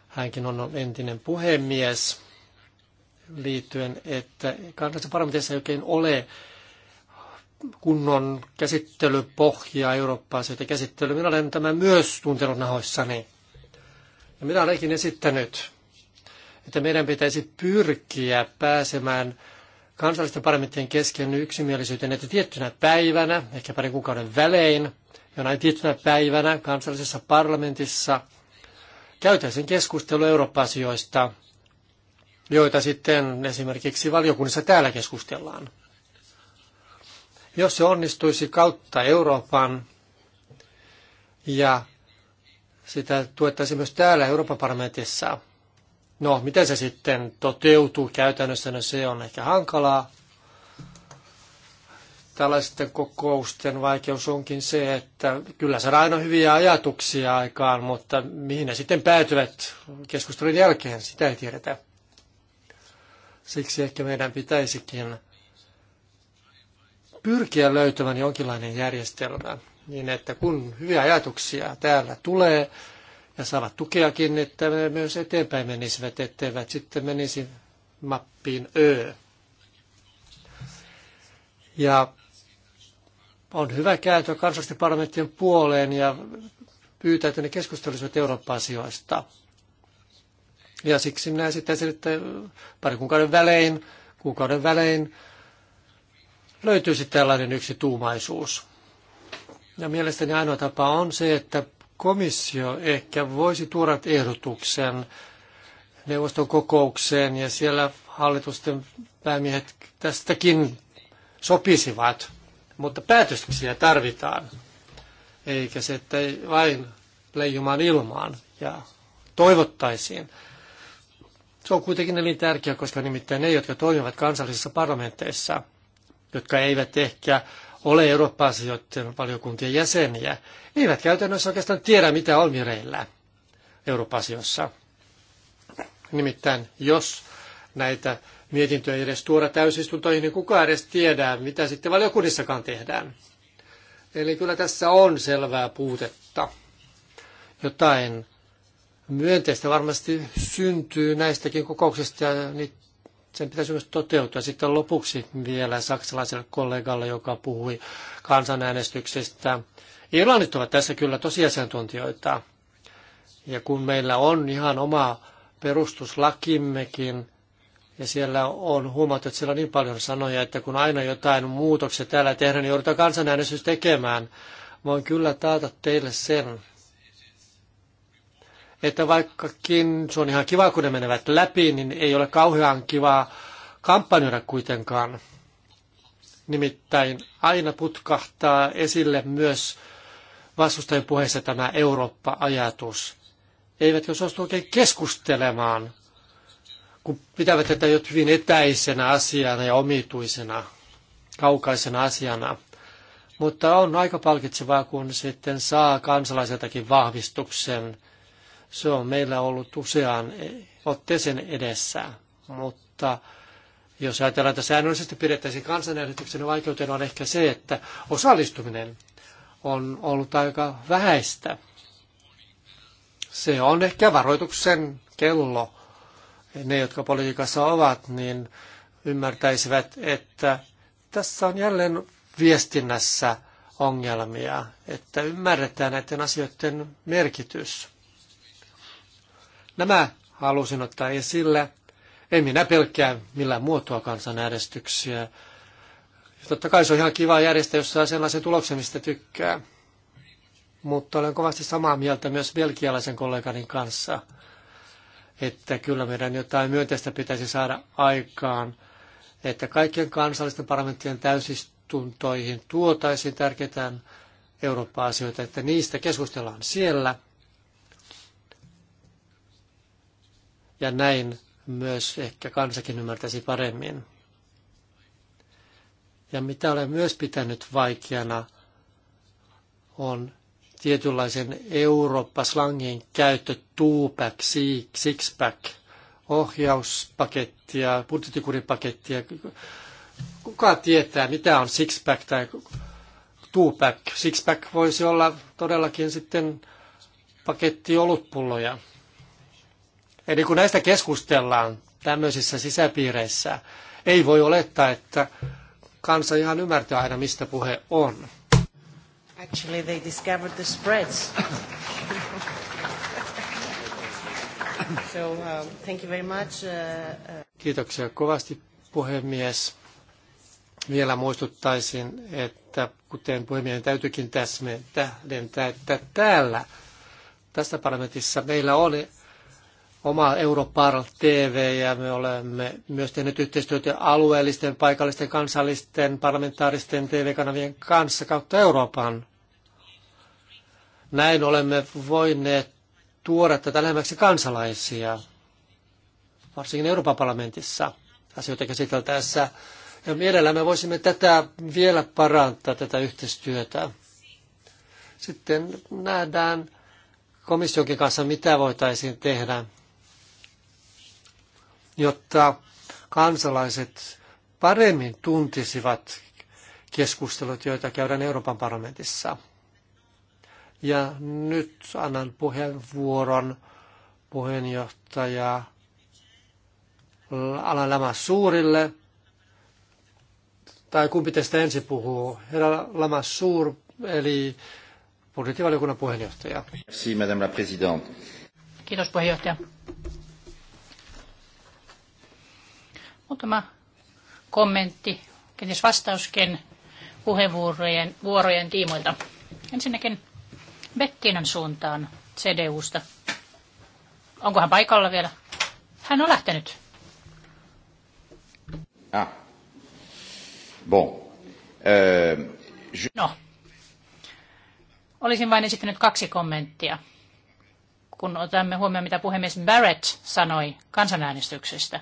Hänkin on entinen puhemies liittyen, että kansallisessa parlamentissa ei oikein ole kunnon käsittelypohjaa Eurooppaan sieltä käsittelyä. Minä olen tämän myös tuntenut nahoissani. Ja minä olenkin esittänyt, että meidän pitäisi pyrkiä pääsemään kansallisten parlamenttien kesken yksimielisyyteen, että tiettynä päivänä, ehkä parin kuukauden välein, jonain tiettynä päivänä kansallisessa parlamentissa käytäisiin keskustelu Eurooppa-asioista, joita sitten esimerkiksi valiokunnissa täällä keskustellaan. Jos se onnistuisi kautta Euroopan ja sitä tuettaisiin myös täällä Euroopan parlamentissa, no miten se sitten toteutuu käytännössä, no se on ehkä hankalaa, tällaisten kokousten vaikeus onkin se, että kyllä saadaan aina hyviä ajatuksia aikaan, mutta mihin ne sitten päätyvät keskustelun jälkeen, sitä ei tiedetä. Siksi ehkä meidän pitäisikin pyrkiä löytämään jonkinlainen järjestelmä, niin että kun hyviä ajatuksia täällä tulee ja saavat tukeakin, että me myös eteenpäin menisivät, etteivät sitten menisi mappiin Ö. Ja on hyvä kääntyä kansallisten parlamenttien puoleen ja pyytää, että ne keskustelisivat Eurooppa-asioista. Ja siksi minä esittäisin, että pari kuukauden välein, kuukauden välein löytyisi tällainen yksi tuumaisuus. Ja mielestäni ainoa tapa on se, että komissio ehkä voisi tuoda ehdotuksen neuvoston kokoukseen ja siellä hallitusten päämiehet tästäkin sopisivat mutta päätöksiä tarvitaan, eikä se, että ei vain leijumaan ilmaan ja toivottaisiin. Se on kuitenkin niin tärkeää, koska nimittäin ne, jotka toimivat kansallisissa parlamenteissa, jotka eivät ehkä ole Eurooppa-asioiden valiokuntien jäseniä, eivät käytännössä oikeastaan tiedä, mitä on vireillä Eurooppa-asioissa. Nimittäin jos näitä mietintö ei edes tuoda täysistuntoihin, niin kukaan edes tiedä, mitä sitten valiokunnissakaan tehdään. Eli kyllä tässä on selvää puutetta. Jotain myönteistä varmasti syntyy näistäkin kokouksista ja sen pitäisi myös toteutua. Sitten lopuksi vielä saksalaiselle kollegalle, joka puhui kansanäänestyksestä. Irlannit ovat tässä kyllä tosiasiantuntijoita. Ja kun meillä on ihan oma perustuslakimmekin, ja siellä on huomattu, että siellä on niin paljon sanoja, että kun aina jotain muutoksia täällä tehdään, niin joudutaan kansanäänestys tekemään. Voin kyllä taata teille sen, että vaikkakin se on ihan kiva, kun ne menevät läpi, niin ei ole kauhean kivaa kampanjoida kuitenkaan. Nimittäin aina putkahtaa esille myös vastustajien puheessa tämä Eurooppa-ajatus. Eivät jos suostu oikein keskustelemaan kun pitävät tätä jo hyvin etäisenä asiana ja omituisena, kaukaisena asiana. Mutta on aika palkitsevaa, kun sitten saa kansalaiseltakin vahvistuksen. Se on meillä ollut useaan otteeseen edessä, mutta jos ajatellaan, että säännöllisesti pidettäisiin kansanäänestyksen vaikeutena on ehkä se, että osallistuminen on ollut aika vähäistä. Se on ehkä varoituksen kello ne, jotka politiikassa ovat, niin ymmärtäisivät, että tässä on jälleen viestinnässä ongelmia, että ymmärretään näiden asioiden merkitys. Nämä halusin ottaa esille. En minä pelkää millään muotoa kansanäänestyksiä. Totta kai se on ihan kiva järjestää, jos saa sellaisen tuloksen, mistä tykkää. Mutta olen kovasti samaa mieltä myös belgialaisen kollegani kanssa – että kyllä meidän jotain myönteistä pitäisi saada aikaan, että kaikkien kansallisten parlamenttien täysistuntoihin tuotaisiin tärkeitä Eurooppa-asioita, että niistä keskustellaan siellä. Ja näin myös ehkä kansakin ymmärtäisi paremmin. Ja mitä olen myös pitänyt vaikeana, on tietynlaisen Eurooppa-slangin käyttö, two-pack, six-pack, ohjauspakettia, budjettikuripakettia. Kuka tietää, mitä on six-pack tai two-pack? Six-pack voisi olla todellakin sitten paketti olutpulloja. Eli kun näistä keskustellaan tämmöisissä sisäpiireissä, ei voi olettaa, että kansa ihan ymmärtää aina, mistä puhe on. Actually, they discovered the spreads. so, uh, thank you very much. Uh, uh. Kiitoksia kovasti, puhemies. Vielä muistuttaisin, että kuten puhemiehen täytyykin täsmentää, että täällä tässä parlamentissa meillä on oma Europarl TV ja me olemme myös tehneet yhteistyötä alueellisten, paikallisten, kansallisten, parlamentaaristen TV-kanavien kanssa kautta Euroopan. Näin olemme voineet tuoda tätä lähemmäksi kansalaisia, varsinkin Euroopan parlamentissa asioita käsiteltäessä. Ja mielellään me voisimme tätä vielä parantaa, tätä yhteistyötä. Sitten nähdään komissionkin kanssa, mitä voitaisiin tehdä, jotta kansalaiset paremmin tuntisivat keskustelut, joita käydään Euroopan parlamentissa. Ja nyt annan puheenvuoron puheenjohtaja Alan Lama Suurille. Tai kumpi teistä ensin puhuu? Herra Lama Suur, eli budjettivaliokunnan puheenjohtaja. Merci, madame la présidente. Kiitos puheenjohtaja. Muutama kommentti, kenties vastauskin puheenvuorojen vuorojen tiimoilta. Ensinnäkin Bettinan suuntaan CDUsta. Onko hän paikalla vielä? Hän on lähtenyt. Ah. Bon. Euh, je... No. Olisin vain esittänyt kaksi kommenttia, kun otamme huomioon, mitä puhemies Barrett sanoi kansanäänestyksestä.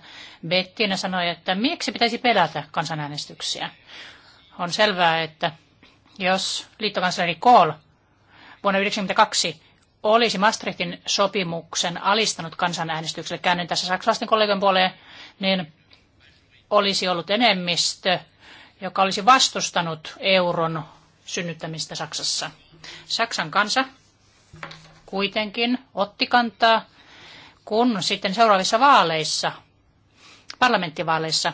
Bettina sanoi, että miksi pitäisi pelätä kansanäänestyksiä. On selvää, että jos liittokansleri Kohl vuonna 1992 olisi Maastrichtin sopimuksen alistanut kansanäänestykselle, käännyn tässä saksalaisten kollegan puoleen, niin olisi ollut enemmistö, joka olisi vastustanut euron synnyttämistä Saksassa. Saksan kansa kuitenkin otti kantaa, kun sitten seuraavissa vaaleissa, parlamenttivaaleissa,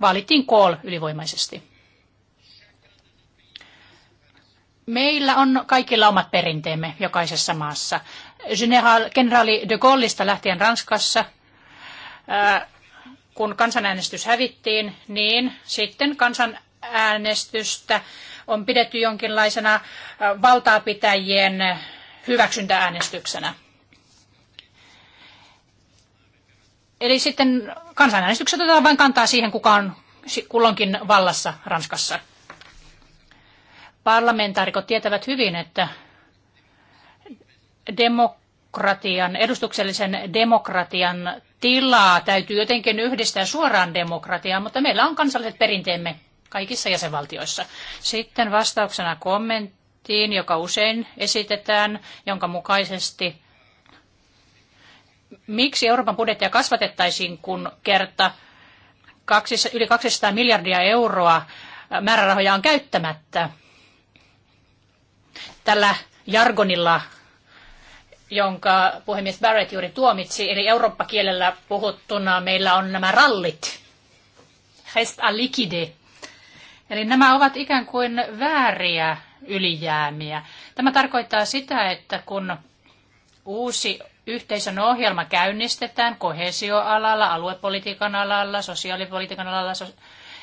valittiin Kohl ylivoimaisesti. Meillä on kaikilla omat perinteemme jokaisessa maassa. General, kenraali de Gaulleista lähtien Ranskassa, kun kansanäänestys hävittiin, niin sitten kansanäänestystä on pidetty jonkinlaisena valtaapitäjien hyväksyntääänestyksenä. Eli sitten kansanäänestykset otetaan vain kantaa siihen, kuka on kulloinkin vallassa Ranskassa parlamentaarikot tietävät hyvin, että demokratian, edustuksellisen demokratian tilaa täytyy jotenkin yhdistää suoraan demokratiaan, mutta meillä on kansalliset perinteemme kaikissa jäsenvaltioissa. Sitten vastauksena kommenttiin, joka usein esitetään, jonka mukaisesti miksi Euroopan budjettia kasvatettaisiin, kun kerta yli 200 miljardia euroa määrärahoja on käyttämättä tällä jargonilla, jonka puhemies Barrett juuri tuomitsi, eli eurooppakielellä puhuttuna meillä on nämä rallit, Hest a liquide. Eli nämä ovat ikään kuin vääriä ylijäämiä. Tämä tarkoittaa sitä, että kun uusi yhteisön ohjelma käynnistetään kohesioalalla, aluepolitiikan alalla, sosiaalipolitiikan alalla,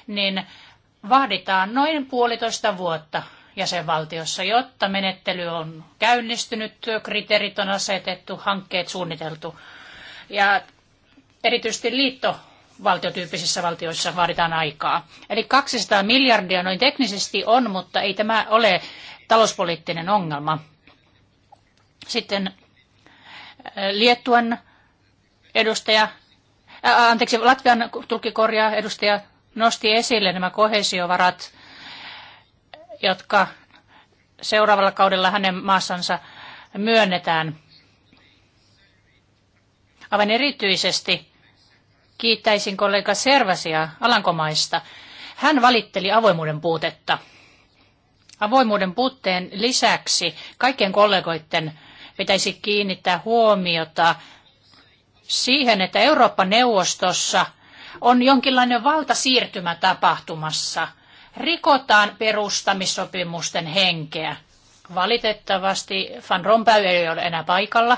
niin vaaditaan noin puolitoista vuotta jäsenvaltiossa, jotta menettely on käynnistynyt, kriteerit on asetettu, hankkeet suunniteltu. Ja erityisesti liitto valtiotyyppisissä valtioissa vaaditaan aikaa. Eli 200 miljardia noin teknisesti on, mutta ei tämä ole talouspoliittinen ongelma. Sitten äh, Liettuan edustaja, ää, äh, anteeksi, Latvian tulkikorja edustaja nosti esille nämä kohesiovarat jotka seuraavalla kaudella hänen maassansa myönnetään. Aivan erityisesti kiittäisin kollega Servasia Alankomaista. Hän valitteli avoimuuden puutetta. Avoimuuden puutteen lisäksi kaikkien kollegoiden pitäisi kiinnittää huomiota siihen, että Eurooppa-neuvostossa on jonkinlainen valtasiirtymä tapahtumassa rikotaan perustamissopimusten henkeä. Valitettavasti Van Rompuy ei ole enää paikalla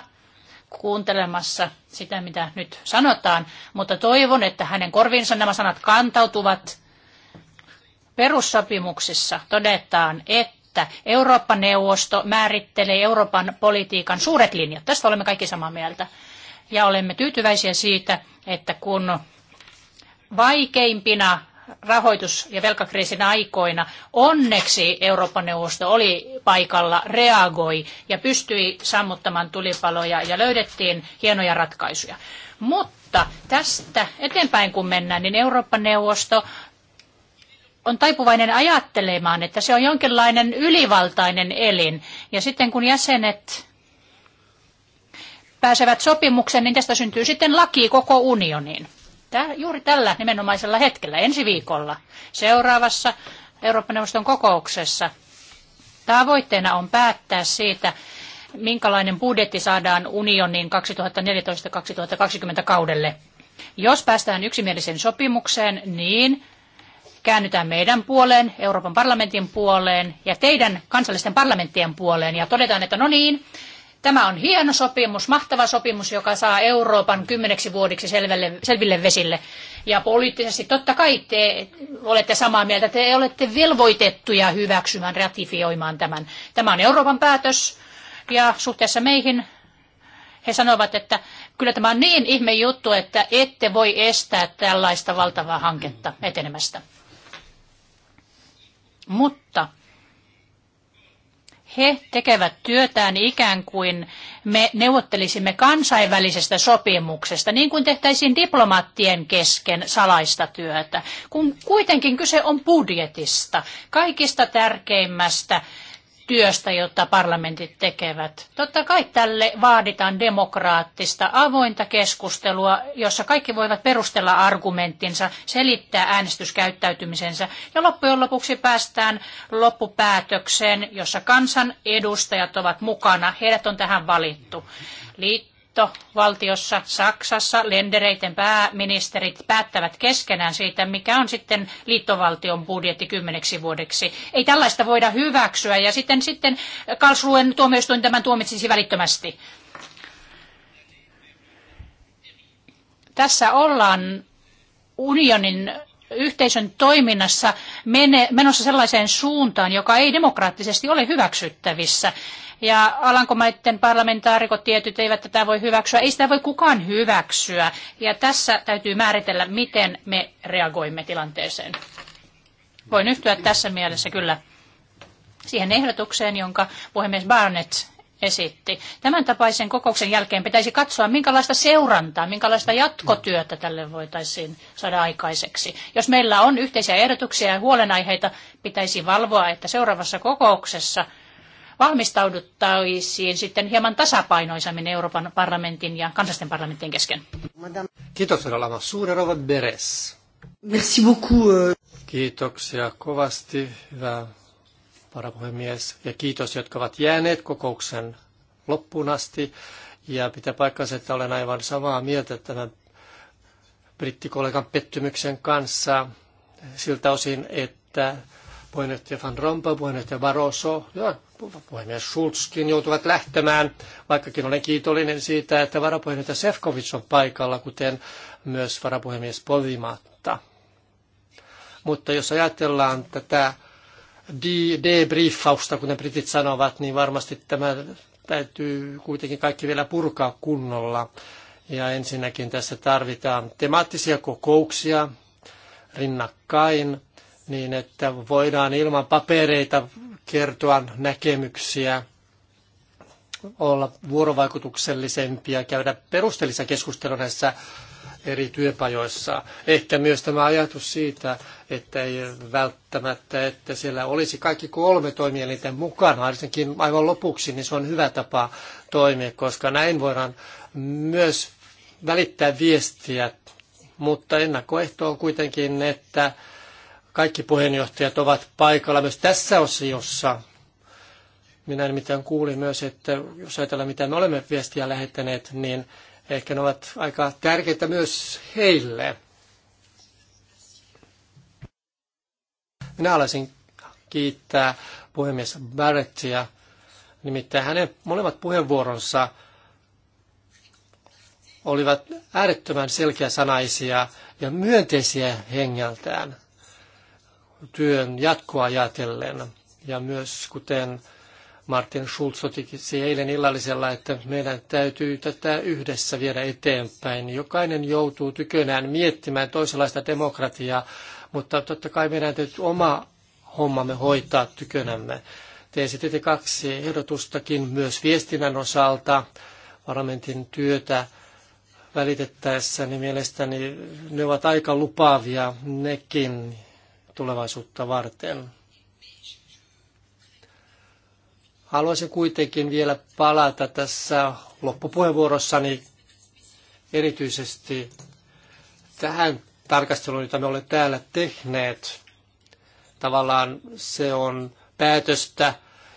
kuuntelemassa sitä, mitä nyt sanotaan, mutta toivon, että hänen korvinsa nämä sanat kantautuvat. Perussopimuksissa todetaan, että Eurooppa-neuvosto määrittelee Euroopan politiikan suuret linjat. Tästä olemme kaikki samaa mieltä. Ja olemme tyytyväisiä siitä, että kun vaikeimpina rahoitus- ja velkakriisin aikoina onneksi Euroopan neuvosto oli paikalla, reagoi ja pystyi sammuttamaan tulipaloja ja löydettiin hienoja ratkaisuja. Mutta tästä eteenpäin kun mennään, niin Euroopan neuvosto on taipuvainen ajattelemaan, että se on jonkinlainen ylivaltainen elin. Ja sitten kun jäsenet pääsevät sopimukseen, niin tästä syntyy sitten laki koko unioniin. Tää, juuri tällä nimenomaisella hetkellä, ensi viikolla, seuraavassa Euroopan neuvoston kokouksessa. Tavoitteena on päättää siitä, minkälainen budjetti saadaan unionin 2014-2020 kaudelle. Jos päästään yksimieliseen sopimukseen, niin käännytään meidän puoleen, Euroopan parlamentin puoleen ja teidän kansallisten parlamenttien puoleen ja todetaan, että no niin, Tämä on hieno sopimus, mahtava sopimus, joka saa Euroopan kymmeneksi vuodeksi selville, selville vesille. Ja poliittisesti totta kai te olette samaa mieltä, te olette velvoitettuja hyväksymään, ratifioimaan tämän. Tämä on Euroopan päätös ja suhteessa meihin he sanovat, että kyllä tämä on niin ihme juttu, että ette voi estää tällaista valtavaa hanketta etenemästä. Mutta he tekevät työtään ikään kuin me neuvottelisimme kansainvälisestä sopimuksesta, niin kuin tehtäisiin diplomaattien kesken salaista työtä, kun kuitenkin kyse on budjetista, kaikista tärkeimmästä työstä, jota parlamentit tekevät. Totta kai tälle vaaditaan demokraattista avointa keskustelua, jossa kaikki voivat perustella argumenttinsa, selittää äänestyskäyttäytymisensä ja loppujen lopuksi päästään loppupäätökseen, jossa kansan edustajat ovat mukana. Heidät on tähän valittu. Liitto liittovaltiossa Saksassa lendereiden pääministerit päättävät keskenään siitä, mikä on sitten liittovaltion budjetti kymmeneksi vuodeksi. Ei tällaista voida hyväksyä ja sitten, sitten Karlsruen tuomioistuin tämän tuomitsisi välittömästi. Tässä ollaan unionin yhteisön toiminnassa menossa sellaiseen suuntaan, joka ei demokraattisesti ole hyväksyttävissä. Ja Alankomaiden parlamentaarikot tietyt eivät tätä voi hyväksyä. Ei sitä voi kukaan hyväksyä. Ja tässä täytyy määritellä, miten me reagoimme tilanteeseen. Voin yhtyä tässä mielessä kyllä siihen ehdotukseen, jonka puhemies Barnett esitti. Tämän tapaisen kokouksen jälkeen pitäisi katsoa, minkälaista seurantaa, minkälaista jatkotyötä tälle voitaisiin saada aikaiseksi. Jos meillä on yhteisiä ehdotuksia ja huolenaiheita, pitäisi valvoa, että seuraavassa kokouksessa valmistauduttaisiin sitten hieman tasapainoisemmin Euroopan parlamentin ja kansallisten parlamenttien kesken. Kiitos, Rolama. Suuri rouva Beres. Merci beaucoup. Euh. Kiitoksia kovasti, hyvää varapuhemies, ja kiitos, jotka ovat jääneet kokouksen loppuun asti. Ja pitää paikkansa, että olen aivan samaa mieltä tämän brittikollegan pettymyksen kanssa siltä osin, että puheenjohtaja Van Rompuy, puheenjohtaja Barroso ja puhemies Schulzkin joutuvat lähtemään, vaikkakin olen kiitollinen siitä, että varapuheenjohtaja Sefcovic on paikalla, kuten myös varapuhemies Povimatta. Mutta jos ajatellaan tätä debriefausta, kuten britit sanovat, niin varmasti tämä täytyy kuitenkin kaikki vielä purkaa kunnolla. Ja ensinnäkin tässä tarvitaan temaattisia kokouksia rinnakkain, niin että voidaan ilman papereita kertoa näkemyksiä, olla vuorovaikutuksellisempia, käydä perusteellisia keskusteluja näissä eri työpajoissa. Ehkä myös tämä ajatus siitä, että ei välttämättä, että siellä olisi kaikki kolme toimielinten mukana, ainakin aivan lopuksi, niin se on hyvä tapa toimia, koska näin voidaan myös välittää viestiä, mutta ennakkoehto on kuitenkin, että kaikki puheenjohtajat ovat paikalla myös tässä osiossa. Minä nimittäin kuulin myös, että jos ajatellaan, mitä me olemme viestiä lähettäneet, niin Ehkä ne ovat aika tärkeitä myös heille. Minä haluaisin kiittää puhemies Barrettia. Nimittäin hänen molemmat puheenvuoronsa olivat äärettömän selkeäsanaisia ja myönteisiä hengeltään työn jatkoa ajatellen. Ja myös kuten Martin Schulz se eilen illallisella, että meidän täytyy tätä yhdessä viedä eteenpäin. Jokainen joutuu tykönään miettimään toisenlaista demokratiaa, mutta totta kai meidän täytyy oma hommamme hoitaa tykönämme. Te esititte kaksi ehdotustakin myös viestinnän osalta parlamentin työtä välitettäessä, niin mielestäni ne ovat aika lupaavia nekin tulevaisuutta varten. Haluaisin kuitenkin vielä palata tässä loppupuheenvuorossani erityisesti tähän tarkasteluun, jota me olemme täällä tehneet. Tavallaan se on päätöstä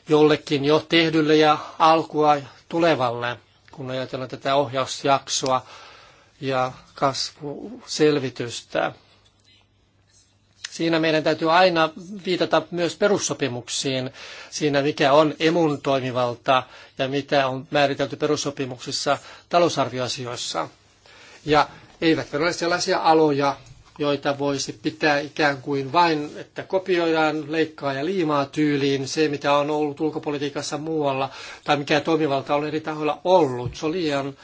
jollekin jo tehdylle ja alkua tulevalle, kun ajatellaan tätä ohjausjaksoa ja kasvuselvitystä. Siinä meidän täytyy aina viitata myös perussopimuksiin siinä, mikä on emun toimivalta ja mitä on määritelty perussopimuksissa talousarvioasioissa. Ja eivät ole sellaisia aloja, joita voisi pitää ikään kuin vain, että kopioidaan, leikkaa ja liimaa tyyliin se, mitä on ollut ulkopolitiikassa muualla, tai mikä toimivalta on eri tahoilla ollut. Se on liian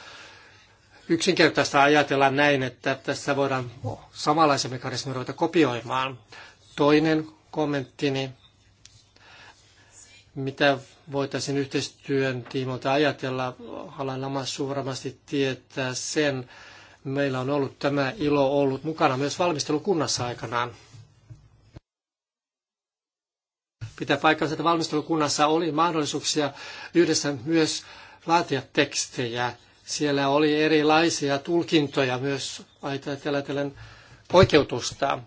yksinkertaista ajatella näin, että tässä voidaan samanlaisen mekanismin ruveta kopioimaan. Toinen kommenttini, mitä voitaisiin yhteistyön tiimoilta ajatella, haluan oma suuremmasti tietää sen. Meillä on ollut tämä ilo ollut mukana myös valmistelukunnassa aikanaan. Pitää paikkansa, että valmistelukunnassa oli mahdollisuuksia yhdessä myös laatia tekstejä siellä oli erilaisia tulkintoja myös ajatellen oikeutusta.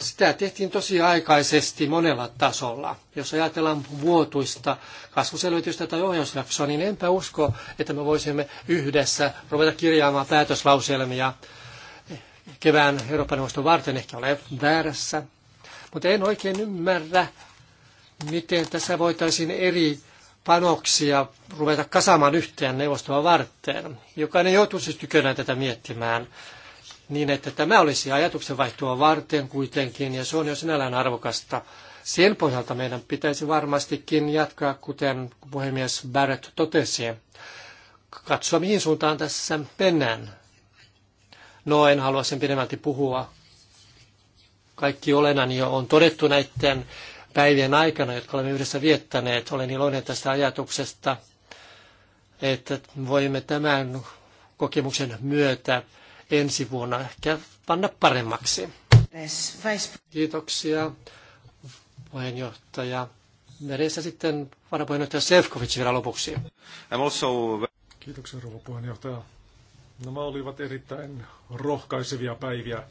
Sitä tehtiin tosi aikaisesti monella tasolla. Jos ajatellaan vuotuista kasvuselvitystä tai ohjausjaksoa, niin enpä usko, että me voisimme yhdessä ruveta kirjaamaan päätöslauselmia kevään Euroopan neuvoston varten. Ehkä ole väärässä, mutta en oikein ymmärrä, miten tässä voitaisiin eri panoksia ruveta kasaamaan yhteen neuvostoa varten. Jokainen joutuu siis tykönään tätä miettimään niin, että tämä olisi ajatuksenvaihtoa varten kuitenkin, ja se on jo sinällään arvokasta. Sen pohjalta meidän pitäisi varmastikin jatkaa, kuten puhemies Barrett totesi, katsoa mihin suuntaan tässä mennään. No, en halua sen pidemmälti puhua. Kaikki olennan jo on todettu näiden päivien aikana, jotka olemme yhdessä viettäneet. Olen iloinen tästä ajatuksesta, että voimme tämän kokemuksen myötä ensi vuonna ehkä panna paremmaksi. Kiitoksia puheenjohtaja. Meressä sitten varapuheenjohtaja Sefkovic vielä lopuksi. Kiitoksia rouva puheenjohtaja. Nämä no, olivat erittäin rohkaisevia päiviä.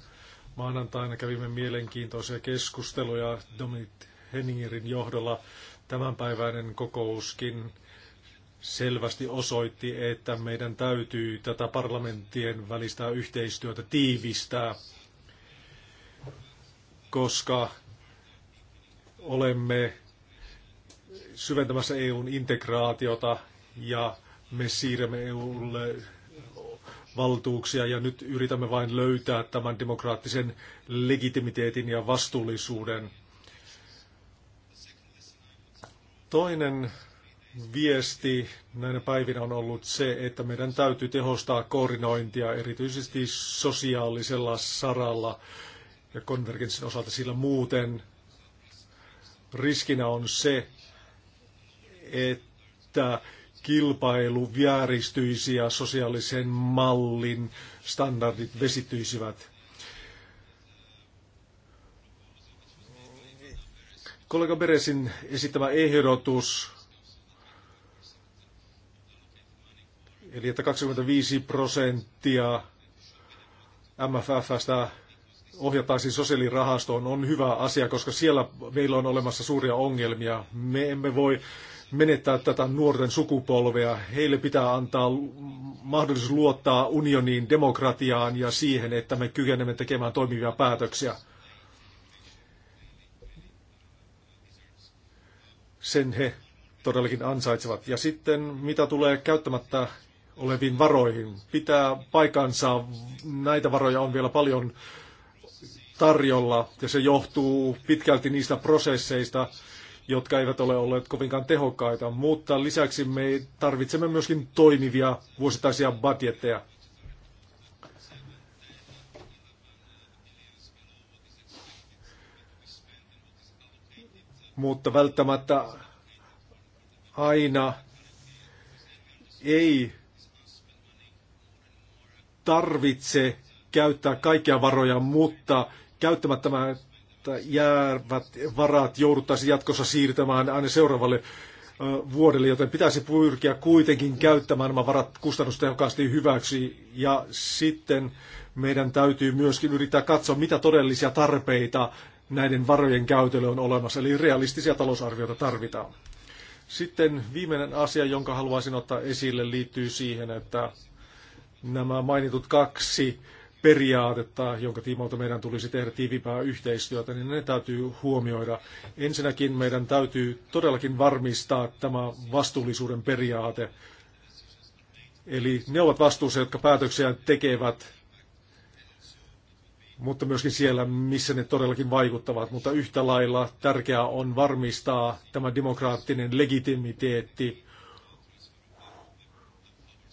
Maanantaina kävimme mielenkiintoisia keskusteluja Dominic Henningerin johdolla tämänpäiväinen kokouskin selvästi osoitti, että meidän täytyy tätä parlamenttien välistä yhteistyötä tiivistää, koska olemme syventämässä EUn integraatiota ja me siirrämme EUlle valtuuksia ja nyt yritämme vain löytää tämän demokraattisen legitimiteetin ja vastuullisuuden – Toinen viesti näinä päivinä on ollut se, että meidän täytyy tehostaa koordinointia erityisesti sosiaalisella saralla ja konvergenssin osalta, sillä muuten riskinä on se, että kilpailu vääristyisi ja sosiaalisen mallin standardit vesittyisivät. Kollega Beresin esittämä ehdotus, eli että 25 prosenttia MFFstä ohjataisiin sosiaalirahastoon, on hyvä asia, koska siellä meillä on olemassa suuria ongelmia. Me emme voi menettää tätä nuorten sukupolvea. Heille pitää antaa mahdollisuus luottaa unioniin, demokratiaan ja siihen, että me kykenemme tekemään toimivia päätöksiä. Sen he todellakin ansaitsevat. Ja sitten mitä tulee käyttämättä oleviin varoihin, pitää paikansa, näitä varoja on vielä paljon tarjolla ja se johtuu pitkälti niistä prosesseista, jotka eivät ole olleet kovinkaan tehokkaita, mutta lisäksi me tarvitsemme myöskin toimivia vuosittaisia budjetteja. mutta välttämättä aina ei tarvitse käyttää kaikkia varoja, mutta käyttämättä jäävät varat jouduttaisiin jatkossa siirtämään aina seuraavalle vuodelle, joten pitäisi pyrkiä kuitenkin käyttämään nämä varat kustannustehokkaasti hyväksi. Ja sitten meidän täytyy myöskin yrittää katsoa, mitä todellisia tarpeita näiden varojen käytölle on olemassa, eli realistisia talousarvioita tarvitaan. Sitten viimeinen asia, jonka haluaisin ottaa esille, liittyy siihen, että nämä mainitut kaksi periaatetta, jonka tiimoilta meidän tulisi tehdä tiivimpää yhteistyötä, niin ne täytyy huomioida. Ensinnäkin meidän täytyy todellakin varmistaa tämä vastuullisuuden periaate. Eli ne ovat vastuussa, jotka päätöksiä tekevät mutta myöskin siellä, missä ne todellakin vaikuttavat. Mutta yhtä lailla tärkeää on varmistaa tämä demokraattinen legitimiteetti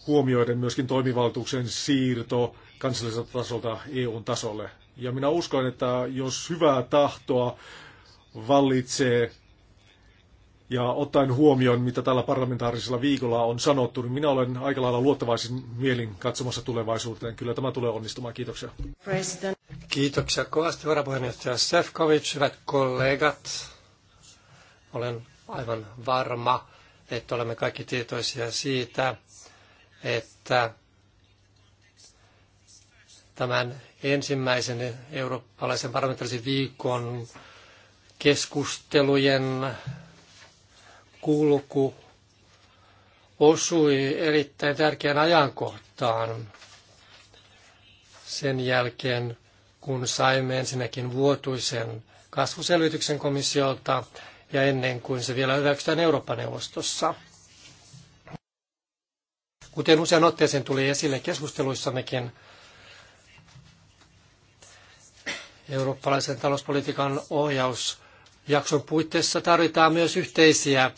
huomioiden myöskin toimivaltuuksen siirto kansalliselta tasolta EUn tasolle. Ja minä uskon, että jos hyvää tahtoa vallitsee ja ottaen huomioon, mitä tällä parlamentaarisella viikolla on sanottu, niin minä olen aika lailla luottavaisin mielin katsomassa tulevaisuuteen. Kyllä tämä tulee onnistumaan. Kiitoksia. President. Kiitoksia kovasti varapuheenjohtaja Sefkovic, hyvät kollegat. Olen aivan varma, että olemme kaikki tietoisia siitä, että tämän ensimmäisen eurooppalaisen parlamentaarisen viikon keskustelujen kulku osui erittäin tärkeään ajankohtaan. Sen jälkeen kun saimme ensinnäkin vuotuisen kasvuselvityksen komissiolta ja ennen kuin se vielä hyväksytään Eurooppa-neuvostossa. Kuten usean otteeseen tuli esille keskusteluissammekin, eurooppalaisen talouspolitiikan ohjausjakson puitteissa tarvitaan myös yhteisiä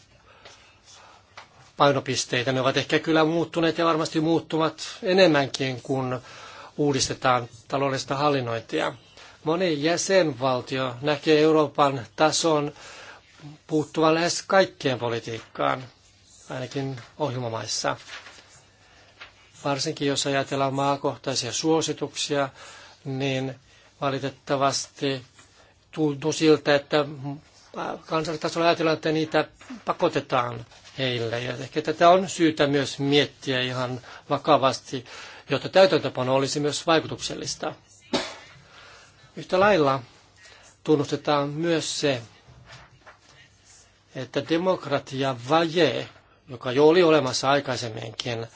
painopisteitä. Ne ovat ehkä kyllä muuttuneet ja varmasti muuttuvat enemmänkin, kuin uudistetaan taloudellista hallinnointia. Moni jäsenvaltio näkee Euroopan tason puuttuvan lähes kaikkeen politiikkaan, ainakin ohjelmamaissa. Varsinkin jos ajatellaan maakohtaisia suosituksia, niin valitettavasti tuntuu siltä, että kansallistasolla ajatellaan, että niitä pakotetaan heille. Ja ehkä tätä on syytä myös miettiä ihan vakavasti jotta täytäntöpano olisi myös vaikutuksellista. Yhtä lailla tunnustetaan myös se, että demokratia vaje, joka jo oli olemassa aikaisemminkin,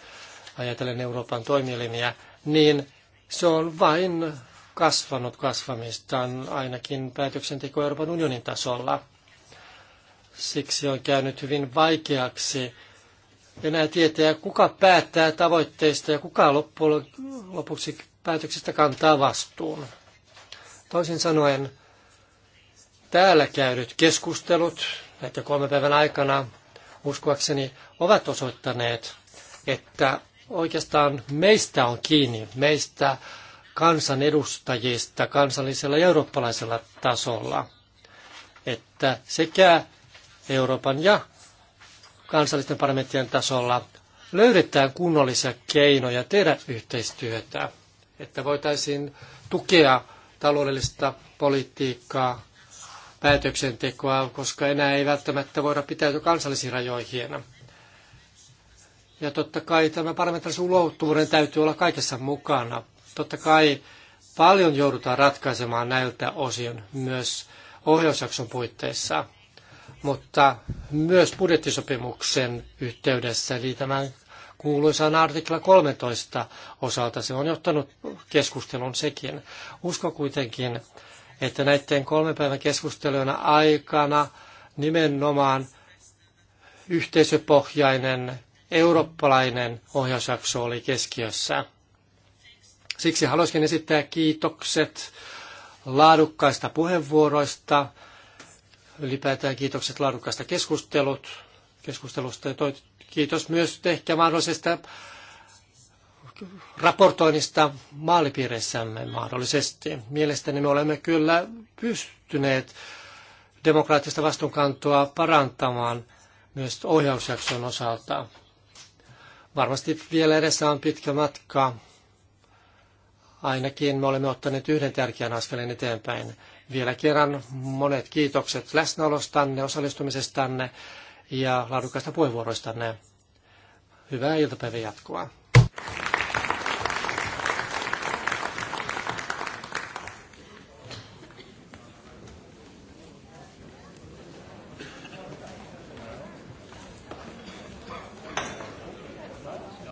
ajatellen Euroopan toimielimiä, niin se on vain kasvanut kasvamistaan ainakin päätöksenteko Euroopan unionin tasolla. Siksi on käynyt hyvin vaikeaksi enää tietää, kuka päättää tavoitteista ja kuka loppujen lopuksi päätöksistä kantaa vastuun. Toisin sanoen, täällä käydyt keskustelut näitä kolme päivän aikana uskoakseni ovat osoittaneet, että oikeastaan meistä on kiinni, meistä kansanedustajista kansallisella ja eurooppalaisella tasolla, että sekä Euroopan ja kansallisten parlamenttien tasolla löydetään kunnollisia keinoja tehdä yhteistyötä, että voitaisiin tukea taloudellista politiikkaa, päätöksentekoa, koska enää ei välttämättä voida pitäytyä kansallisiin rajoihin. Ja totta kai tämä parlamentaarisen ulottuvuuden täytyy olla kaikessa mukana. Totta kai paljon joudutaan ratkaisemaan näiltä osin myös ohjausjakson puitteissa mutta myös budjettisopimuksen yhteydessä, eli tämän kuuluisan artikla 13 osalta. Se on johtanut keskustelun sekin. Usko kuitenkin, että näiden kolmen päivän keskustelujen aikana nimenomaan yhteisöpohjainen eurooppalainen ohjausjakso oli keskiössä. Siksi haluaisin esittää kiitokset laadukkaista puheenvuoroista, ylipäätään kiitokset laadukkaasta keskustelut, keskustelusta ja toi, kiitos myös ehkä mahdollisesta raportoinnista maalipiireissämme mahdollisesti. Mielestäni me olemme kyllä pystyneet demokraattista vastuunkantoa parantamaan myös ohjausjakson osalta. Varmasti vielä edessä on pitkä matka. Ainakin me olemme ottaneet yhden tärkeän askeleen eteenpäin. Vielä kerran monet kiitokset läsnäolostanne, osallistumisestanne ja laadukkaista puheenvuoroistanne. Hyvää iltapäivän jatkoa.